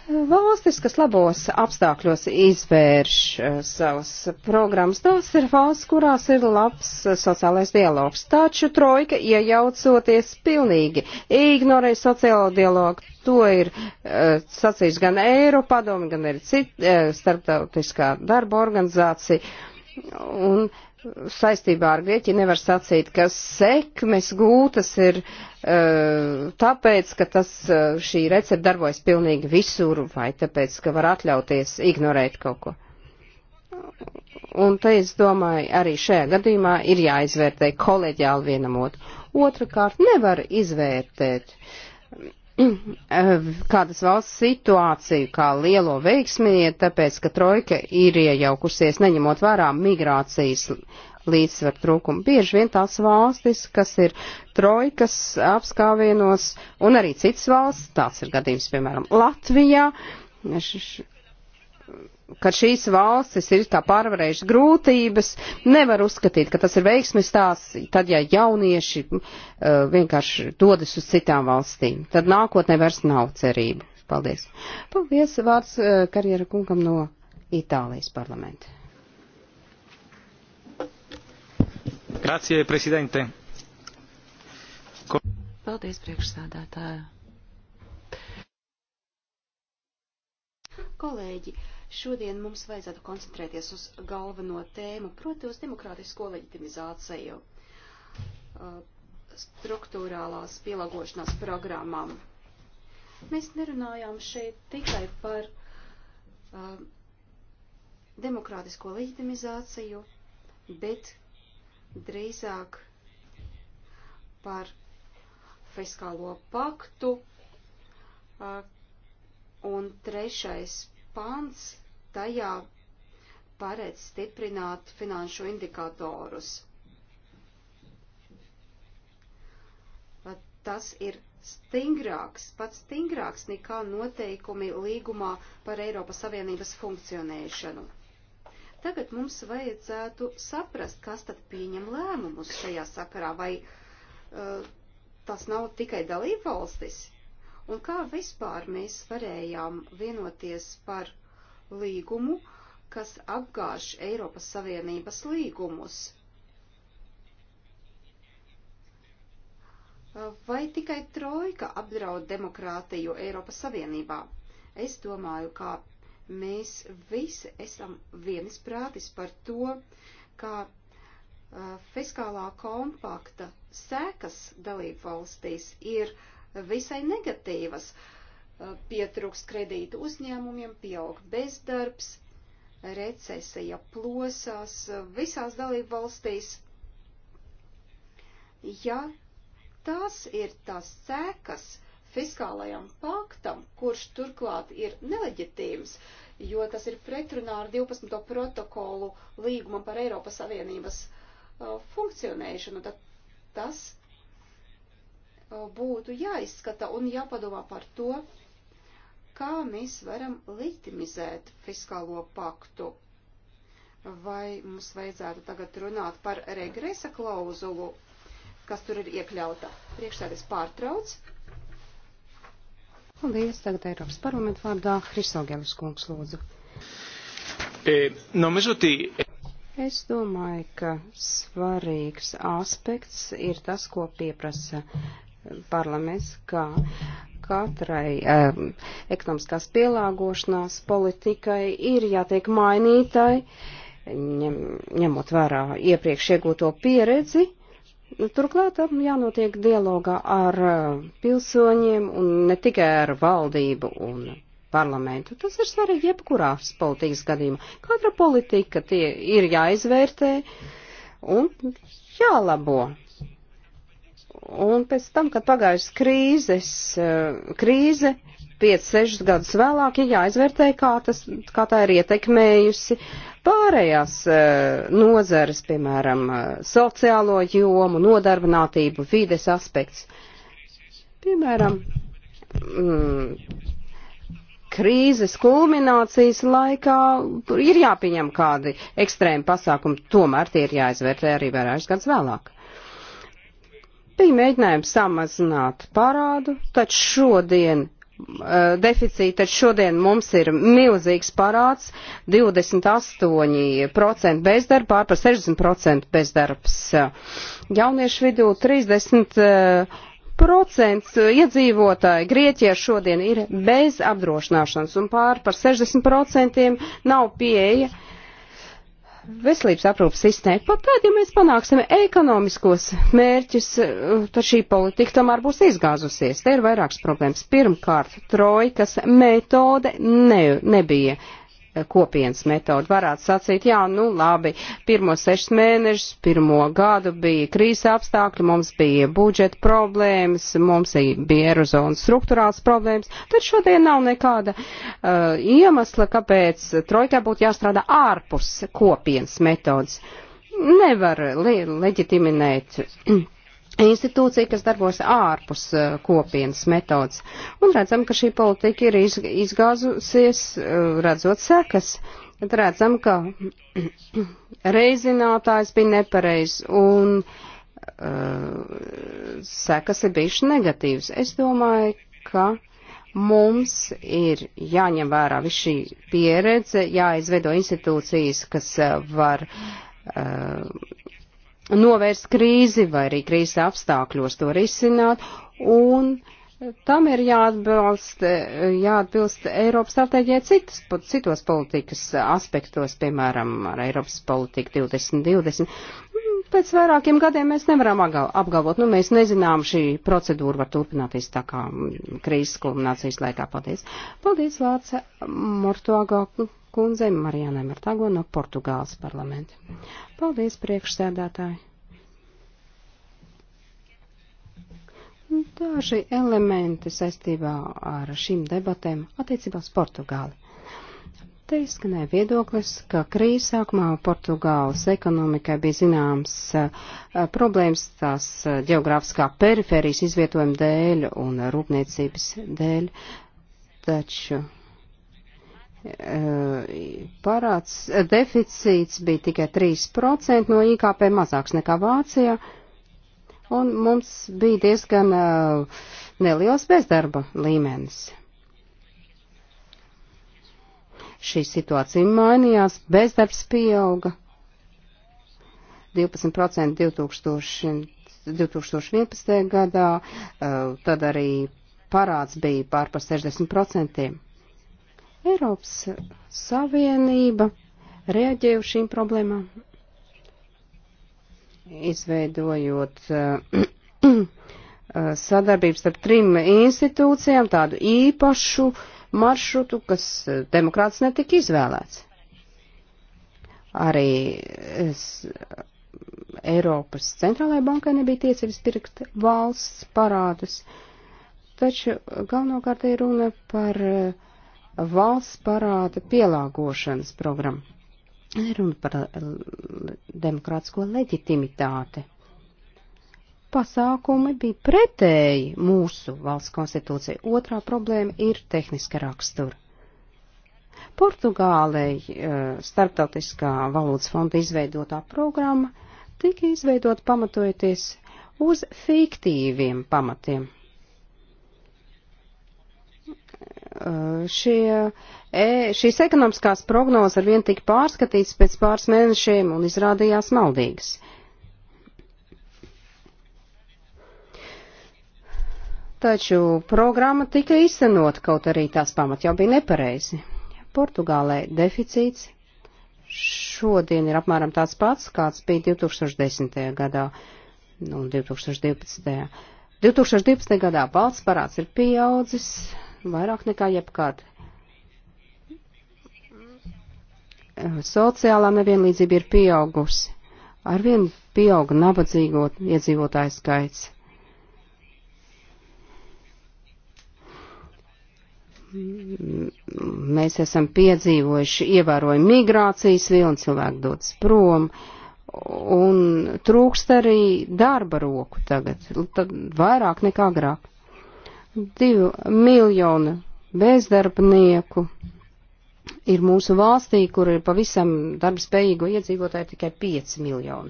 Valstis, kas labos apstākļos izvērš eh, savas programmas, tās ir valsts, kurās ir labs eh, sociālais dialogs. Taču trojka iejaucoties pilnīgi ignorē sociālo dialogu. To ir uh, sacījis gan Eiropadomi, gan arī cita uh, starptautiskā darba organizācija. Un uh, saistībā ar Grieķiju nevar sacīt, ka sekmes gūtas ir uh, tāpēc, ka tas, uh, šī recepte darbojas pilnīgi visur, vai tāpēc, ka var atļauties ignorēt kaut ko. Un te es domāju, arī šajā gadījumā ir jāizvērtē koleģiāli vienam otru. Otrakārt, nevar izvērtēt kādas valsts situāciju kā lielo veiksmīju, tāpēc, ka trojka ir iejaukusies, neņemot vērā migrācijas līdzsver trūkumu. Bieži vien tās valstis, kas ir trojkas apskāvienos, un arī citas valsts, tāds ir gadījums, piemēram, Latvijā, ka šīs valstis ir kā pārvarējušas grūtības, nevar uzskatīt, ka tas ir veiksmes tās, tad ja jaunieši uh, vienkārši dodas uz citām valstīm, tad nākotnē vairs nav cerību. Paldies. Paldies vārds uh, karjera kungam no Itālijas parlamenta. Grazie, prezidente. Ko... Paldies, priekšsādātāja. Kolēģi, uh, Šodien mums vajadzētu koncentrēties uz galveno tēmu, proti uz demokrātisko leģitimizāciju uh, struktūrālās pielāgošanās programmām. Mēs nerunājām šeit tikai par uh, demokrātisko leģitimizāciju, bet drīzāk par fiskālo paktu. Uh, un trešais pants tajā paredz stiprināt finanšu indikatorus. Tas ir stingrāks, pats stingrāks nekā noteikumi līgumā par Eiropas Savienības funkcionēšanu. Tagad mums vajadzētu saprast, kas tad pieņem lēmumus šajā sakarā, vai uh, tas nav tikai dalībvalstis, Un kā vispār mēs varējām vienoties par līgumu, kas apgāž Eiropas Savienības līgumus? Vai tikai trojka apdraud demokrātiju Eiropas Savienībā? Es domāju, ka mēs visi esam vienisprātis par to, ka uh, fiskālā kompakta sekas dalību valstīs ir uh, visai negatīvas. Uh, pietrūks kredītu uzņēmumiem, pieaug bezdarbs, recesija plosās uh, visās dalību valstīs. Ja tas ir tās cekas fiskālajam paktam, kurš turklāt ir neleģitīvs, jo tas ir pretrunā ar 12. protokolu līgumam par Eiropas Savienības uh, funkcionēšanu, tad tas Uh, būtu jāizskata un jāpadomā par to, kā mēs varam leģitimizēt fiskālo paktu. Vai mums vajadzētu tagad runāt par regresa klauzulu, kas tur ir iekļauta? Priekšsēdis pārtrauc. Paldies, tagad Eiropas parlamentu vārdā Hrisogēlis kungs lūdzu. E, νομίζω ότι Es domāju, ka svarīgs aspekts ir tas, ko pieprasa parlaments, ka katrai eh, ekonomiskās pielāgošanās politikai ir jātiek mainītai, ņem, ņemot vērā iepriekš iegūto pieredzi. Turklāt tam jānotiek dialogā ar eh, pilsoņiem un ne tikai ar valdību un parlamentu. Tas ir svarīgi jebkurā politikas gadījumā. Katra politika tie ir jāizvērtē un jālabo. Un pēc tam, kad pagājušas krīzes, eh, krīze, 5-6 gadus vēlāk, ir jāizvērtē, kā, tas, kā tā ir ietekmējusi pārējās eh, nozares, piemēram, eh, sociālo jomu, nodarbinātību, vides aspekts. Piemēram, mm, krīzes kulminācijas laikā ir jāpieņem kādi ekstrēmi pasākumi, tomēr tie ir jāizvērtē arī vairākas gadus vēlāk. Bija mēģinājums samazināt parādu, taču šodien eh, deficīti, taču šodien mums ir milzīgs parāds, 28% bezdarba, pār par 60% bezdarbs. Jauniešu vidū 30% eh, iedzīvotāji Grieķijā šodien ir bez apdrošināšanas un pār par 60% nav pieeja uh, veselības aprūpas sistēmu. Pat tad, ja mēs panāksim ekonomiskos mērķus, eh, tad šī politika tomēr būs izgāzusies. Te ir vairākas problēmas. Pirmkārt, trojkas metode ne, nebija kopienas metodu. Varētu sacīt, jā, nu labi, pirmo sešas mēnešus, pirmo gadu bija krīzes apstākļi, mums bija budžeta problēmas, mums bija erozonas struktūrāls problēmas, tad šodien nav nekāda uh, iemesla, kāpēc trojkā būtu jāstrādā ārpus kopienas metodas. Nevar le leģitiminēt institūcija, kas darbos ārpus eh, kopienas metodas. Un redzam, ka šī politika ir izgāzusies, eh, redzot sekas. Bet redzam, ka reizinātājs bija nepareizs un uh, sekas ir bijušas negatīvas. Es domāju, ka mums ir jāņem vērā viss šī pieredze, jāizveido institūcijas, kas var uh, novērst krīzi vai arī krīzes apstākļos to risināt, un tam ir jāatbilst, jāatbilst Eiropas stratēģijai citas, citos politikas aspektos, piemēram, ar Eiropas politiku 2020. Pēc vairākiem gadiem mēs nevaram apgalvot, nu mēs nezinām, šī procedūra var turpināties tā kā krīzes kulminācijas laikā. Paldies. Paldies, Vāca Mortuāgā kundzei Marijānai Martago no Portugāles parlamenta. Paldies, priekšsēdētāji! Daži elementi saistībā ar šīm debatēm attiecībā uz Portugāli. Te izskanēja viedoklis, ka krīzes sākumā Portugāles ekonomikai bija zināms eh, problēmas tās eh, geogrāfiskā periferijas izvietojuma dēļ un rūpniecības dēļ, taču Eh, parāds eh, deficīts bija tikai 3% no IKP mazāks nekā Vācijā, un mums bija diezgan eh, neliels bezdarba līmenis. Šī situācija mainījās, bezdarbs pieauga 12% 2000, 2011. gadā, tad arī parāds bija pār par 60%. Eiropas Savienība reaģē uz šīm problēmām, izveidojot eh, eh, sadarbības starp trim institūcijām, tādu īpašu maršrutu, kas eh, demokrāts netika izvēlēts. Arī es, Eiropas centrālajai bankai nebija tiesības pirkt valsts parādus, taču galvenokārt ir runa par uh, valsts parāda pielāgošanas programmu. Runa par eh, demokrātisko leģitimitāti. Pasākumi bija pretēji mūsu valsts konstitūcijai. Otrā problēma ir tehniska rakstura. Portugālei eh, starptautiskā valūtas fonda izveidotā programma tika izveidot pamatojoties uz fiktīviem pamatiem. Eh, šie, e, šīs ekonomiskās prognozes ar vien tika pārskatītas pēc pāris mēnešiem un izrādījās maldīgas. Taču programma tika izcenot, kaut arī tās pamat jau bija nepareizi. Portugālē deficīts šodien ir apmēram tāds pats, kāds bija 2010. gadā nu, un 2012. 2012. gadā valsts parāds ir pieaudzis, vairāk nekā jebkad. Sociālā nevienlīdzība ir pieaugusi. Arvien pieauga nabadzīgo iedzīvotāju skaits. Mēs esam piedzīvojuši ievērojumu migrācijas vilni, cilvēki dodas prom, un trūkst arī darba roku tagad, vairāk nekā agrāk. Divu miljonu bezdarbnieku ir mūsu valstī, kur ir pavisam darbspējīgu iedzīvotāju tikai 5 miljoni.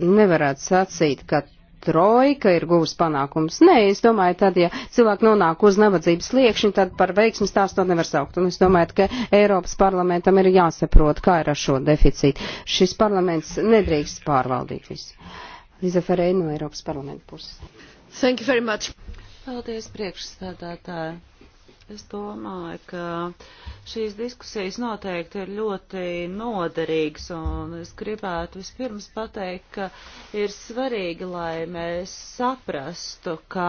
Nevarētu sacīt, ka trojka ir guvusi panākums. Nē, es domāju, tad, ja cilvēki nonāk uz nabadzības sliekšņa, tad par veiksmi tās to nevar saukt. Un es domāju, ka Eiropas parlamentam ir jāsaprot, kā ir ar šo deficītu. Šis parlaments nedrīkst pārvaldīt visu. Liza Ferēja no Eiropas parlamenta puses. Thank you very much. Paldies, priekšstādātāji. Es domāju, ka šīs diskusijas noteikti ir ļoti noderīgas, un es gribētu vispirms pateikt, ka ir svarīgi, lai mēs saprastu, ka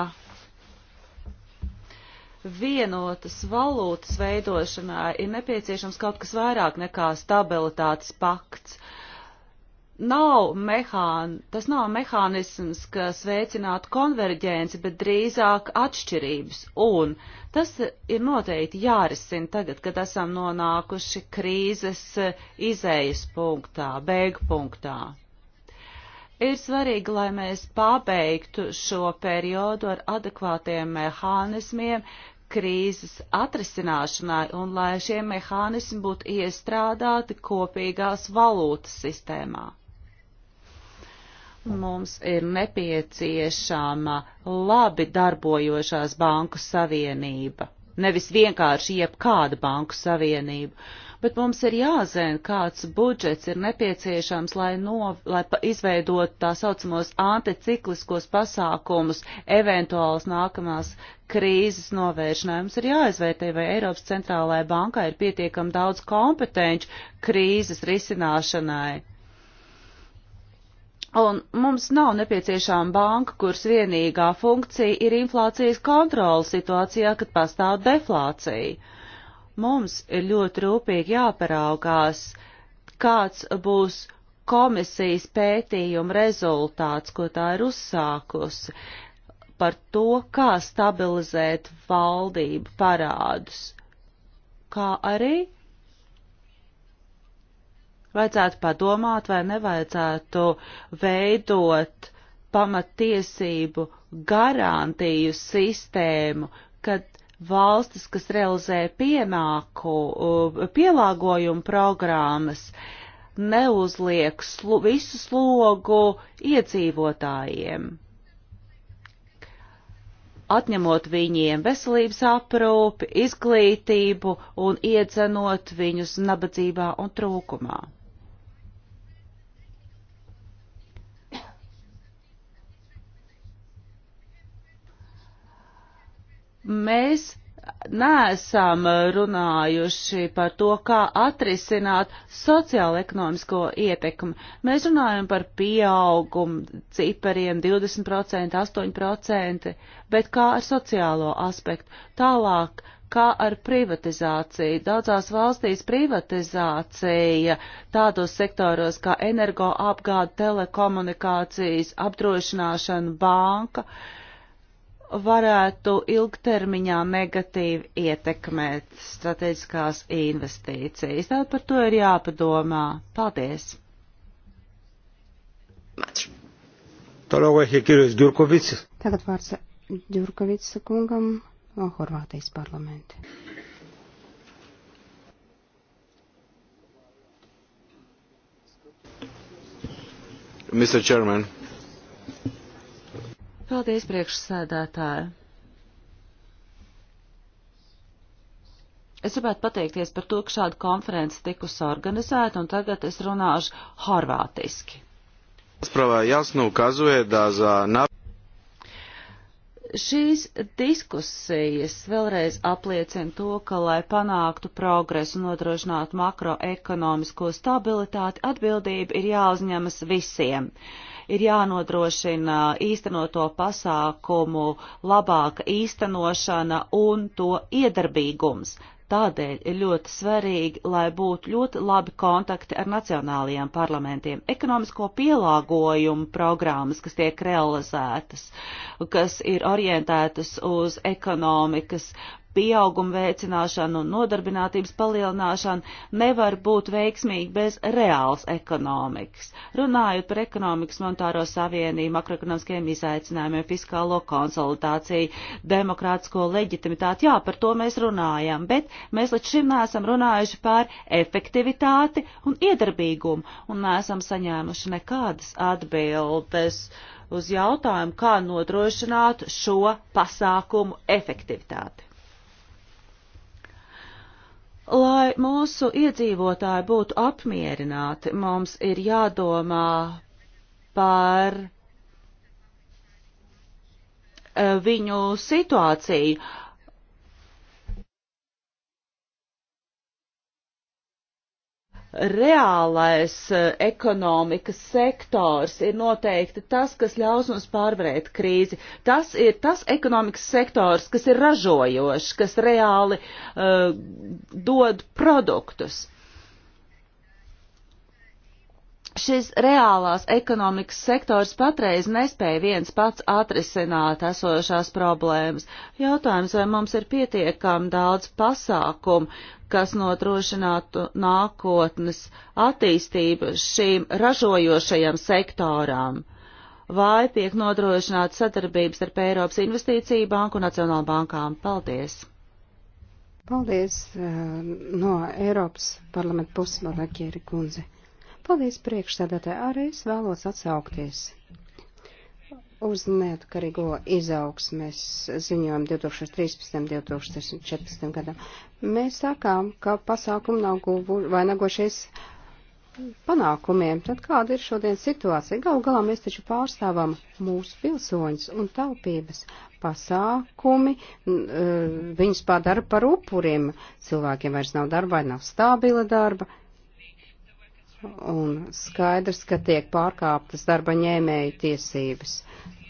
vienotas valūtas veidošanā ir nepieciešams kaut kas vairāk nekā stabilitātes pakts. Uh, nav mehān, tas nav mehānisms, kas veicinātu konverģenci, bet drīzāk atšķirības. Un tas ir noteikti jārisina tagad, kad esam nonākuši krīzes eh, izējas punktā, beigu punktā. Ir svarīgi, lai mēs pabeigtu šo periodu ar adekvātiem mehānismiem, krīzes atrisināšanai un lai šie mehānismi būtu iestrādāti kopīgās valūtas sistēmā. Mums ir nepieciešama labi darbojošās banku savienība. Nevis vienkārši jebkāda banku savienība, bet mums ir jāzina, kāds budžets ir nepieciešams, lai, no, lai izveidot tā saucamos anticikliskos pasākumus, eventuāls nākamās krīzes novēršanai. Mums ir jāizvērtē, vai Eiropas centrālajai bankai ir pietiekam daudz kompetenci krīzes risināšanai Un mums nav nepieciešama banka, kuras vienīgā funkcija ir inflācijas kontrola situācijā, kad pastāv deflācija. Mums ir ļoti rūpīgi jāparaugās, kāds būs komisijas pētījuma rezultāts, ko tā ir uzsākusi, par to, kā stabilizēt valdību parādus, kā arī vajadzētu padomāt, vai nevajadzētu veidot pamatiesību garantiju sistēmu, kad valstis, kas realizē pienāku, uh, pielāgojumu programmas, neuzliek slu, visu slogu iedzīvotājiem, atņemot viņiem veselības aprūpi, izglītību un iedzenot viņus nabadzībā un trūkumā. mēs neesam runājuši par to, kā atrisināt sociālo-ekonomisko ietekmi. Mēs runājam par pieaugumu cipariem 20%, 8%, bet kā ar sociālo aspektu? Tālāk, kā ar privatizāciju. Daudzās valstīs privatizācija tādos sektoros kā energoapgāde, telekomunikācijas, apdrošināšana, banka. Uh, varētu ilgtermiņā negatīvi ietekmēt strateģiskās investīcijas. Tātad par to ir jāpadomā. Paldies! Tagad vārds Djurkovica kungam no Horvātijas parlamenta. Mr. Chairman, Paldies, priekšsēdētāji. Es gribētu pateikties par to, ka šāda konference tikusi organizēta, un tagad es runāšu horvātiski. Šīs diskusijas vēlreiz apliecina to, ka, lai panāktu progresu un nodrošinātu makroekonomisko stabilitāti, atbildība ir jāuzņemas visiem. Uh, ir jānodrošina īstenoto pasākumu labāka īstenošana un to iedarbīgums. Tādēļ ir ļoti svarīgi, lai būtu ļoti labi kontakti ar nacionālajiem parlamentiem, ekonomisko pielāgojumu programmas, kas tiek realizētas, kas ir orientētas uz ekonomikas pieauguma veicināšana un nodarbinātības palielināšana nevar būt veiksmīgi bez reāls ekonomikas. Runājot par ekonomikas monetāro savienību, makroekonomiskiem izaicinājumiem, fiskālo konsolidāciju, demokrātisko leģitimitāti, jā, par to mēs runājam, bet mēs līdz šim neesam runājuši par efektivitāti un iedarbīgumu un neesam saņēmuši nekādas atbildes uz jautājumu, kā nodrošināt šo pasākumu efektivitāti. Lai mūsu iedzīvotāji būtu apmierināti, mums ir jādomā par eh, viņu situāciju. reālais eh, ekonomikas sektors ir noteikti tas, kas ļaus mums pārvarēt krīzi. Tas ir tas ekonomikas sektors, kas ir ražojošs, kas reāli uh, dod produktus. Šis reālās ekonomikas sektors patreiz nespēja viens pats atrisināt esošās problēmas. Jautājums, vai mums ir pietiekami daudz pasākumu, kas notrošinātu nākotnes attīstību šīm ražojošajām sektorām? Vai tiek nodrošināta sadarbības ar Eiropas investīciju banku un Nacionālu bankām? Paldies! Paldies eh, no Eiropas parlamenta puses, Malakieri kundze. Paldies priekšsēdētāji, arī es vēlos atsaukties uz neatkarīgo izaugsmes ziņojumu 2013. un 2014. gadam. Mēs sakām, ka pasākumi nav guvu vainagošies panākumiem. Tad kāda ir šodien situācija? Galu galā mēs taču pārstāvam mūsu pilsoņus un tautības pasākumi. E, viņus padara par upuriem. Cilvēkiem vairs nav darba vai nav stabila darba un skaidrs, ka tiek pārkāptas darba ņēmēju tiesības.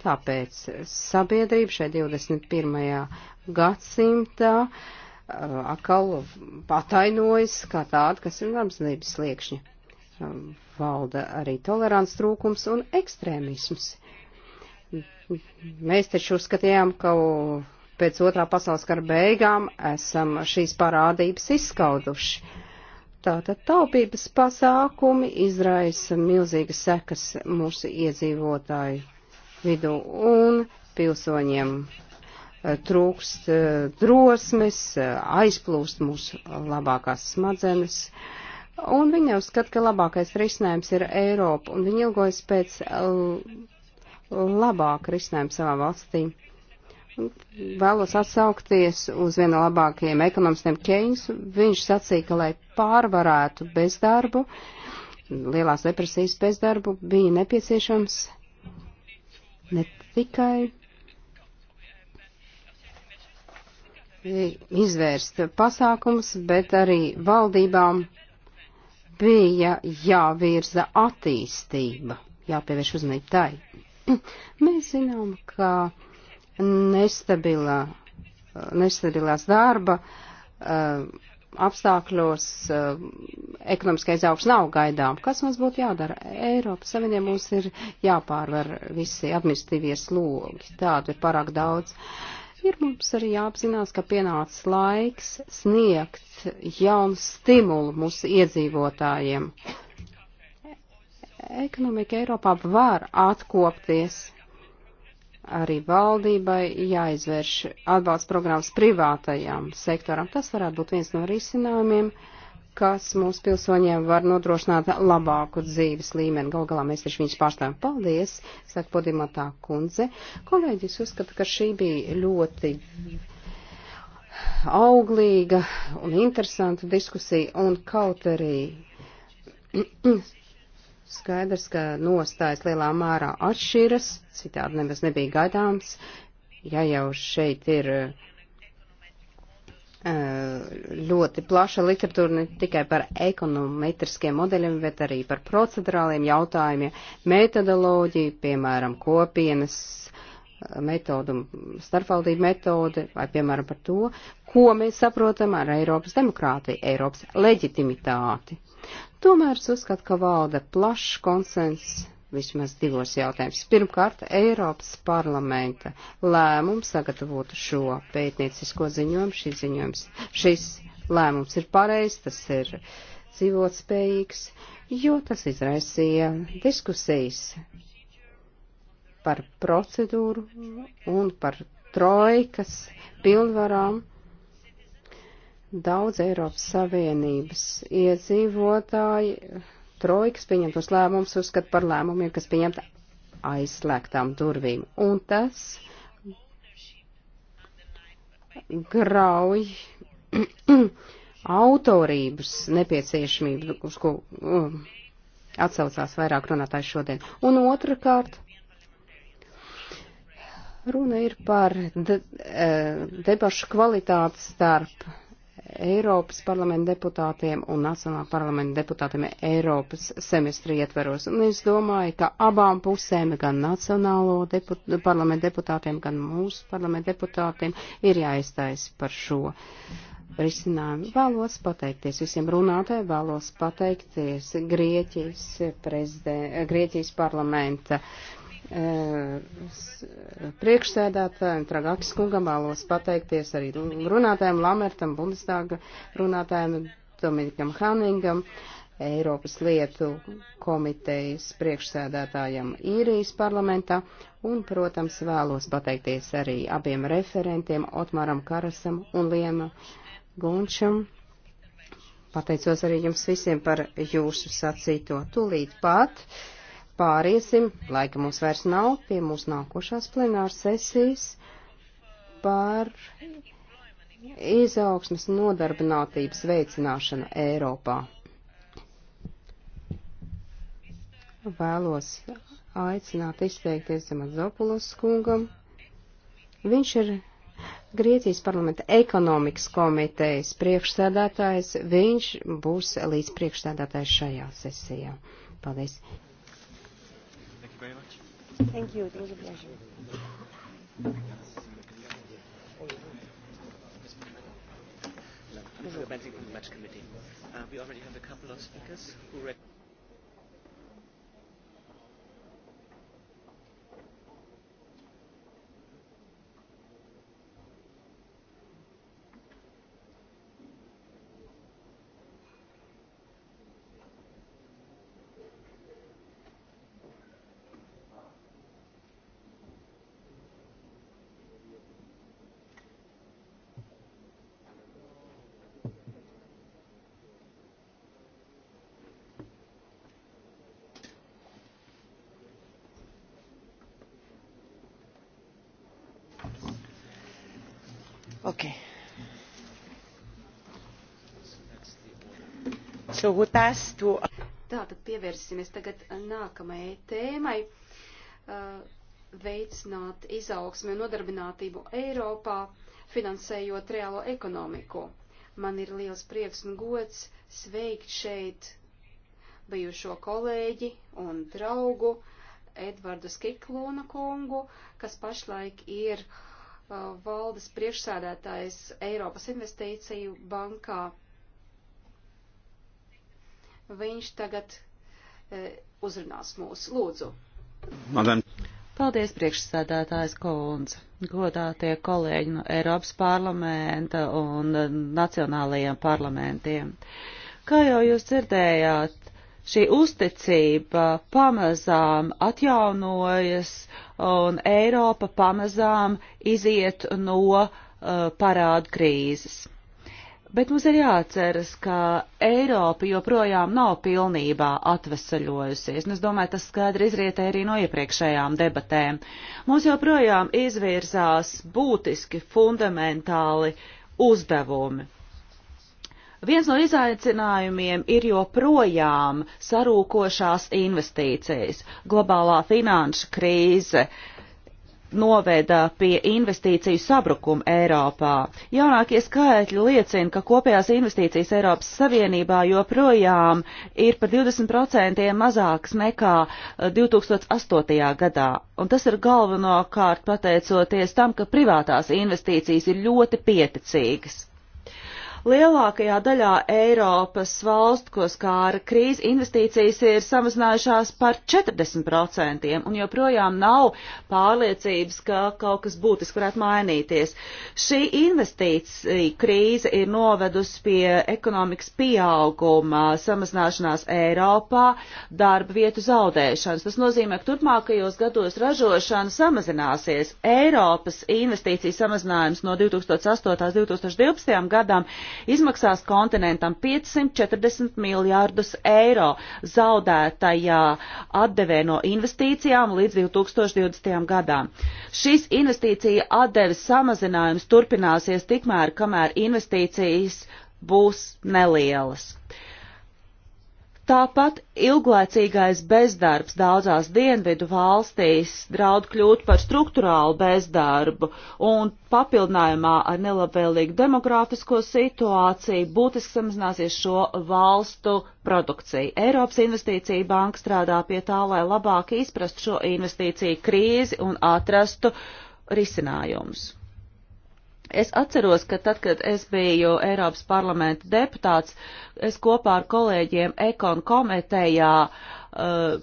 Tāpēc sabiedrība šai 21. gadsimtā uh, atkal patainojas kā tāda, kas ir nabadzības sliekšņa. Um, valda arī tolerants trūkums un ekstrēmisms. Mēs taču uzskatījām, ka pēc otrā pasaules kara beigām esam šīs parādības izskauduši Tātad taupības pasākumi izraisa milzīgas sekas mūsu iedzīvotāju vidū un pilsoņiem trūkst eh, drosmes, eh, aizplūst mūsu labākās smadzenes. Un viņi uzskata, ka labākais risinājums ir Eiropa, un viņi ilgojas pēc labāka risinājuma savā valstī vēlos atsaukties uz vienu no labākajiem ekonomistiem Keins. Viņš sacīja, ka, lai pārvarētu bezdarbu, lielās depresijas bezdarbu, bija nepieciešams ne tikai izvērst pasākums, bet arī valdībām bija jāvirza attīstība, jāpievērš uzmanība tai. Mēs zinām, ka nestabilā, nestabilās darba apstākļos ekonomiskais augs nav gaidām. Kas mums būtu jādara? Eiropas Savienībā mums ir jāpārvar visi administratīvie slogi. Tādu ir pārāk daudz. Ir mums arī jāapzinās, ka pienācis laiks sniegt jaunu stimulu mūsu iedzīvotājiem. Ekonomika Eiropā var atkopties, arī valdībai jāizvērš atbalsts programmas privātajām sektoram. Tas varētu būt viens no risinājumiem, kas mūsu pilsoņiem var nodrošināt labāku dzīves līmeni. Gal galā mēs taču viņus pārstāvjam. Paldies, saka Podimatā kundze. Kolēģis uzskata, ka šī bija ļoti auglīga un interesanta diskusija un kaut arī Skaidrs, ka nostājas lielā mērā atšķiras, citādi nemaz nebija gaidāms, ja jau šeit ir eh, ļoti plaša literatūra ne tikai par ekonometriskiem modeļiem, bet arī par procedurāliem jautājumiem, metodoloģiju, piemēram, kopienas eh, metodu, starpvaldību metodi, vai piemēram par to, ko mēs saprotam ar Eiropas demokrātiju, Eiropas leģitimitāti. Tomēr es uzskatu, ka valda plašs konsens vismaz divos jautājumus. Pirmkārt, Eiropas parlamenta lēmums sagatavot šo pētniecisko ziņojumu. Šis, ziņojums, šis lēmums ir pareizs, tas ir dzīvotspējīgs, jo tas izraisīja diskusijas par procedūru un par trojkas pilnvarām daudz Eiropas Savienības iedzīvotāji trojkas pieņemtos lēmumus uzskat par lēmumiem, kas pieņemta aizslēgtām durvīm. Un tas grauj autorības nepieciešamību, uz ko um, atsaucās vairāk runātājs šodien. Un otrkārt, runa ir par de, eh, debašu kvalitāti starp Eiropas parlamenta deputātiem un Nacionālā parlamenta deputātiem Eiropas semestri ietveros. Un es domāju, ka abām pusēm, gan Nacionālo deput parlamenta deputātiem, gan mūsu parlamenta deputātiem, ir jāiztais par šo risinājumu. Vēlos pateikties visiem runātājiem, vēlos pateikties Grieķijas, prezidē, Grieķijas parlamenta. Uh, Eh, priekšsēdētājiem, Tragakis kungam vēlos pateikties arī runātājiem Lamertam, Bundestāga runātājiem Dominikam Haningam, Eiropas lietu komitejas priekšsēdētājam īrijas parlamentā un, protams, vēlos pateikties arī abiem referentiem Otmaram Karasam un Liema Gunčam. Pateicos arī jums visiem par jūsu sacīto tūlīt pat. Uh, pāriesim, laika mums vairs nav, pie mūsu nākošās plenāras sesijas par izaugsmes nodarbinātības veicināšanu Eiropā. Vēlos aicināt izteikties Zemazopulos kungam. Viņš ir Grieķijas parlamenta ekonomikas komitejas priekšsēdētājs. Viņš būs līdz priekšsēdētājs šajā sesijā. Paldies! Thank you. It was a pleasure. Thank you. Management Committee. Uh, we already have a couple of speakers who. Okay. So we pass to... Tā, tad pievērsīsimies tagad nākamajai tēmai uh, - veicināt izaugsmi un nodarbinātību Eiropā, finansējot reālo ekonomiku. Man ir liels prieks un gods sveikt šeit bijušo kolēģi un draugu Edvardu Skiklūna kungu, kas pašlaik ir uh, Uh, valdes priekšsēdētājs Eiropas investīciju bankā. Viņš tagad uh, uzrunās mūs. Lūdzu. Madam. Paldies, priekšsēdētājs Kolundze, godātie kolēģi no Eiropas parlamenta un uh, nacionālajiem parlamentiem. Kā jau jūs dzirdējāt, šī uzticība pamazām atjaunojas un Eiropa pamazām iziet no uh, parādu krīzes. Bet mums ir jāatceras, ka Eiropa joprojām nav pilnībā atvesaļojusies, un es domāju, tas skaidri izrietē arī no iepriekšējām debatēm. Mums joprojām izvirzās būtiski fundamentāli uzdevumi Viens no izaicinājumiem ir joprojām sarūkošās investīcijas. Globālā finanšu krīze noveda pie investīciju sabrukuma Eiropā. Jaunākie skaitļi liecina, ka kopējās investīcijas Eiropas Savienībā joprojām ir par 20% mazāks nekā 2008. Eh, gadā. Un tas ir galvenokārt pateicoties tam, ka privātās investīcijas ir ļoti pieticīgas. Lielākajā daļā Eiropas valstu, ko skāra krīze, investīcijas ir samazinājušās par 40% un joprojām nav pārliecības, ka kaut kas būtiski varētu mainīties. Šī investīcija krīze ir novedusi pie ekonomikas pieauguma, samazināšanās Eiropā, darba vietu zaudēšanas. Tas nozīmē, ka turpmākajos gados ražošana samazināsies. Eiropas investīcija samazinājums no 2008. līdz 2012. gadam izmaksās kontinentam 540 miljārdus eiro zaudētajā atdevē no investīcijām līdz 2020. gadām. Šis investīcija atdeves samazinājums turpināsies tikmēr, kamēr investīcijas būs nelielas. Uh, Tāpat ilglaicīgais bezdarbs daudzās dienvidu valstīs draud kļūt par struktūrālu bezdarbu, un papildinājumā ar nelabvēlīgu demografisko situāciju būtiski samazināsies šo valstu produkcija. Eiropas investīcija banka strādā pie tā, lai labāk izprastu šo investīciju krīzi un atrastu risinājumus. Es atceros, ka tad, kad es biju Eiropas parlamenta deputāts, es kopā ar kolēģiem Ekon komitejā uh,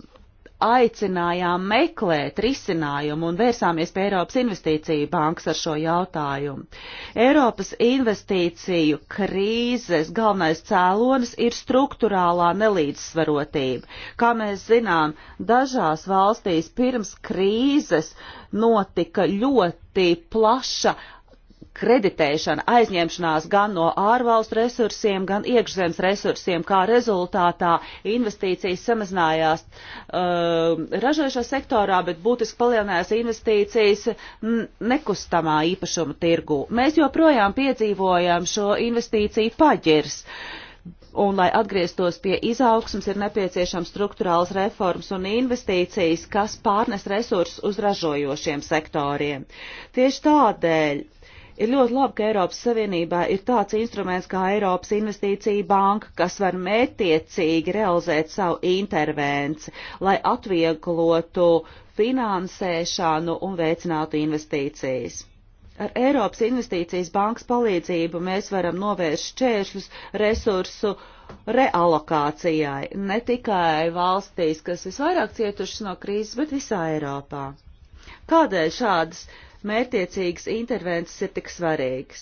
aicinājām meklēt risinājumu un vērsāmies pie Eiropas investīciju bankas ar šo jautājumu. Eiropas investīciju krīzes galvenais cēlonis ir struktūrālā nelīdzsvarotība. Kā mēs zinām, dažās valstīs pirms krīzes notika ļoti plaša kreditēšana, aizņemšanās gan no ārvalstu resursiem, gan iekšzemes resursiem, kā rezultātā investīcijas samazinājās uh, ražojošā sektorā, bet būtiski palielinājās investīcijas nekustamā īpašuma tirgu. Mēs joprojām piedzīvojam šo investīciju paģirs. Un, lai atgrieztos pie izaugsmas, ir nepieciešams struktūrāls reformas un investīcijas, kas pārnes resursus uz ražojošiem sektoriem. Tieši tādēļ Ir ļoti labi, ka Eiropas Savienībā ir tāds instruments kā Eiropas Investīcija Banka, kas var mētiecīgi realizēt savu intervenci, lai atvieglotu finansēšanu un veicinātu investīcijas. Ar Eiropas Investīcijas bankas palīdzību mēs varam novērst šķēršļus resursu realokācijai, ne tikai valstīs, kas visvairāk cietušas no krīzes, bet visā Eiropā. Kādēļ šādas uh, mērtiecīgas intervences ir tik svarīgas.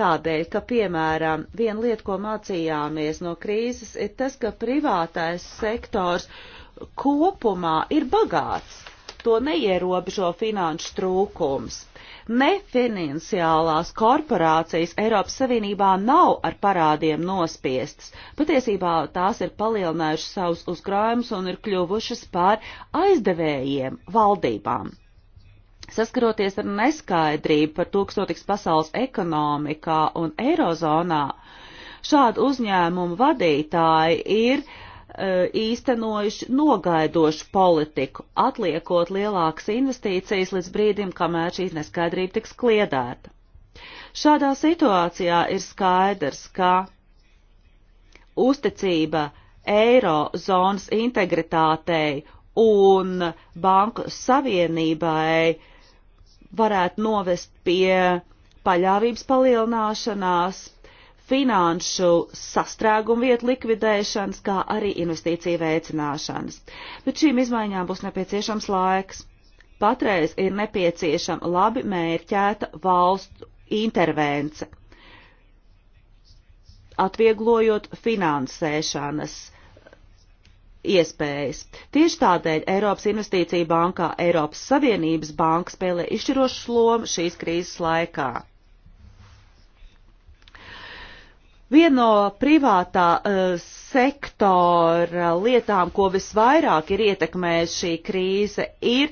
Tādēļ, ka, piemēram, viena lieta, ko mācījāmies no krīzes, ir tas, ka privātais sektors kopumā ir bagāts. To neierobežo finanšu trūkums. Nefinanciālās korporācijas Eiropas Savienībā nav ar parādiem nospiestas. Patiesībā tās ir palielinājušas savus uzkrājumus un ir kļuvušas par aizdevējiem valdībām. Saskaroties ar neskaidrību par to, kas notiks pasaules ekonomikā un eirozonā, šādu uzņēmumu vadītāji ir e, īstenojuši nogaidošu politiku, atliekot lielākas investīcijas līdz brīdim, kamēr šī neskaidrība tiks kliedēta. Šādā situācijā ir skaidrs, ka uzticība eiro zonas integritātei un banku savienībai uh, varētu novest pie paļāvības palielināšanās, finanšu sastrēgumu vietu likvidēšanas, kā arī investīciju veicināšanas. Bet šīm izmaiņām būs nepieciešams laiks. Patreiz ir nepieciešama labi mērķēta valstu intervence, atvieglojot finansēšanas iespējas. Tieši tādēļ Eiropas Investīcija bankā Eiropas Savienības banka spēlē izšķirošu lomu šīs krīzes laikā. Viena no privātā uh, sektora lietām, ko visvairāk ir ietekmējusi šī krīze, ir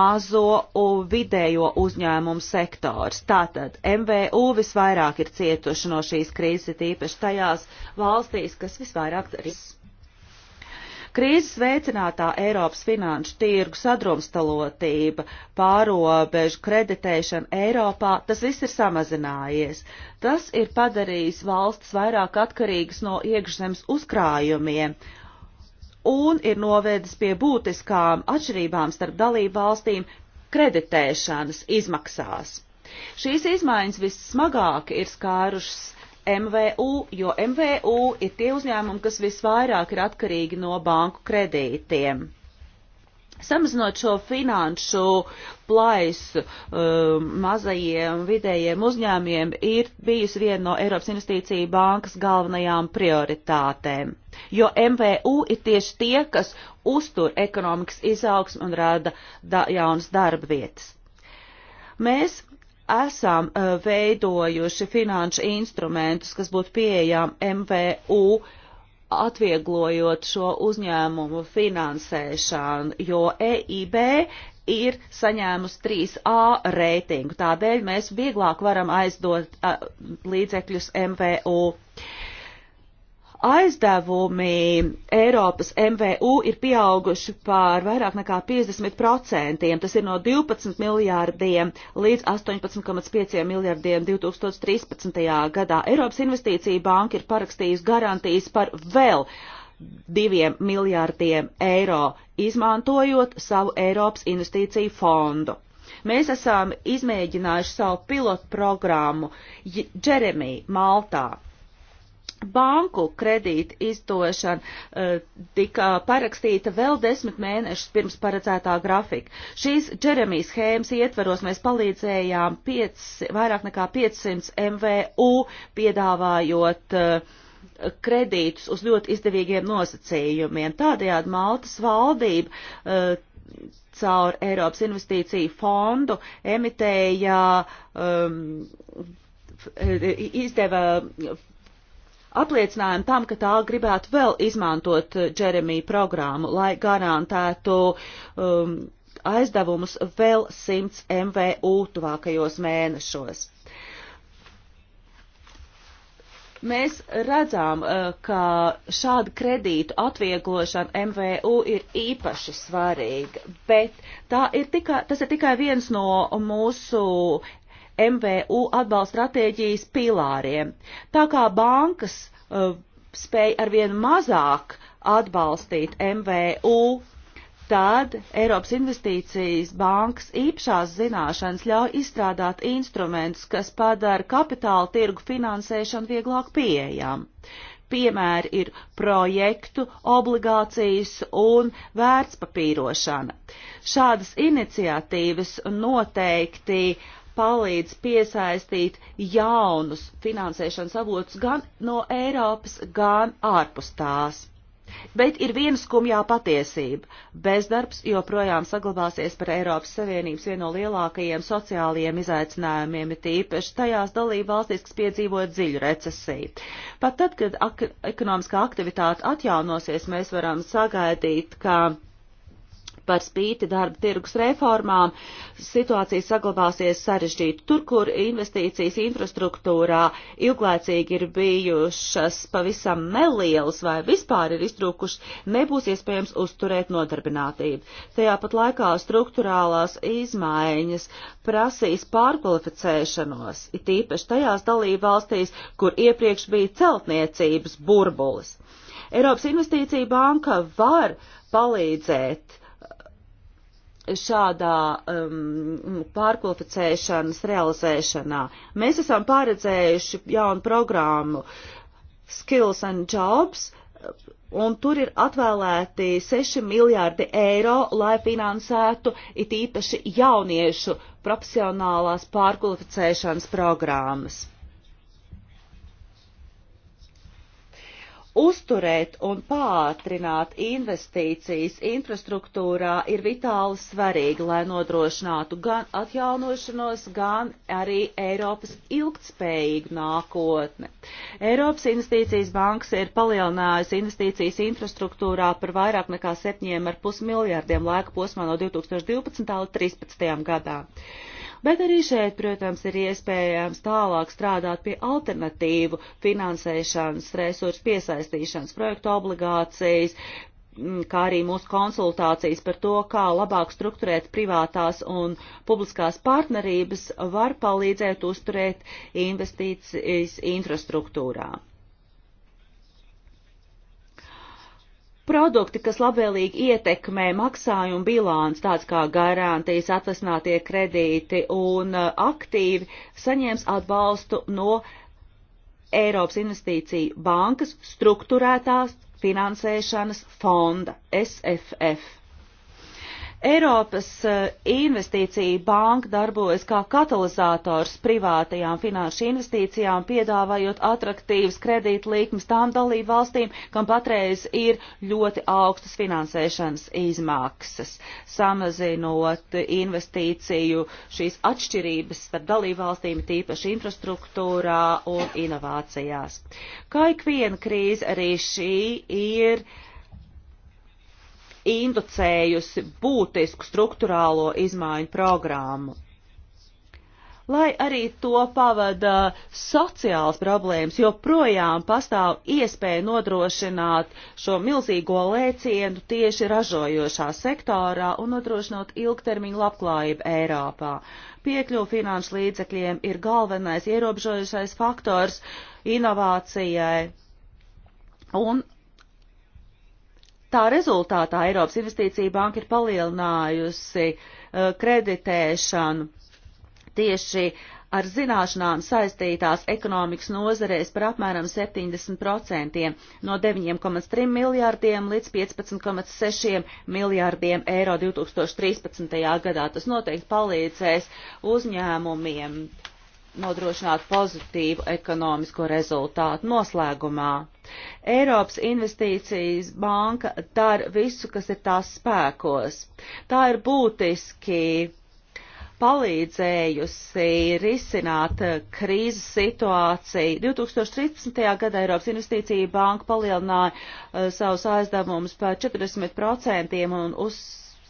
mazo un vidējo uzņēmumu sektors. Tātad MVU visvairāk ir cietuši no šīs krīzes, tīpaši tajās valstīs, kas visvairāk darīs. Krīzes veicinātā Eiropas finanšu tirgu sadrumstalotība, pārobežu kreditēšana Eiropā, tas viss ir samazinājies. Tas ir padarījis valsts vairāk atkarīgas no iekšzemes uzkrājumiem un ir novedis pie būtiskām atšķirībām starp dalību valstīm kreditēšanas izmaksās. Šīs izmaiņas vissmagāk ir skārušas MVU, jo MVU ir tie uzņēmumi, kas visvairāk ir atkarīgi no banku kredītiem. Samazinot šo finanšu plaisu um, mazajiem vidējiem uzņēmiem ir bijusi viena no Eiropas investīcija bankas galvenajām prioritātēm, jo MVU ir tieši tie, kas uztur ekonomikas izaugsmu un rada da jaunas darba vietas. Mēs esam eh, veidojuši finanšu instrumentus, kas būtu pieejami MVU, atvieglojot šo uzņēmumu finansēšanu, jo EIB ir saņēmusi 3A reitingu. Tādēļ mēs vieglāk varam aizdot a, eh, līdzekļus MVU. Uh, Aizdevumi Eiropas MVU ir pieauguši par vairāk nekā 50%, tas ir no 12 miljārdiem līdz 18,5 miljārdiem 2013. gadā. Eiropas investīcija banka ir parakstījusi garantijas par vēl diviem miljārdiem eiro, izmantojot savu Eiropas investīciju fondu. Mēs esam izmēģinājuši savu pilotu programmu Jeremija Maltā banku kredīta izdošana uh, tika parakstīta vēl desmit mēnešus pirms paredzētā grafika. Šīs Džeremijas schēmas ietveros mēs palīdzējām 5, vairāk nekā 500 MVU piedāvājot uh, kredītus uz ļoti izdevīgiem nosacījumiem. Tādējādi Maltas valdība uh, caur Eiropas investīciju fondu emitēja um, izdeva apliecinājumu tam, ka tā gribētu vēl izmantot Džeremija eh, programmu, lai garantētu um, aizdevumus vēl 100 MVU tuvākajos mēnešos. Mēs redzam, eh, ka šāda kredītu atvieglošana MVU ir īpaši svarīga, bet ir tikai, tas ir tikai viens no mūsu MVU atbalsta stratēģijas pilāriem. Tā kā bankas uh, spēja arvien mazāk atbalstīt MVU, tad Eiropas investīcijas bankas īpašās zināšanas ļauj izstrādāt instrumentus, kas padara kapitāla tirgu finansēšanu vieglāk pieejam. Piemēri ir projektu, obligācijas un vērtspapīrošana. Šādas iniciatīvas noteikti uh, palīdz piesaistīt jaunus finansēšanas avotus gan no Eiropas, gan ārpus tās. Bet ir viena skumjā patiesība. Bezdarbs joprojām saglabāsies par Eiropas Savienības vienu no lielākajiem sociālajiem izaicinājumiem, ir tīpaši tajās dalība valstīs, kas piedzīvo dziļu recesiju. Pat tad, kad ak ekonomiskā aktivitāte atjaunosies, mēs varam sagaidīt, ka par spīti darba tirgus reformām situācija saglabāsies sarežģīta. Tur, kur investīcijas infrastruktūrā ilglaicīgi ir bijušas pavisam nelielas vai vispār ir iztrūkušas, nebūs iespējams uzturēt nodarbinātību. Tajā pat laikā struktūrālās izmaiņas prasīs pārkvalificēšanos, it īpaši tajās dalībvalstīs, kur iepriekš bija celtniecības burbulis. Eiropas investīcija banka var palīdzēt šādā um, pārkvalificēšanas realizēšanā. Mēs esam paredzējuši jaunu programmu Skills and Jobs, un tur ir atvēlēti 6 miljārdi eiro, lai finansētu it īpaši jauniešu profesionālās pārkvalificēšanas programmas. Uzturēt un pātrināt investīcijas infrastruktūrā ir vitāli svarīgi, lai nodrošinātu gan atjaunošanos, gan arī Eiropas ilgtspējīgu nākotni. Eiropas investīcijas banks ir palielinājusi investīcijas infrastruktūrā par vairāk nekā 7,5 miljārdiem laika posmā no 2012. līdz 2013. gadām. Bet arī šeit, protams, ir iespējams tālāk strādāt pie alternatīvu finansēšanas, resursu piesaistīšanas, projektu obligācijas, kā arī mūsu konsultācijas par to, kā labāk strukturēt privātās un publiskās partnerības var palīdzēt uzturēt investīcijas infrastruktūrā. Produkti, kas labvēlīgi ietekmē maksājumu bilāns, tāds kā garantijas, atvesinātie kredīti un uh, aktīvi, saņems atbalstu no Eiropas investīciju bankas struktūrētās finansēšanas fonda SFF. Eiropas eh, investīcija banka darbojas kā katalizators privātajām finanšu investīcijām, piedāvājot atraktīvas kredīta līkmes tām dalību valstīm, kam patreiz ir ļoti augstas finansēšanas izmaksas, samazinot investīciju šīs atšķirības starp dalību valstīm, tīpaši infrastruktūrā un inovācijās. Kā ikviena krīze arī šī ir inducējusi būtisku struktūrālo izmaiņu programmu. Lai arī to pavada sociāls problēmas, joprojām pastāv iespēja nodrošināt šo milzīgo lēcienu tieši ražojošā sektorā un nodrošinot ilgtermiņu labklājību Eiropā. Piekļuvu finanšu līdzekļiem ir galvenais ierobežojušais faktors inovācijai un Tā rezultātā Eiropas investīcija banka ir palielinājusi uh, kreditēšanu tieši ar zināšanām saistītās ekonomikas nozarēs par apmēram 70% no 9,3 miljārdiem līdz 15,6 miljārdiem eiro 2013. gadā. Tas noteikti palīdzēs uzņēmumiem nodrošināt pozitīvu ekonomisko rezultātu noslēgumā. Eiropas investīcijas banka dara visu, kas ir tās spēkos. Tā ir būtiski palīdzējusi risināt krīzes situāciju. 2013. gadā Eiropas Investīcija Banka palielināja uh, savus aizdevumus par 40% un uz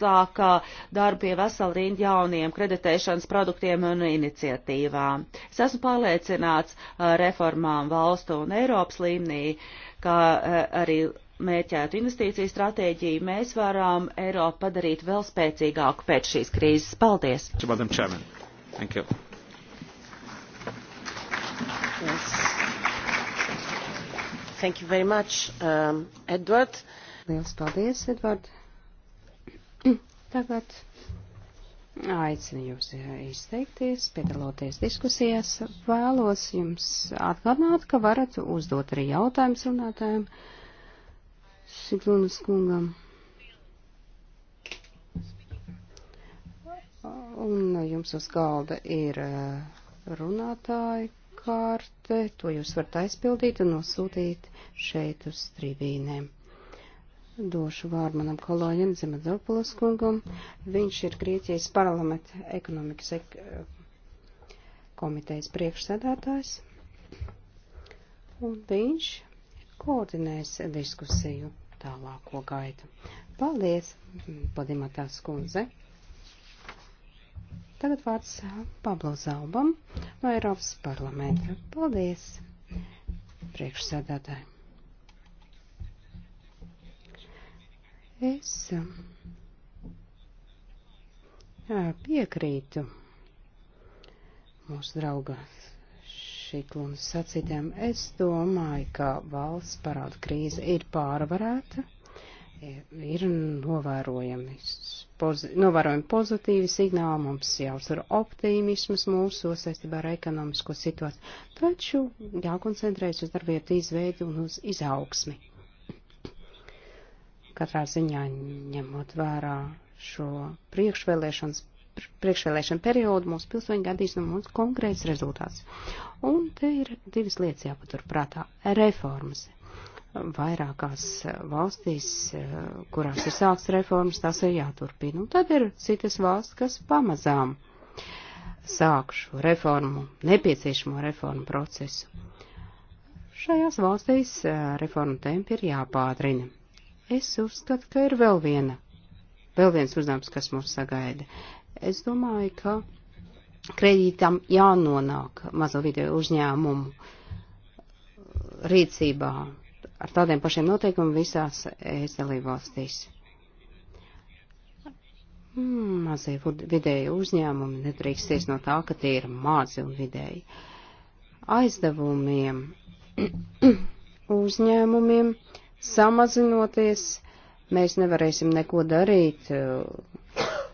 uzsāka darbu pie vesela rinda jauniem kreditēšanas produktiem un iniciatīvām. Es esmu pārliecināts reformām valstu un Eiropas līmenī, kā arī mērķētu investīciju stratēģiju, mēs varam Eiropu padarīt vēl spēcīgāku pēc šīs krīzes. Paldies! Thank you. Yes. Thank you very much, um, Edward. Liels paldies, Edvard. Tagad aicinu jūs izteikties, piedaloties diskusijās. Vēlos jums atgādināt, ka varat uzdot arī jautājumus runātājiem Siglunas kungam. Un jums uz galda ir eh, runātāja kārte, to jūs varat aizpildīt un nosūtīt šeit uz tribīnēm. Došu vārdu manam kolēģim Zimedopulas kungam. Viņš ir Grieķijas parlamenta ekonomikas ek komitejas priekšsēdētājs. Un viņš koordinēs diskusiju tālāko gaitu. Paldies, Padimatās kundze. Tagad vārds Pablo Zaubam no Eiropas parlamenta. Paldies, priekšsēdētāji. Es piekrītu mūsu drauga Šiklunas sacītēm. Es domāju, ka valsts parāda krīze ir pārvarēta, ir novērojami, pozi, novērojami pozitīvi signāli, mums jāuzsver optimismas mūsu saistībā ar ekonomisko situāciju, taču jākoncentrējas uz darbvietu izveidu un uz izaugsmi katrā ziņā ņemot vērā šo priekšvēlēšanas priekšvēlēšana periodu mūsu pilsoņi gadīs no mums konkrēts rezultāts. Un te ir divas lietas jāpatur prātā. Reformas. Vairākās valstīs, kurās ir sāks reformas, tās ir jāturpina. Un tad ir citas valsts, kas pamazām sāk šo reformu, nepieciešamo reformu procesu. Šajās valstīs eh, reformu tempi ir jāpātrina. Es uzskatu, ka ir vēl viena, vēl viens uzdevums, kas mūs sagaida. Es domāju, ka kredītam jānonāk mazo video uzņēmumu rīcībā ar tādiem pašiem noteikumiem visās ES dalībvalstīs. Mm, mazie vidēji uzņēmumi nedrīksties no tā, ka tie ir mazi un vidēji. Aizdevumiem uzņēmumiem samazinoties, mēs nevarēsim neko darīt eh,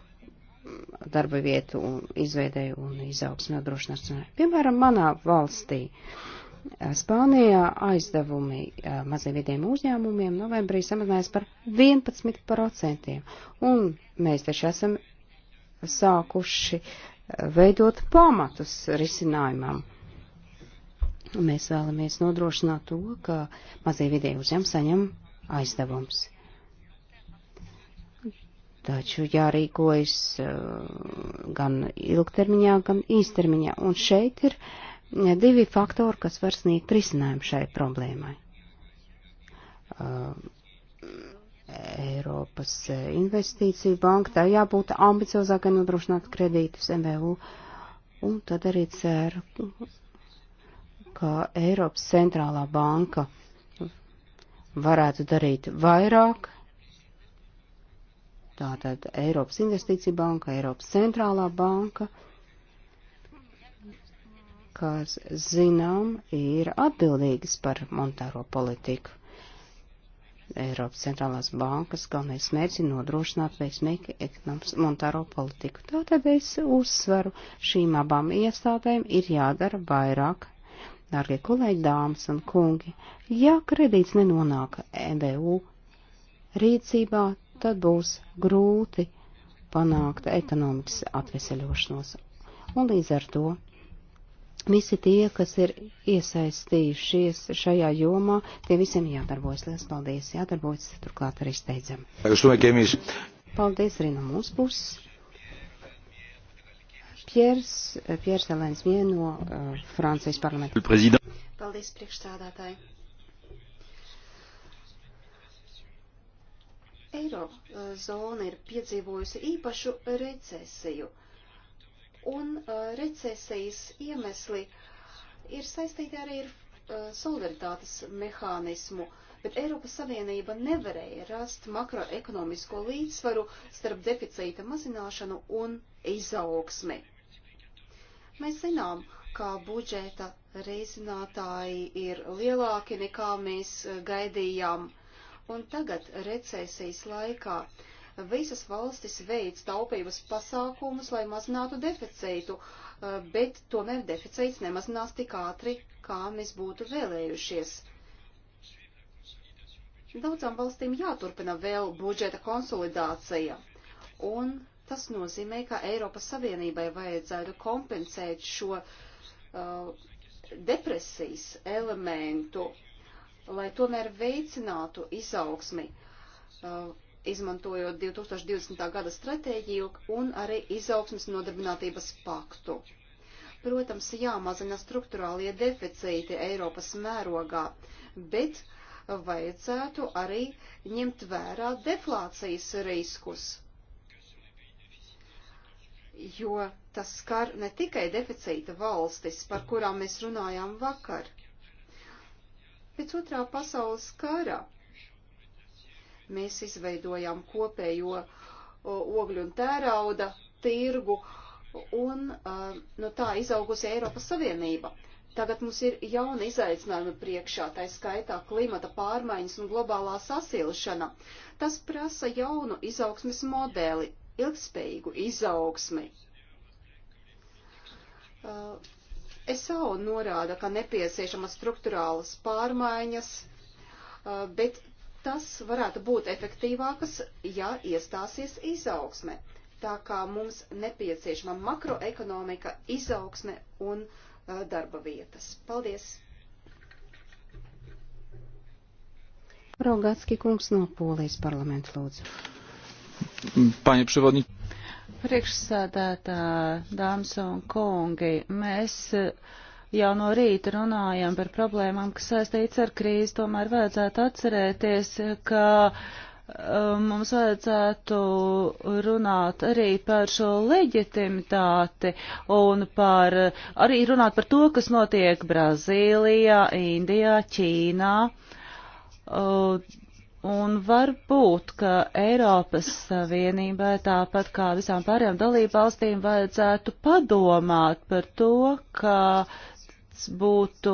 darba vietu izveidēju un izaugsmu nodrošināšanai. Piemēram, manā valstī. Eh, Spānijā aizdevumi eh, mazievidiem uzņēmumiem novembrī samazinājās par 11%, un mēs taču esam sākuši veidot pamatus risinājumam. Mēs vēlamies nodrošināt to, ka mazie vidēji uzņēmumi saņem aizdevums. Taču jārīkojas uh, gan ilgtermiņā, gan īstermiņā. Un šeit ir divi faktori, kas var sniegt risinājumu šai problēmai. Uh, Eiropas uh, investīcija banka, tā jābūt ambiciozākai nodrošināt kredītus MVU. Un tad arī ceru, ka Eiropas centrālā banka varētu darīt vairāk. Tātad Eiropas investīcija banka, Eiropas centrālā banka, kas, zinām, ir atbildīgas par monetāro politiku. Eiropas centrālās bankas galvenais mērķis ir nodrošināt veiksmīgu ekonomikas monetāro politiku. Tātad es uzsveru, šīm abām iestādēm ir jādara vairāk Dārgie kolēģi, dāmas un kungi, ja kredīts nenonāk MBU e rīcībā, tad būs grūti panākt ekonomikas atveseļošanos. Un līdz ar to visi tie, kas ir iesaistījušies šajā jomā, tie visiem jādarbojas. Lielas paldies, jādarbojas turklāt arī steidzam. Paldies arī no mūsu puses. Pjers, Pjers Elēns Mie no uh, Francijas parlamenta. Paldies, priekšstādātāji. Eiro uh, zona ir piedzīvojusi īpašu recesiju, un uh, recesijas iemesli ir saistīti arī ar uh, solidaritātes mehānismu bet Eiropas Savienība nevarēja rast makroekonomisko līdzsvaru starp deficīta mazināšanu un izaugsmi. Mēs zinām, ka budžeta reizinātāji ir lielāki nekā mēs e, gaidījām. Un tagad recesijas laikā visas valstis veids taupības pasākumus, lai mazinātu deficītu, e, bet tomēr deficīts nemazinās tik ātri, kā mēs būtu vēlējušies. Daudzām valstīm jāturpina vēl budžeta konsolidācija, un Tas nozīmē, ka Eiropas Savienībai vajadzētu kompensēt šo uh, depresijas elementu, lai tomēr veicinātu izaugsmi, uh, izmantojot 2020. gada stratēģiju un arī izaugsmas nodarbinātības paktu. Protams, jāmazina struktūrālie deficīti Eiropas mērogā, bet vajadzētu arī ņemt vērā deflācijas riskus jo tas skar ne tikai deficīta valstis, par kurām mēs runājām vakar. Pēc otrā pasaules kara mēs izveidojām kopējo ogļu un tērauda tirgu un no nu, tā izaugusi Eiropas Savienība. Tagad mums ir jauna izaicinājuma priekšā, tā skaitā klimata pārmaiņas un globālā sasilšana. Tas prasa jaunu izaugsmes modeli, ilgspējīgu izaugsmi. Uh, SAO norāda, ka nepieciešamas struktūrālas pārmaiņas, uh, bet tas varētu būt efektīvākas, ja iestāsies izaugsme. Tā kā mums nepieciešama makroekonomika, izaugsme un uh, darba vietas. Paldies! Rogatski kungs no Polijas parlamenta lūdzu. Paņa Privodņi. Priekšsēdētā, dāmas un kungi, mēs jau no rīta runājam par problēmām, kas saistīts ar krīzi, tomēr vajadzētu atcerēties, ka um, mums vajadzētu runāt arī par šo leģitimitāti un par, arī runāt par to, kas notiek Brazīlijā, Indijā, Ķīnā. Uh, Un varbūt, ka Eiropas Savienībai tāpat kā visām pārējām dalībvalstīm vajadzētu padomāt par to, ka būtu,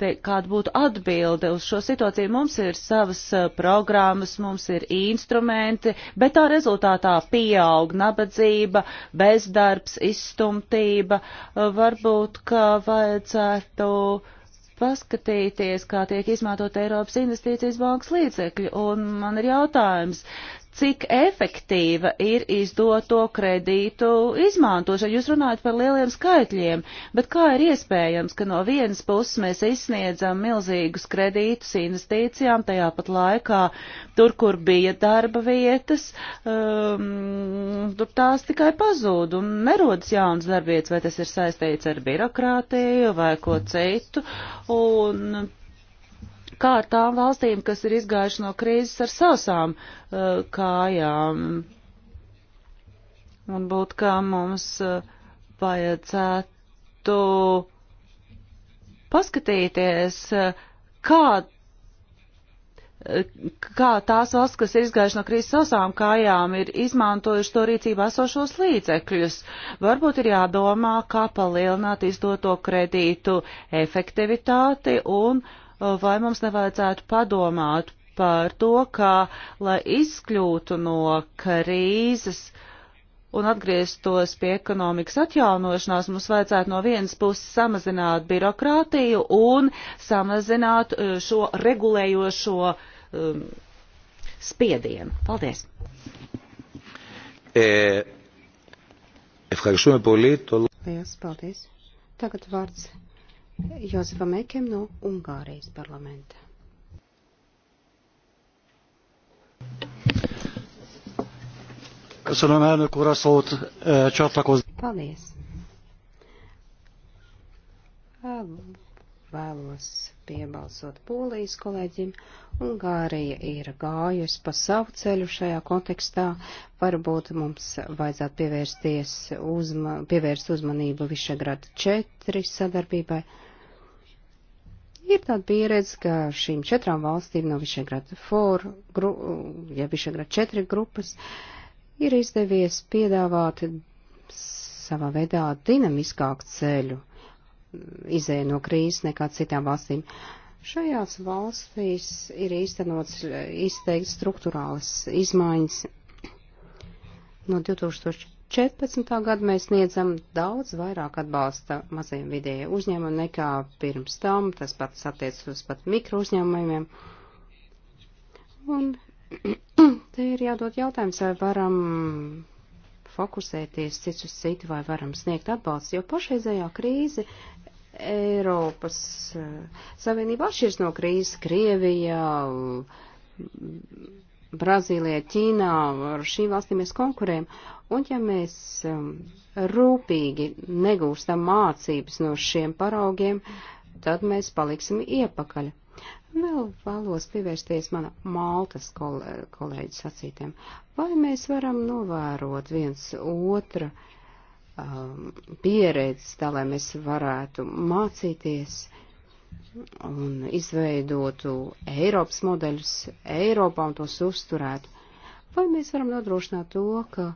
de, kāda būtu atbilde uz šo situāciju. Mums ir savas eh, programmas, mums ir instrumenti, bet tā rezultātā pieaug nabadzība, bezdarbs, izstumtība. Eh, varbūt, ka vajadzētu paskatīties, kā tiek izmantot Eiropas investīcijas bankas līdzekļi. Un man ir jautājums, cik efektīva ir izdoto kredītu izmantošana. Jūs runājat par lieliem skaitļiem, bet kā ir iespējams, ka no vienas puses mēs izsniedzam milzīgus kredītus investīcijām, tajā pat laikā tur, kur bija darba vietas, um, tur tās tikai pazūd un nerodas jaunas darbvietas, vai tas ir saistīts ar birokrātiju vai ko citu. Un kā ar tām valstīm, kas ir izgājuši no krīzes ar sausām uh, kājām. Un būt kā mums uh, vajadzētu paskatīties, uh, kā uh, kā tās valsts, kas ir izgājuši no krīzes sausām kājām, ir izmantojuši to rīcībā esošos līdzekļus. Varbūt ir jādomā, kā palielināt izdoto kredītu efektivitāti un uh, vai mums nevajadzētu padomāt par to, kā, lai izkļūtu no krīzes un atgrieztos pie ekonomikas atjaunošanās, mums vajadzētu no vienas puses samazināt birokrātiju un samazināt eh, šo regulējošo um, spiedienu. Paldies! E, eh, Paldies, paldies. Tagad vārds Jozefam Ekem no Ungārijas parlamenta. Köszönöm, elnök úr, a szót e, csatlakozni. Paldies. Vēlos piebalsot polijas kolēģim. Ungārija ir gājusi pa savu ceļu šajā kontekstā. Varbūt mums vajadzētu pievērsties uzma, pievērst uzmanību Višegrada 4 sadarbībai. Ir tāda pieredze, ka šīm četrām valstīm no Višegrada foru, gru, ja Višegrada četri grupas, ir izdevies piedāvāt savā veidā dinamiskāku ceļu izēju no krīzes nekā citām valstīm. Šajās valstīs ir īstenots izteikti struktūrālas izmaiņas no 2000. 14. gadu mēs sniedzam daudz vairāk atbalsta maziem vidēja uzņēmumiem nekā pirms tam, tas pats attiec uz pat mikro uzņēmumiem. Un te ir jādod jautājums, vai varam fokusēties cits uz citu, vai varam sniegt atbalstu, jo pašreizējā krīze Eiropas eh, Savienība atšķirs no krīzes Krievijā, Brazīlijā, Ķīnā, ar šīm valstīm mēs konkurējam. Un ja mēs um, rūpīgi negūstam mācības no šiem paraugiem, tad mēs paliksim iepakaļ. Vēl vēlos pievērsties mana Maltas kol kolēģa sacītiem. Vai mēs varam novērot viens otra um, pieredzi, tā lai mēs varētu mācīties? Uh, un izveidotu Eiropas modeļus Eiropā un tos uzturētu. Vai mēs varam nodrošināt to, ka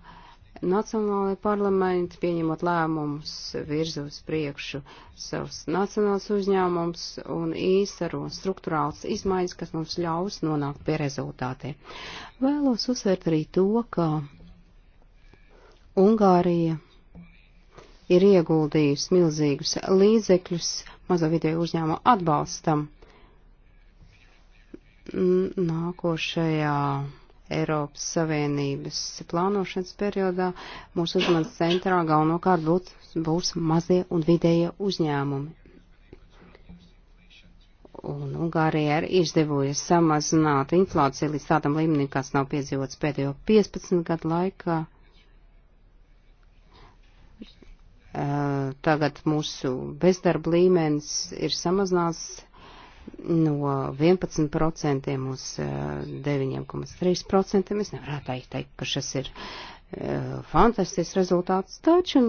nacionālajie parlamenti, pieņemot lēmumus, virza uz priekšu savus nacionālus uzņēmumus un īstero struktūrāls izmaiņas, kas mums ļaus nonākt pie rezultātiem. Vēlos uzsvērt arī to, ka Ungārija ir ieguldījusi milzīgus līdzekļus mazo vidēju uzņēmumu atbalstam nākošajā Eiropas Savienības plānošanas periodā mūsu uzmanas centrā galvenokārt būs, būs mazie un vidējie uzņēmumi. Un Ungārija arī izdevojas samazināt inflāciju līdz tādam līmenim, kas nav piedzīvots pēdējo 15 gadu laikā. Tagad mūsu bezdarba līmenis ir samazināts no 11% uz 9,3%. E, es nevarētu teikt, teikt, ka šis ir e, fantastisks rezultāts, taču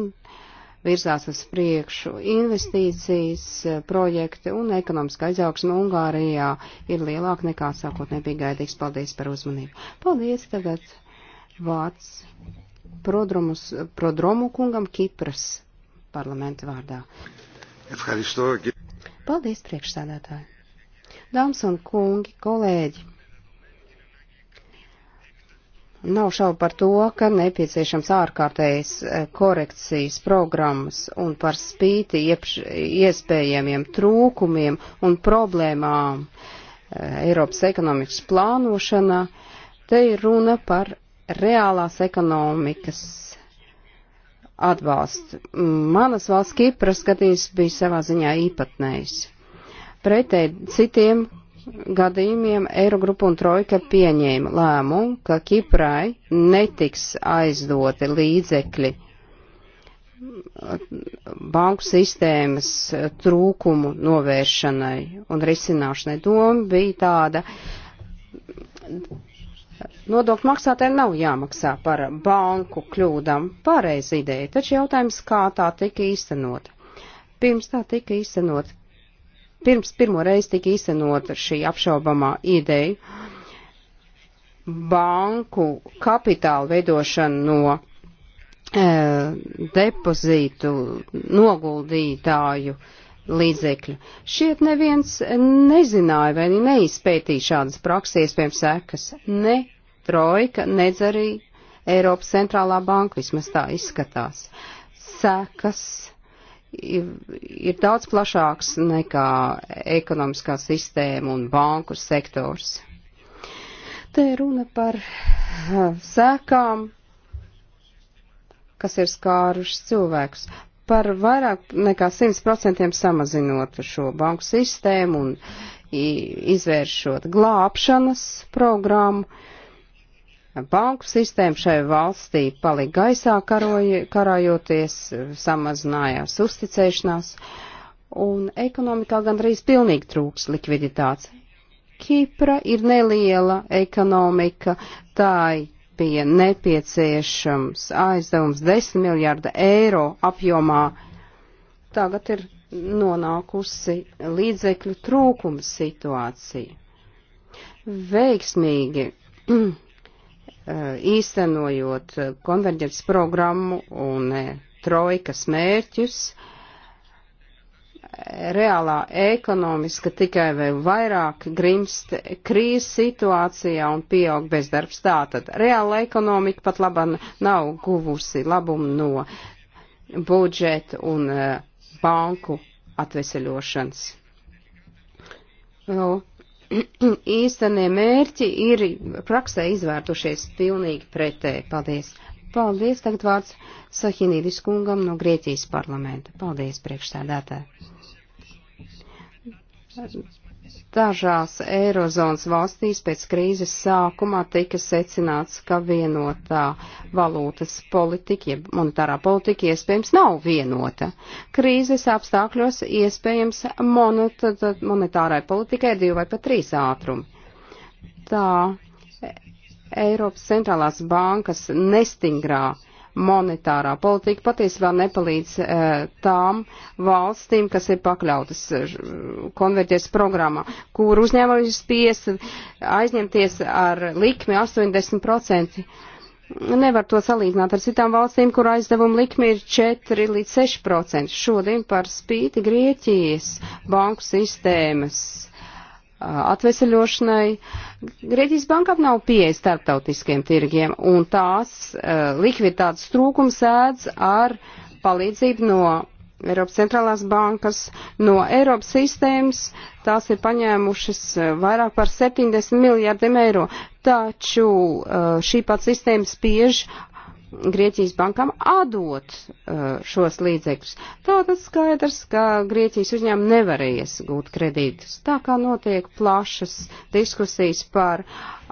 virzās uz priekšu investīcijas, e, projekti un ekonomiskā izaugsme Ungārijā ir lielāka nekā sākotnēji bija gaidīts. Paldies par uzmanību. Paldies tagad vārds prodromus, prodromu kungam Kipras parlamenta vārdā. Paldies, priekšsādātāji! Dāmas un kungi, kolēģi! Nav šaubu par to, ka nepieciešams ārkārtējas eh, korekcijas programmas un par spīti iepš, iespējamiem trūkumiem un problēmām eh, Eiropas ekonomikas plānošanā, te ir runa par reālās ekonomikas atbalstu. Manas valsts Kipras skatījums bija savā ziņā īpatnējs. Pretēji citiem gadījumiem Eirogrupa un Trojka pieņēma lēmumu, ka Kiprai netiks aizdoti līdzekļi banku sistēmas trūkumu novēršanai un risināšanai. Doma bija tāda Nodokļu maksātājiem nav jāmaksā par banku kļūdām. Pareiz ideja, taču jautājums, kā tā tika īstenot. Pirms tā tika īstenot, pirms pirmo reizi tika īstenot šī apšaubamā ideja, banku kapitāla veidošana no e, depozītu noguldītāju līdzekļu. Šiet neviens nezināja vai neizpētīja šādas prakses, iespējams, sekas. Ne trojka, nedz arī Eiropas centrālā banka, vismaz tā izskatās. Sekas ir, ir daudz plašāks nekā ekonomiskā sistēma un banku sektors. Te runa par sekām, kas ir skārušas cilvēkus par vairāk nekā 100% samazinot šo banku sistēmu un izvēršot glābšanas programmu banku sistēma šai valstī palika gaisā karoja, karājoties, samazinājās uzticēšanās, un ekonomikā gandrīz pilnīgi trūks likviditātes. Kipra ir neliela ekonomika, tā bija nepieciešams aizdevums 10 miljārda eiro apjomā. Tagad ir nonākusi līdzekļu trūkuma situācija. Veiksmīgi Uh, īstenojot uh, konverģents programmu un uh, trojkas mērķus, reālā ekonomiska tikai vēl vairāk grimst krīzes situācijā un pieaug bezdarbs. Tātad reāla ekonomika pat laban nav guvusi labumu no budžeta un banku atveseļošanas. Vēl īstenie mērķi ir praksē izvērtušies pilnīgi pretēji. Paldies! Paldies, tagad vārds Sahinīdis kungam no Grieķijas parlamenta. Paldies, priekšsēdētāji! Dažās Eirozonas valstīs pēc krīzes sākumā tika secināts, ka vienotā valūtas politika, ja monetārā politika iespējams nav vienota. Krīzes apstākļos iespējams monetārai politikai divi vai pat trīs ātrumi. Tā Eiropas centrālās bankas nestingrā uh, monetārā politika patiesībā nepalīdz eh, tām valstīm, kas ir pakļautas eh, konverģēs programmā, kur uzņēmumi ir spiesti aizņemties ar likmi 80%. Nevar to salīdzināt ar citām valstīm, kur aizdevuma likme ir 4 līdz 6%. Šodien par spīti Grieķijas banku sistēmas atveseļošanai. Grieķijas bankām nav pieeja starptautiskiem tirgiem, un tās uh, likviditātes trūkums sēdz ar palīdzību no Eiropas centrālās bankas, no Eiropas sistēmas. Tās ir paņēmušas vairāk par 70 miljārdiem eiro, taču uh, šī pat sistēma spiež Grieķijas bankām atdot uh, šos līdzekļus. Tātad skaidrs, ka Grieķijas uzņēmumi nevarēs gūt kredītus. Tā kā notiek plašas diskusijas par uh,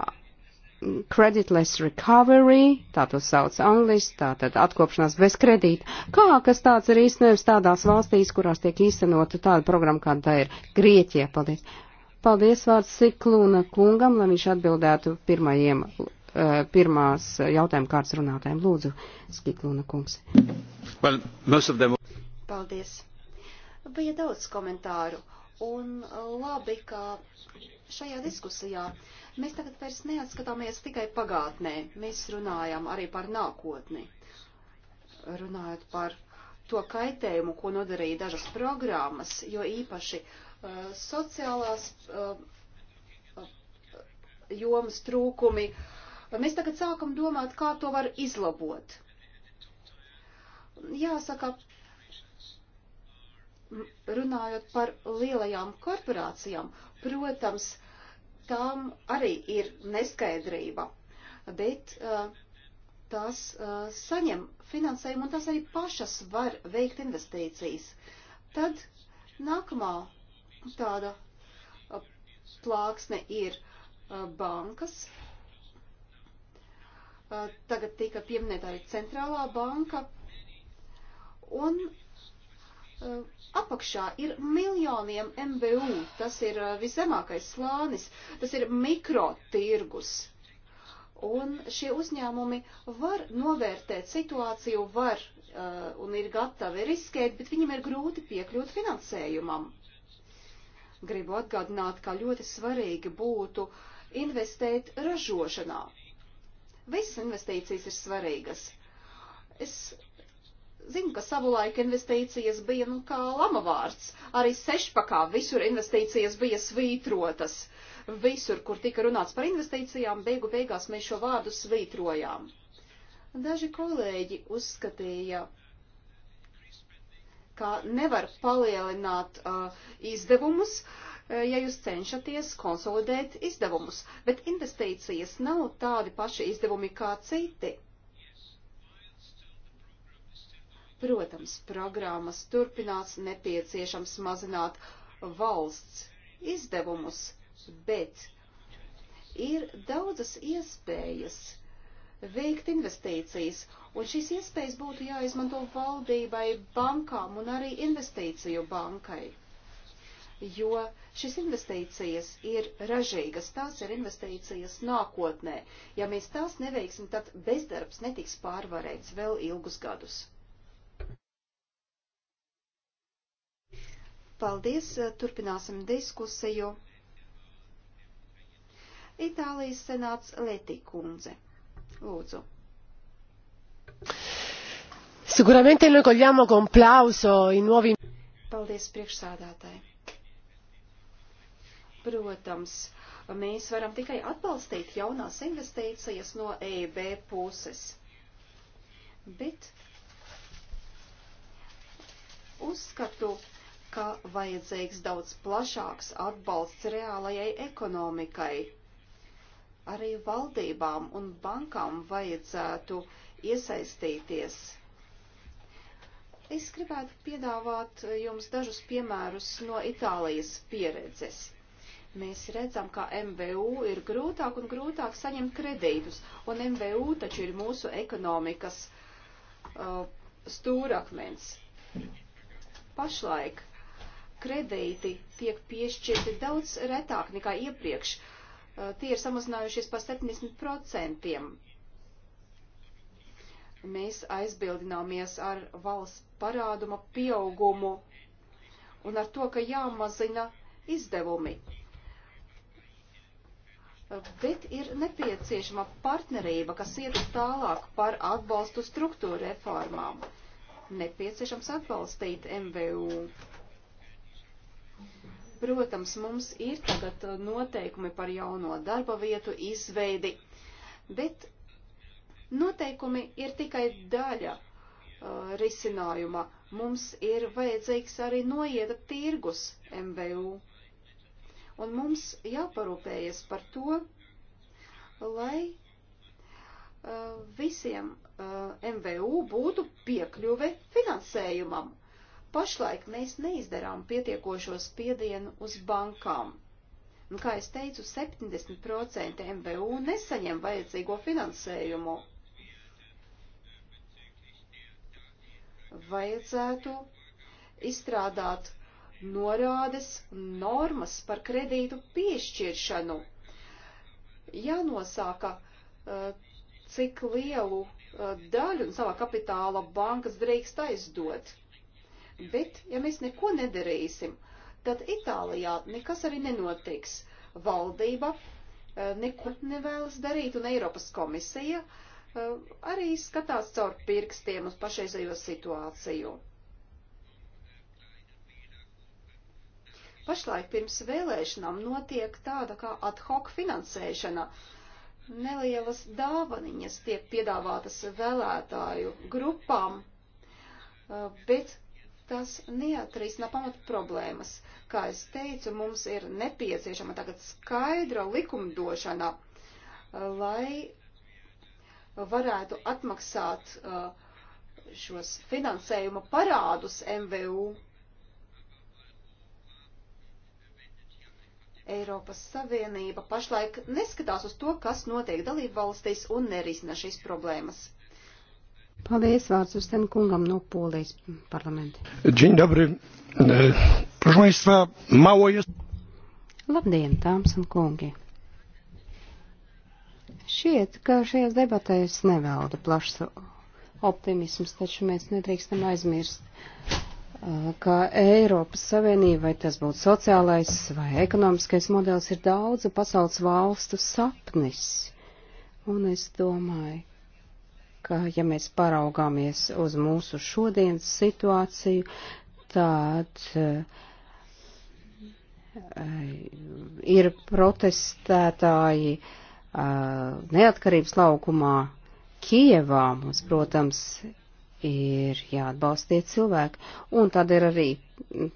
creditless recovery, tā to sauc angliski, tātad atkopšanās bez kredīta. Kā kas tāds ir īstenojams tādās valstīs, kurās tiek īstenota tāda programma, kāda tā ir Grieķija? Paldies! Paldies vārds Siklūna kungam, lai viņš atbildētu pirmajiem Eh, pirmās eh, jautājuma kārtas runātājiem. Lūdzu, Skikluna kungs. Well, them... Paldies. Bija daudz komentāru, un labi, ka šajā diskusijā mēs tagad vairs neatskatāmies tikai pagātnē, mēs runājam arī par nākotni. Runājot par to kaitējumu, ko nodarīja dažas programmas, jo īpaši uh, sociālās uh, jomas trūkumi uh, Un mēs tagad sākam domāt, kā to var izlabot. Jāsaka, runājot par lielajām korporācijām, protams, tām arī ir neskaidrība, bet uh, tās uh, saņem finansējumu un tās arī pašas var veikt investīcijas. Tad nākamā tāda uh, plāksne ir uh, bankas, Tagad tika pieminēta arī centrālā banka. Un apakšā ir miljoniem MBU. Tas ir viszemākais slānis. Tas ir mikrotirgus. Un šie uzņēmumi var novērtēt situāciju, var uh, un ir gatavi riskēt, bet viņiem ir grūti piekļūt finansējumam. Gribu atgādināt, ka ļoti svarīgi būtu investēt ražošanā, Visas investīcijas ir svarīgas. Es zinu, ka savulaik investīcijas bija nu, kā lamavārds. Arī sešpakā visur investīcijas bija svītrotas. Visur, kur tika runāts par investīcijām, beigu beigās mēs šo vārdu svītrojām. Daži kolēģi uzskatīja, ka nevar palielināt uh, izdevumus, uh, Eh, ja jūs cenšaties konsolidēt izdevumus, bet investīcijas nav tādi paši izdevumi kā citi. Protams, programmas turpinās nepieciešams mazināt valsts izdevumus, bet ir daudzas iespējas veikt investīcijas, un šīs iespējas būtu jāizmanto valdībai, bankām un arī investīciju bankai jo šis investīcijas ir ražīgas, tās ir investīcijas nākotnē. Ja mēs tās neveiksim, tad bezdarbs netiks pārvarēts vēl ilgus gadus. Paldies, turpināsim diskusiju. Itālijas senāts Leti Kunze. Lūdzu. Sicuramente noi cogliamo con plauso i nuovi. Paldies priekšsādātāji. Protams, mēs varam tikai atbalstīt jaunās investīcijas no EIB puses. Bet uzskatu, ka vajadzīgs daudz plašāks atbalsts reālajai ekonomikai. Arī valdībām un bankām vajadzētu iesaistīties. Es gribētu piedāvāt jums dažus piemērus no Itālijas pieredzes Mēs redzam, ka MVU ir grūtāk un grūtāk saņemt kredītus, un MVU taču ir mūsu ekonomikas uh, stūrakmens. Pašlaik kredīti tiek piešķirti daudz retāk nekā iepriekš. Uh, tie ir samazinājušies par 70%. Mēs aizbildināmies ar valsts parāduma pieaugumu un ar to, ka jāmazina izdevumi bet ir nepieciešama partnerība, kas iet tālāk par atbalstu struktūra reformām. Nepieciešams atbalstīt MVU. Protams, mums ir tagad noteikumi par jauno darba vietu izveidi, bet noteikumi ir tikai daļa uh, risinājuma. Mums ir vajadzīgs arī noieta tirgus MVU Un mums jāparūpējas par to, lai uh, visiem uh, MVU būtu piekļuve finansējumam. Pašlaik mēs neizdarām pietiekošo spiedienu uz bankām. Un, kā es teicu, 70% MVU nesaņem vajadzīgo finansējumu. Vajadzētu izstrādāt norādes un normas par kredītu piešķiršanu. Jānosaka, eh, cik lielu eh, daļu no savā kapitāla bankas drīkst aizdot. Bet, ja mēs neko nedarīsim, tad Itālijā nekas arī nenotiks. Valdība eh, neko nevēlas darīt, un Eiropas komisija arī skatās caur pirkstiem uz pašreizējo situāciju. Pašlaik pirms vēlēšanām notiek tāda kā ad hoc finansēšana. Nelielas dāvaniņas tiek piedāvātas vēlētāju grupām, eh, bet tas neatrisina pamat problēmas. Kā es teicu, mums ir nepieciešama tagad skaidra likumdošana, eh, lai varētu atmaksāt eh, šos finansējuma parādus MVU Eiropas Savienība pašlaik neskatās uz to, kas notiek dalību valstīs un nerisina šīs problēmas. Paldies vārds uz ten kungam no Polijas parlamenta. Dziņ dobri. Pažmaistvā maujas. Labdien, tāms un kungi. Šiet, ka šajās debatēs nevelda plašs optimisms, taču mēs nedrīkstam aizmirst ka Eiropas Savienība, vai tas būtu sociālais vai ekonomiskais modelis, ir daudzu pasaules valstu sapnis. Un es domāju, ka ja mēs paraugāmies uz mūsu šodienas situāciju, tad uh, ir protestētāji uh, neatkarības laukumā Kievā. Mums, protams, ir jāatbalsta tie cilvēki. Un tad ir arī,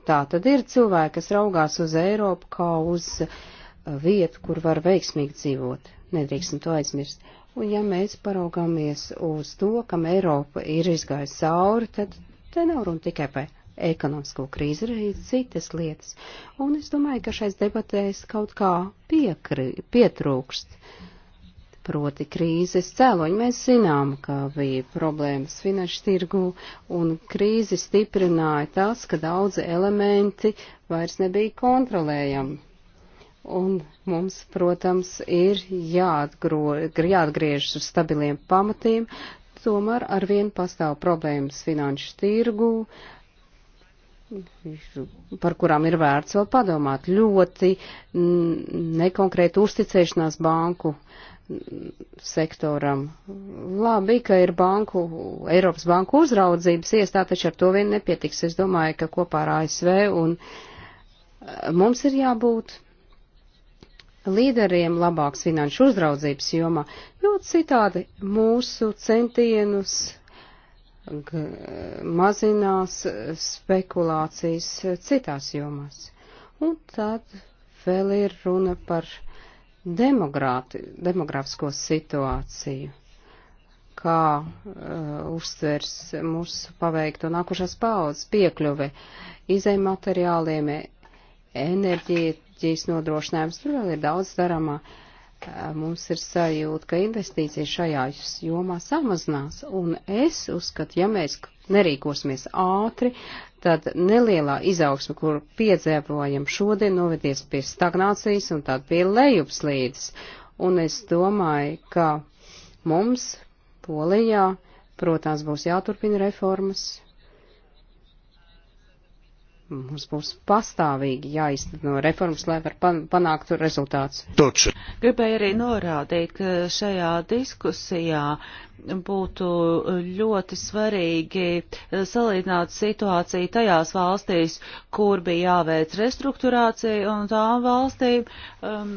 tā tad ir cilvēki, kas raugās uz Eiropu kā uz uh, vietu, kur var veiksmīgi dzīvot. Nedrīkstam to aizmirst. Un ja mēs paraugāmies uz to, kam Eiropa ir izgājusi cauri, tad te nav runa tikai par ekonomisko krīzi, arī citas lietas. Un es domāju, ka šais debatēs kaut kā piekri, pietrūkst. Uh, proti krīzes cēloņi. Mēs zinām, ka bija problēmas finanšu tirgu, un krīzi stiprināja tas, ka daudzi elementi vairs nebija kontrolējami. Un mums, protams, ir jāatgro, jāatgriežas uz stabiliem pamatiem, tomēr arvien pastāv problēmas finanšu tirgu, par kurām ir vērts vēl padomāt. Ļoti nekonkrēta uzticēšanās banku uh, sektoram. Labi, ka ir banku, Eiropas banku uzraudzības iestāde, taču ar to vien nepietiks. Es domāju, ka kopā ar ASV un eh, mums ir jābūt līderiem labāks finanšu uzraudzības jomā, jo citādi mūsu centienus mazinās spekulācijas citās jomās. Un tad vēl ir runa par demogrāfisko situāciju, kā uh, uztvers mūsu paveikto nākušās paudzes piekļuve izējuma materiāliem, enerģijas nodrošinājums, tur vēl ir daudz darāmā. Uh, mums ir sajūta, ka investīcijas šajā jomā samazinās, un es uzskatu, ja mēs nerīkosimies ātri, tad nelielā izaugsme, kur piedzēvojam šodien, novedies pie stagnācijas un tad pie lejupslīdes. Un es domāju, ka mums, Polijā, protams, būs jāturpina reformas. Mums būs pastāvīgi jāizteno reformas, lai var panākt rezultāts. Toči. Gribēju arī norādīt, ka šajā diskusijā būtu ļoti svarīgi salīdzināt situāciju tajās valstīs, kur bija jāveic restruktūrācija, un tām valstīm, um,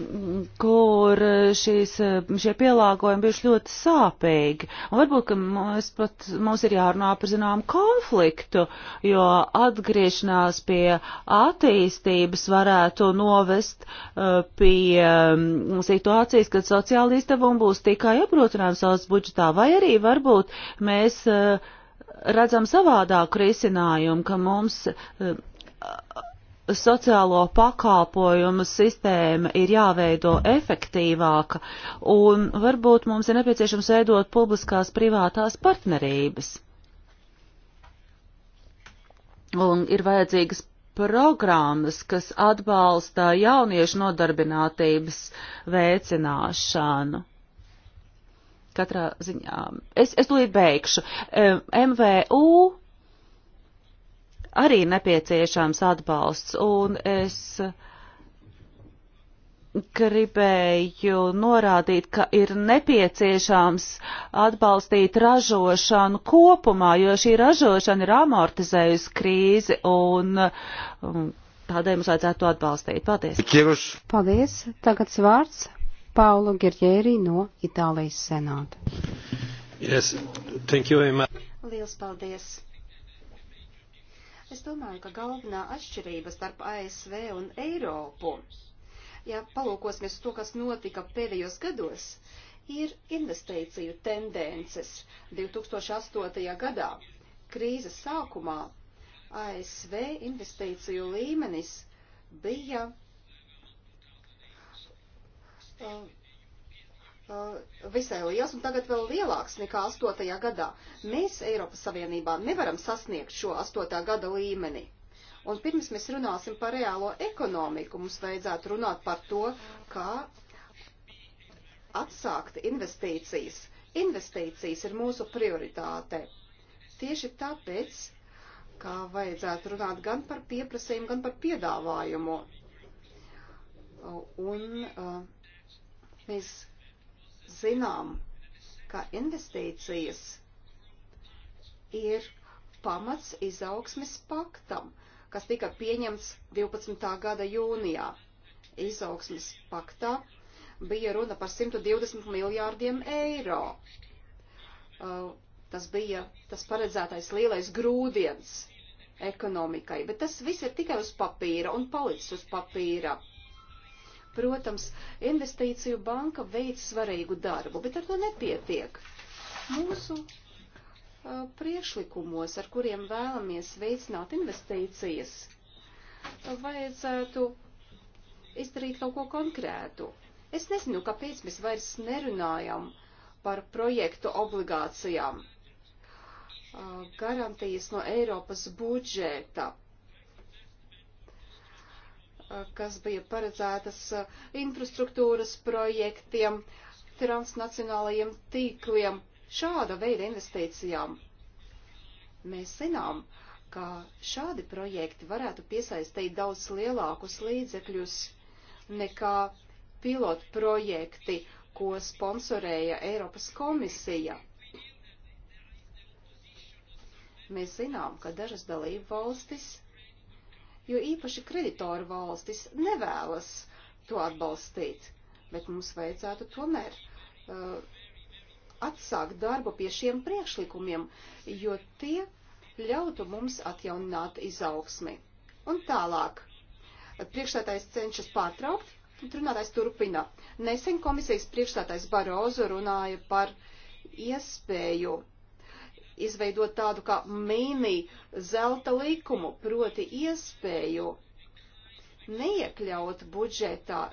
kur šīs, šie pielāgojumi bijuši ļoti sāpīgi. Un varbūt, ka mums pat mums ir jārunā par zinām konfliktu, jo atgriešanās pie attīstības varētu novest uh, pie um, situācijas, kad sociāla izdevuma būs tikai apgrūtinājums valsts budžetā, vai arī varbūt mēs eh, redzam savādāku risinājumu, ka mums eh, sociālo pakalpojumu sistēma ir jāveido efektīvāka, un varbūt mums ir nepieciešams veidot publiskās privātās partnerības. Un ir vajadzīgas programmas, kas atbalsta jauniešu nodarbinātības veicināšanu. Katrā ziņā. Es, es tūlīt beigšu. MVU arī nepieciešams atbalsts, un es uh, gribēju norādīt, ka ir nepieciešams atbalstīt ražošanu kopumā, jo šī ražošana ir amortizējusi krīzi un um, tādēļ mums vajadzētu to atbalstīt. Paldies! Kirus. Paldies! Tagad vārds Paulu Gerģēri no Itālijas senāta. Yes, thank you very much. Liels paldies! Es domāju, ka galvenā atšķirība starp ASV un Eiropu ja palūkosimies to, kas notika pēdējos gados, ir investīciju tendences. 2008. gadā krīzes sākumā ASV investīciju līmenis bija uh, uh, visai liels un tagad vēl lielāks nekā 8. gadā. Mēs Eiropas Savienībā nevaram sasniegt šo 8. gada līmeni. Un pirms mēs runāsim par reālo ekonomiku, mums vajadzētu runāt par to, kā atsākt investīcijas. Investīcijas ir mūsu prioritāte. Tieši tāpēc, kā vajadzētu runāt gan par pieprasījumu, gan par piedāvājumu. Un uh, mēs zinām, ka investīcijas ir pamats izaugsmes paktam. Uh, kas tika pieņemts 12. gada jūnijā izaugsmes paktā, bija runa par 120 miljārdiem eiro. Uh, tas bija tas paredzētais lielais grūdienis ekonomikai, bet tas viss ir tikai uz papīra un palicis uz papīra. Protams, investīciju banka veic svarīgu darbu, bet ar to nepietiek. Mūsu priešlikumos, ar kuriem vēlamies veicināt investīcijas, vajadzētu izdarīt kaut ko konkrētu. Es nezinu, kāpēc mēs vairs nerunājam par projektu obligācijām, garantijas no Eiropas budžeta, kas bija paredzētas infrastruktūras projektiem, transnacionālajiem tīkliem šāda veida investīcijām. Mēs zinām, ka šādi projekti varētu piesaistīt daudz lielākus līdzekļus nekā pilotu projekti, ko sponsorēja Eiropas komisija. Mēs zinām, ka dažas dalību valstis, jo īpaši kreditoru valstis, nevēlas to atbalstīt, bet mums vajadzētu tomēr uh, atsākt darbu pie šiem priekšlikumiem, jo tie ļautu mums atjaunināt izaugsmi. Un tālāk. Priekšstādājs cenšas pārtraukt, un runātājs turpina. Nesen komisijas priekšstādājs Barozu runāja par iespēju izveidot tādu kā mini zelta likumu, proti iespēju neiekļaut budžetā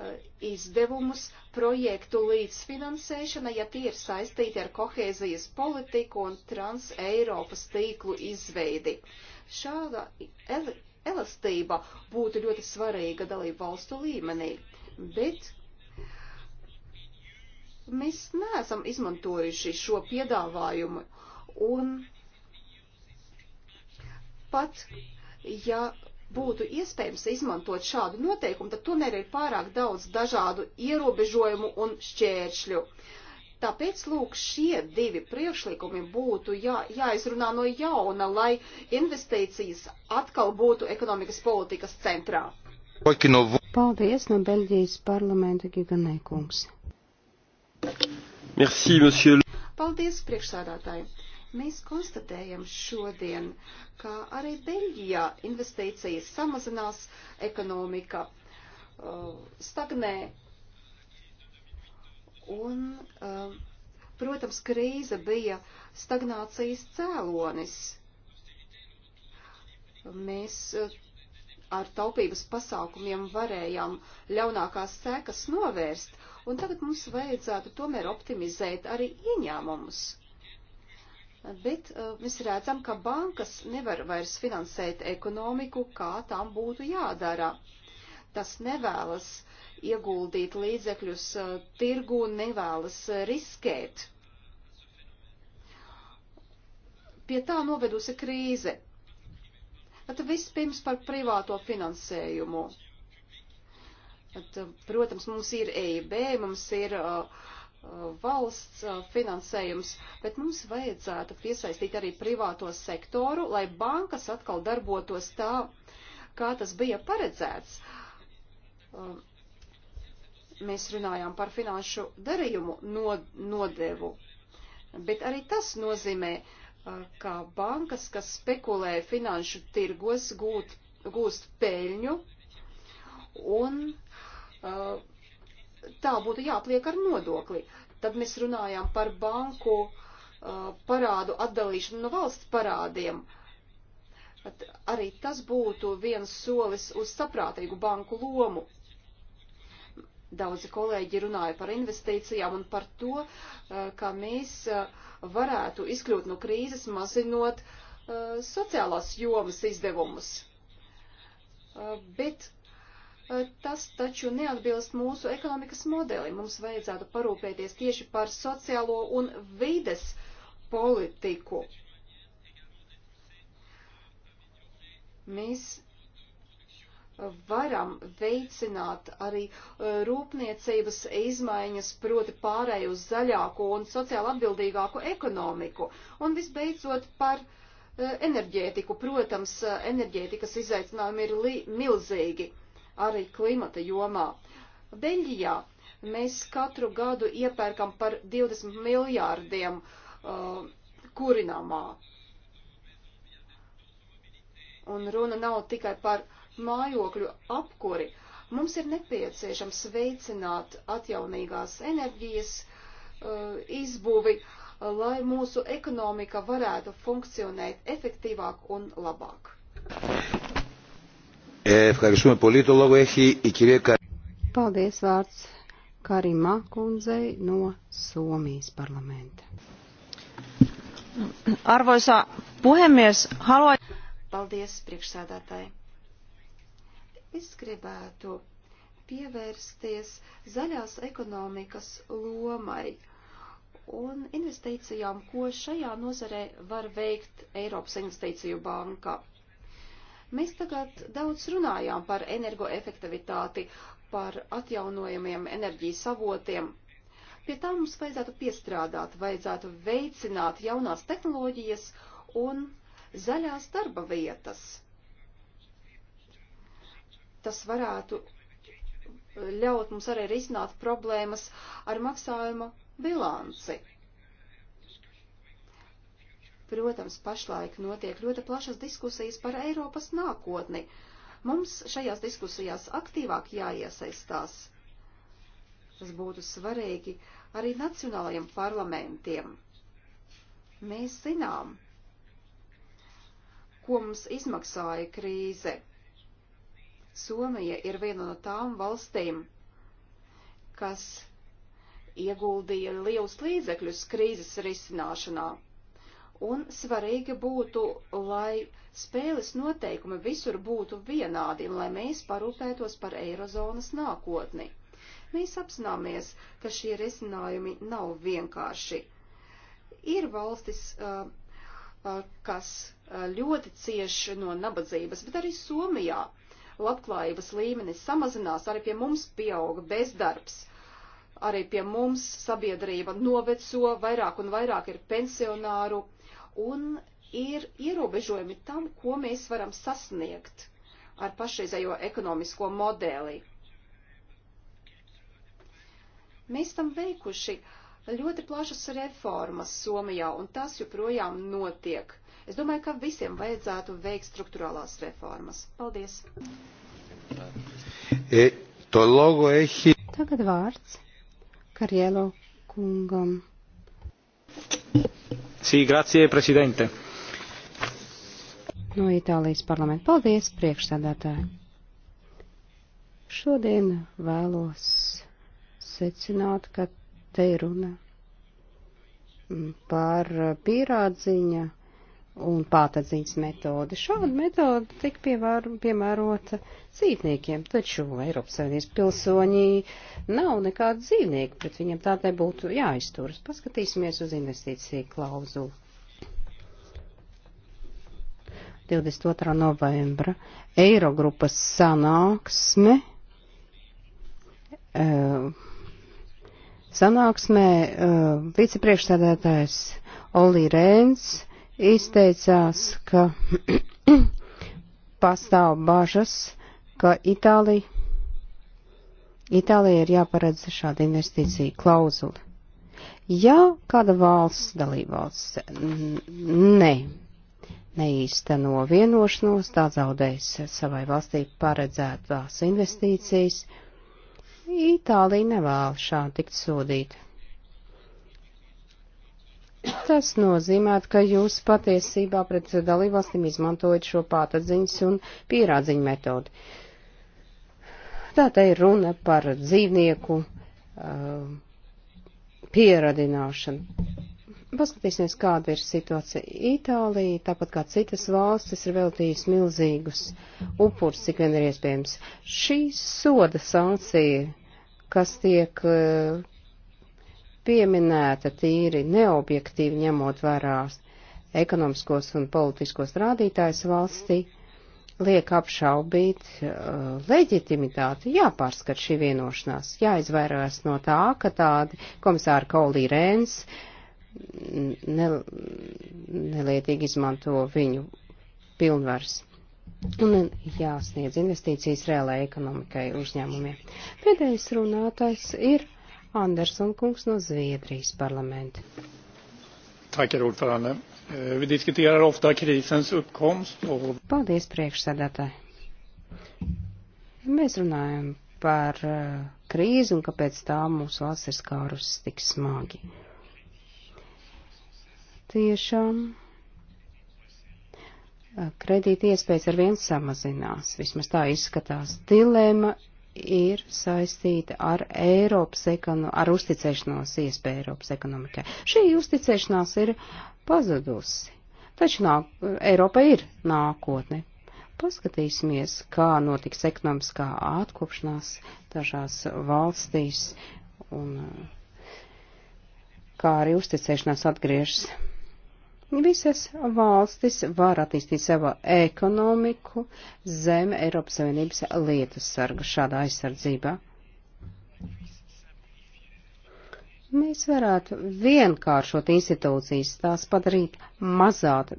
Eh, izdevumus projektu līdzfinansēšana, ja tie ir saistīti ar kohēzijas politiku un trans-Eiropas tīklu izveidi. Šāda el elastība būtu ļoti svarīga dalību valstu līmenī, bet mēs neesam izmantojuši šo piedāvājumu un pat ja būtu iespējams izmantot šādu noteikumu, tad tomēr ir pārāk daudz dažādu ierobežojumu un šķēršļu. Tāpēc, lūk, šie divi priekšlikumi būtu jā, jāizrunā no jauna, lai investīcijas atkal būtu ekonomikas politikas centrā. Paldies no Beļģijas parlamenta Giganēkungs. Merci, monsieur. Paldies, priekšsādātāji. Mēs konstatējam šodien, ka arī Beļģijā investīcijas samazinās, ekonomika uh, stagnē. Un, uh, protams, krīze bija stagnācijas cēlonis. Mēs uh, ar taupības pasākumiem varējām ļaunākās sekas novērst, un tagad mums vajadzētu tomēr optimizēt arī ieņēmumus. Bet uh, mēs redzam, ka bankas nevar vairs finansēt ekonomiku, kā tām būtu jādara. Tas nevēlas ieguldīt līdzekļus uh, tirgu, nevēlas uh, riskēt. Pie tā novedusi krīze. Tad vispirms par privāto finansējumu. Tad, protams, mums ir EIB, mums ir uh, valsts uh, finansējums, bet mums vajadzētu piesaistīt arī privāto sektoru, lai bankas atkal darbotos tā, kā tas bija paredzēts. Um, mēs runājām par finanšu darījumu nodevu, bet arī tas nozīmē, uh, ka bankas, kas spekulē finanšu tirgos, gūt, gūst peļņu un uh, tā būtu jāpliek ar nodokli. Tad mēs runājām par banku uh, parādu atdalīšanu no valsts parādiem. At, arī tas būtu viens solis uz saprātīgu banku lomu. Daudzi kolēģi runāja par investīcijām un par to, uh, kā mēs uh, varētu izkļūt no krīzes, mazinot uh, sociālās jomas izdevumus. Uh, bet Eh, tas taču neatbilst mūsu ekonomikas modelim. Mums vajadzētu parūpēties tieši par sociālo un vides politiku. Mēs varam veicināt arī eh, rūpniecības izmaiņas, proti pārēju uz zaļāku un sociāli atbildīgāku ekonomiku. Un visbeidzot par eh, enerģētiku. Protams, enerģētikas izaicinājumi ir milzīgi arī klimata jomā. Beļģijā mēs katru gadu iepērkam par 20 miljārdiem uh, kurināmā. Un runa nav tikai par mājokļu apkuri. Mums ir nepieciešams veicināt atjaunīgās enerģijas uh, izbūvi, uh, lai mūsu ekonomika varētu funkcionēt efektīvāk un labāk. Ευχαριστούμε πολύ. Το λόγο έχει η κυρία Καρίμα. Paldies vārds Karimā kundzei no Somijas parlamenta. Arvoisa puhemies, haluan... Paldies priekšsēdātāji. Es gribētu pievērsties zaļās ekonomikas lomai un investīcijām, ko šajā nozarē var veikt Eiropas investīciju banka. Mēs tagad daudz runājām par energoefektivitāti, par atjaunojamiem enerģijas avotiem. Pie tā mums vajadzētu piestrādāt, vajadzētu veicināt jaunās tehnoloģijas un zaļās darba vietas. Tas varētu ļaut mums arī risināt problēmas ar maksājuma bilanci. Protams, pašlaik notiek ļoti plašas diskusijas par Eiropas nākotni. Mums šajās diskusijās aktīvāk jāiesaistās. Tas būtu svarīgi arī nacionālajiem parlamentiem. Mēs zinām, ko mums izmaksāja krīze. Somija ir viena no tām valstīm, kas ieguldīja lielus līdzekļus krīzes risināšanā un svarīgi būtu, lai spēles noteikumi visur būtu vienādi, un lai mēs parūpētos par eirozonas nākotni. Mēs apzināmies, ka šie risinājumi nav vienkārši. Ir valstis, uh, uh, kas uh, ļoti cieši no nabadzības, bet arī Somijā labklājības līmenis samazinās, arī pie mums pieauga bezdarbs arī pie mums sabiedrība noveco, vairāk un vairāk ir pensionāru, un ir ierobežojumi tam, ko mēs varam sasniegt ar pašreizējo ekonomisko modeli. Mēs tam veikuši ļoti plašas reformas Somijā, un tas joprojām notiek. Es domāju, ka visiem vajadzētu veikt struktūrālās reformas. Paldies! E, to logo ehi. Tagad vārds Karielo kungam. Sī, grazie, prezidente. No Itālijas parlamenta. Paldies, priekšsādātāji. Šodien vēlos secināt, ka te ir runa par pierādziņa un pātadziņas metodi. Šāda metoda tika pievēr, piemērota dzīvniekiem, taču Eiropas Savienības pilsoņi nav nekādi dzīvnieki, pret viņiem tādai būtu jāizturas. Paskatīsimies uz investīciju klauzulu. 22. novembra Eirogrupas sanāksme. Uh, sanāksmē uh, vicepriekšsēdētājs Olī Rēns izteicās, ka pastāv bažas, ka Itālija, Itālija ir jāparedz šāda investīcija klauzula. Ja kāda valsts dalībvalsts ne, neīsteno vienošanos, tā zaudēs savai valstī paredzētās investīcijas, Itālija nevēl šādi tikt sodīta. Tas nozīmē, ka jūs patiesībā pret dalībvalstīm izmantojat šo pātadziņas un pierādziņu metodi. Tā te ir runa par dzīvnieku uh, pieradināšanu. Paskatīsimies, kāda ir situācija. Itālija, tāpat kā citas valstis, ir veltījusi milzīgus upurus, cik vien ir iespējams. Šī soda sankcija, kas tiek uh, pieminēta tīri neobjektīvi ņemot vērās ekonomiskos un politiskos rādītājus valstī, liek apšaubīt uh, leģitimitāti, jāpārskat šī vienošanās, jāizvairās no tā, ka tādi komisāri Kolī Rēns ne, nelietīgi izmanto viņu pilnvars un jāsniedz investīcijas reālajai ekonomikai uzņēmumiem. Pēdējais runātais ir Anderson kungs no Zviedrijas parlamenta. Tack, herr ordförande. Eh, vi diskuterar ofta krisens uppkomst och... Paldies, priekšsēdētāji. Mēs runājam par eh, krīzi un kāpēc tā mūsu valsts ir skārusi tik smagi. Tiešām eh, kredīti iespējas ar viens samazinās. Vismaz tā izskatās dilēma ir saistīta ar Eiropas ekonomiku, ar uzticēšanos iespēju Eiropas ekonomikai. Šī uzticēšanās ir pazudusi, taču nāk, Eiropa ir nākotne. Paskatīsimies, kā notiks ekonomiskā atkopšanās dažās valstīs un uh, kā arī uzticēšanās atgriežas Visas valstis var attīstīt savu ekonomiku zem Eiropas Savienības lietas sarga šādā aizsardzībā. Mēs varētu vienkāršot institūcijas, tās padarīt mazāk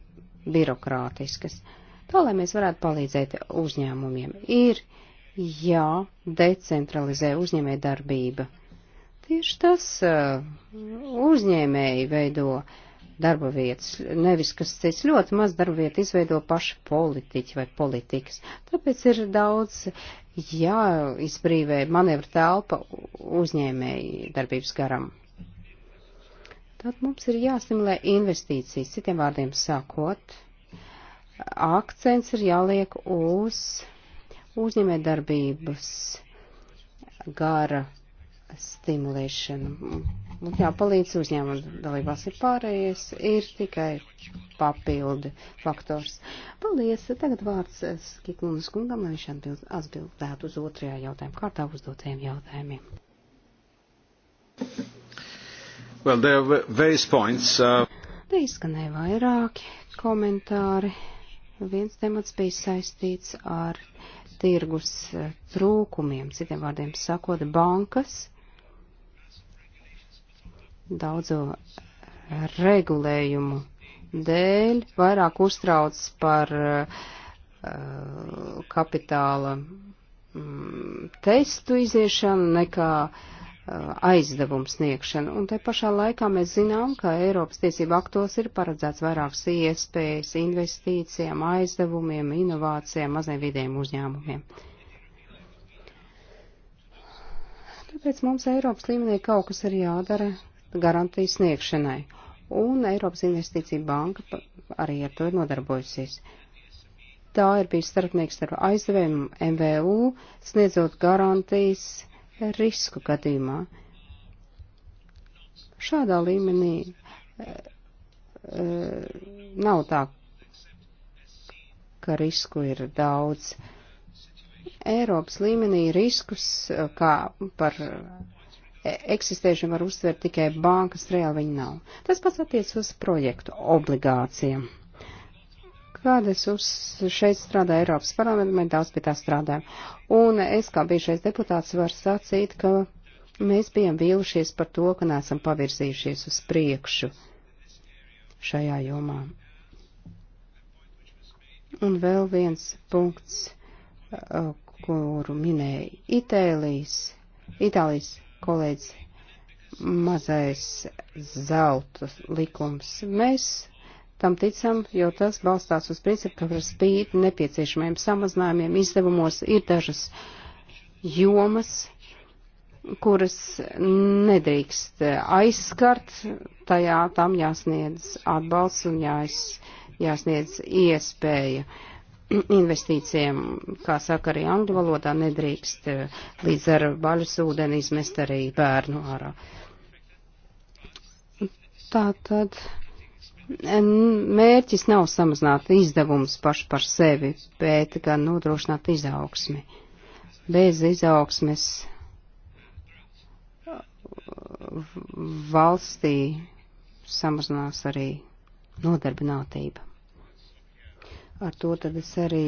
birokrātiskas, tā lai mēs varētu palīdzēt uzņēmumiem. Ir jādecentralizē uzņēmē darbība. Tieši tas uh, uzņēmēji veido uh, darba vietas. Nevis, kas cits ļoti maz darba vietu izveido paši politiķi vai politikas. Tāpēc ir daudz jāizbrīvē manevra telpa uzņēmēji darbības garam. Tad mums ir jāstimulē investīcijas. Citiem vārdiem sakot, akcents ir jāliek uz uzņēmē darbības gara stimulēšanu. Mums jāpalīdz uzņēmumu dalībās ir pārējais, ir tikai papildi faktors. Paldies! Tagad vārds Skiklunas kungam, lai viņš atbildētu uz otrajā jautājuma kārtā uzdotajiem jautājumiem. Well, there were various points. Uh... Te izskanēja vairāki komentāri. Viens temats bija saistīts ar tirgus trūkumiem, citiem vārdiem sakot, bankas daudzo regulējumu dēļ vairāk uztrauc par uh, kapitāla um, testu iziešanu nekā uh, aizdevumu sniegšanu. Un te pašā laikā mēs zinām, ka Eiropas tiesību aktos ir paredzēts vairākas iespējas investīcijām, aizdevumiem, inovācijām, maziem vidējiem uzņēmumiem. Tāpēc mums Eiropas līmenī kaut kas ir jādara, garantiju sniegšanai. Un Eiropas investīcija banka arī ar to ir nodarbojusies. Tā ir bijis starpnieks ar aizdevējumu MVU, sniedzot garantijas risku gadījumā. Šādā līmenī e, e, nav tā, ka risku ir daudz. Eiropas līmenī riskus, eh, kā par eksistēšanu var uztvert tikai bankas, reāli viņi nav. Tas pats attiec uz projektu obligācijām. Kad es uz šeit strādāju Eiropas parlamentā, mēs daudz pie tā strādājam. Un es kā bijušais deputāts varu sacīt, ka mēs bijām vīlušies par to, ka neesam pavirzījušies uz priekšu šajā jomā. Un vēl viens punkts, uh, kuru minēja Itālijas, Itālijas kolēģis mazais zelta likums. Mēs tam ticam, jo tas balstās uz principu, ka par spīti nepieciešamajiem samazinājumiem izdevumos ir dažas jomas, kuras nedrīkst aizskart, tajā tam jāsniedz atbalsts un jāiz, jāsniedz iespēja. Uh, investīcijiem, kā saka arī angļu valodā, nedrīkst eh, līdz ar baļas ūdeni izmest arī bērnu ārā. Tātad mērķis nav samazināt izdevumus paši par sevi, bet gan nodrošināt izaugsmi. Bez izaugsmes eh, valstī samazinās arī nodarbinātība. Ar to tad es arī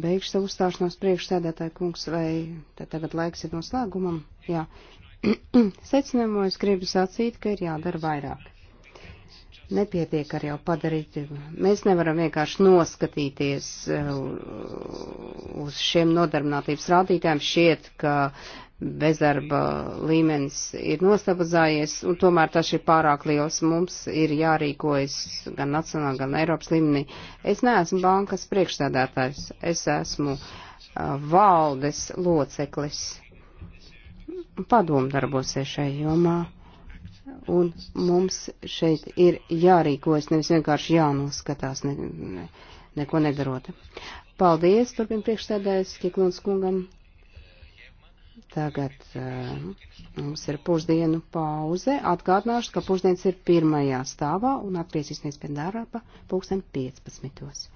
beigšu savu stāšanos priekšsēdētāju kungs, vai tad tagad laiks ir noslēgumam? Jā. Secinājumu es gribu sacīt, ka ir jādara vairāk. Nepietiek ar jau padarīt. Mēs nevaram vienkārši noskatīties eh, uz šiem nodarbinātības rādītājiem. Šķiet, ka uh, bezdarba līmenis ir nostabilizējies, un tomēr tas ir pārāk liels. Mums ir jārīkojas gan nacionāli, gan Eiropas līmenī. Es neesmu bankas priekšstādātājs, es esmu uh, valdes loceklis. Padomu darbosies šai jomā, un mums šeit ir jārīkojas, nevis vienkārši jānoskatās, ne, ne, neko nedarot. Paldies, turpin priekšstādājs Kiklons kungam. Tagad uh, mums ir pusdienu pauze. Atgādināšu, ka pusdienas ir pirmajā stāvā un atgriezīsimies pie darba pulksten 15.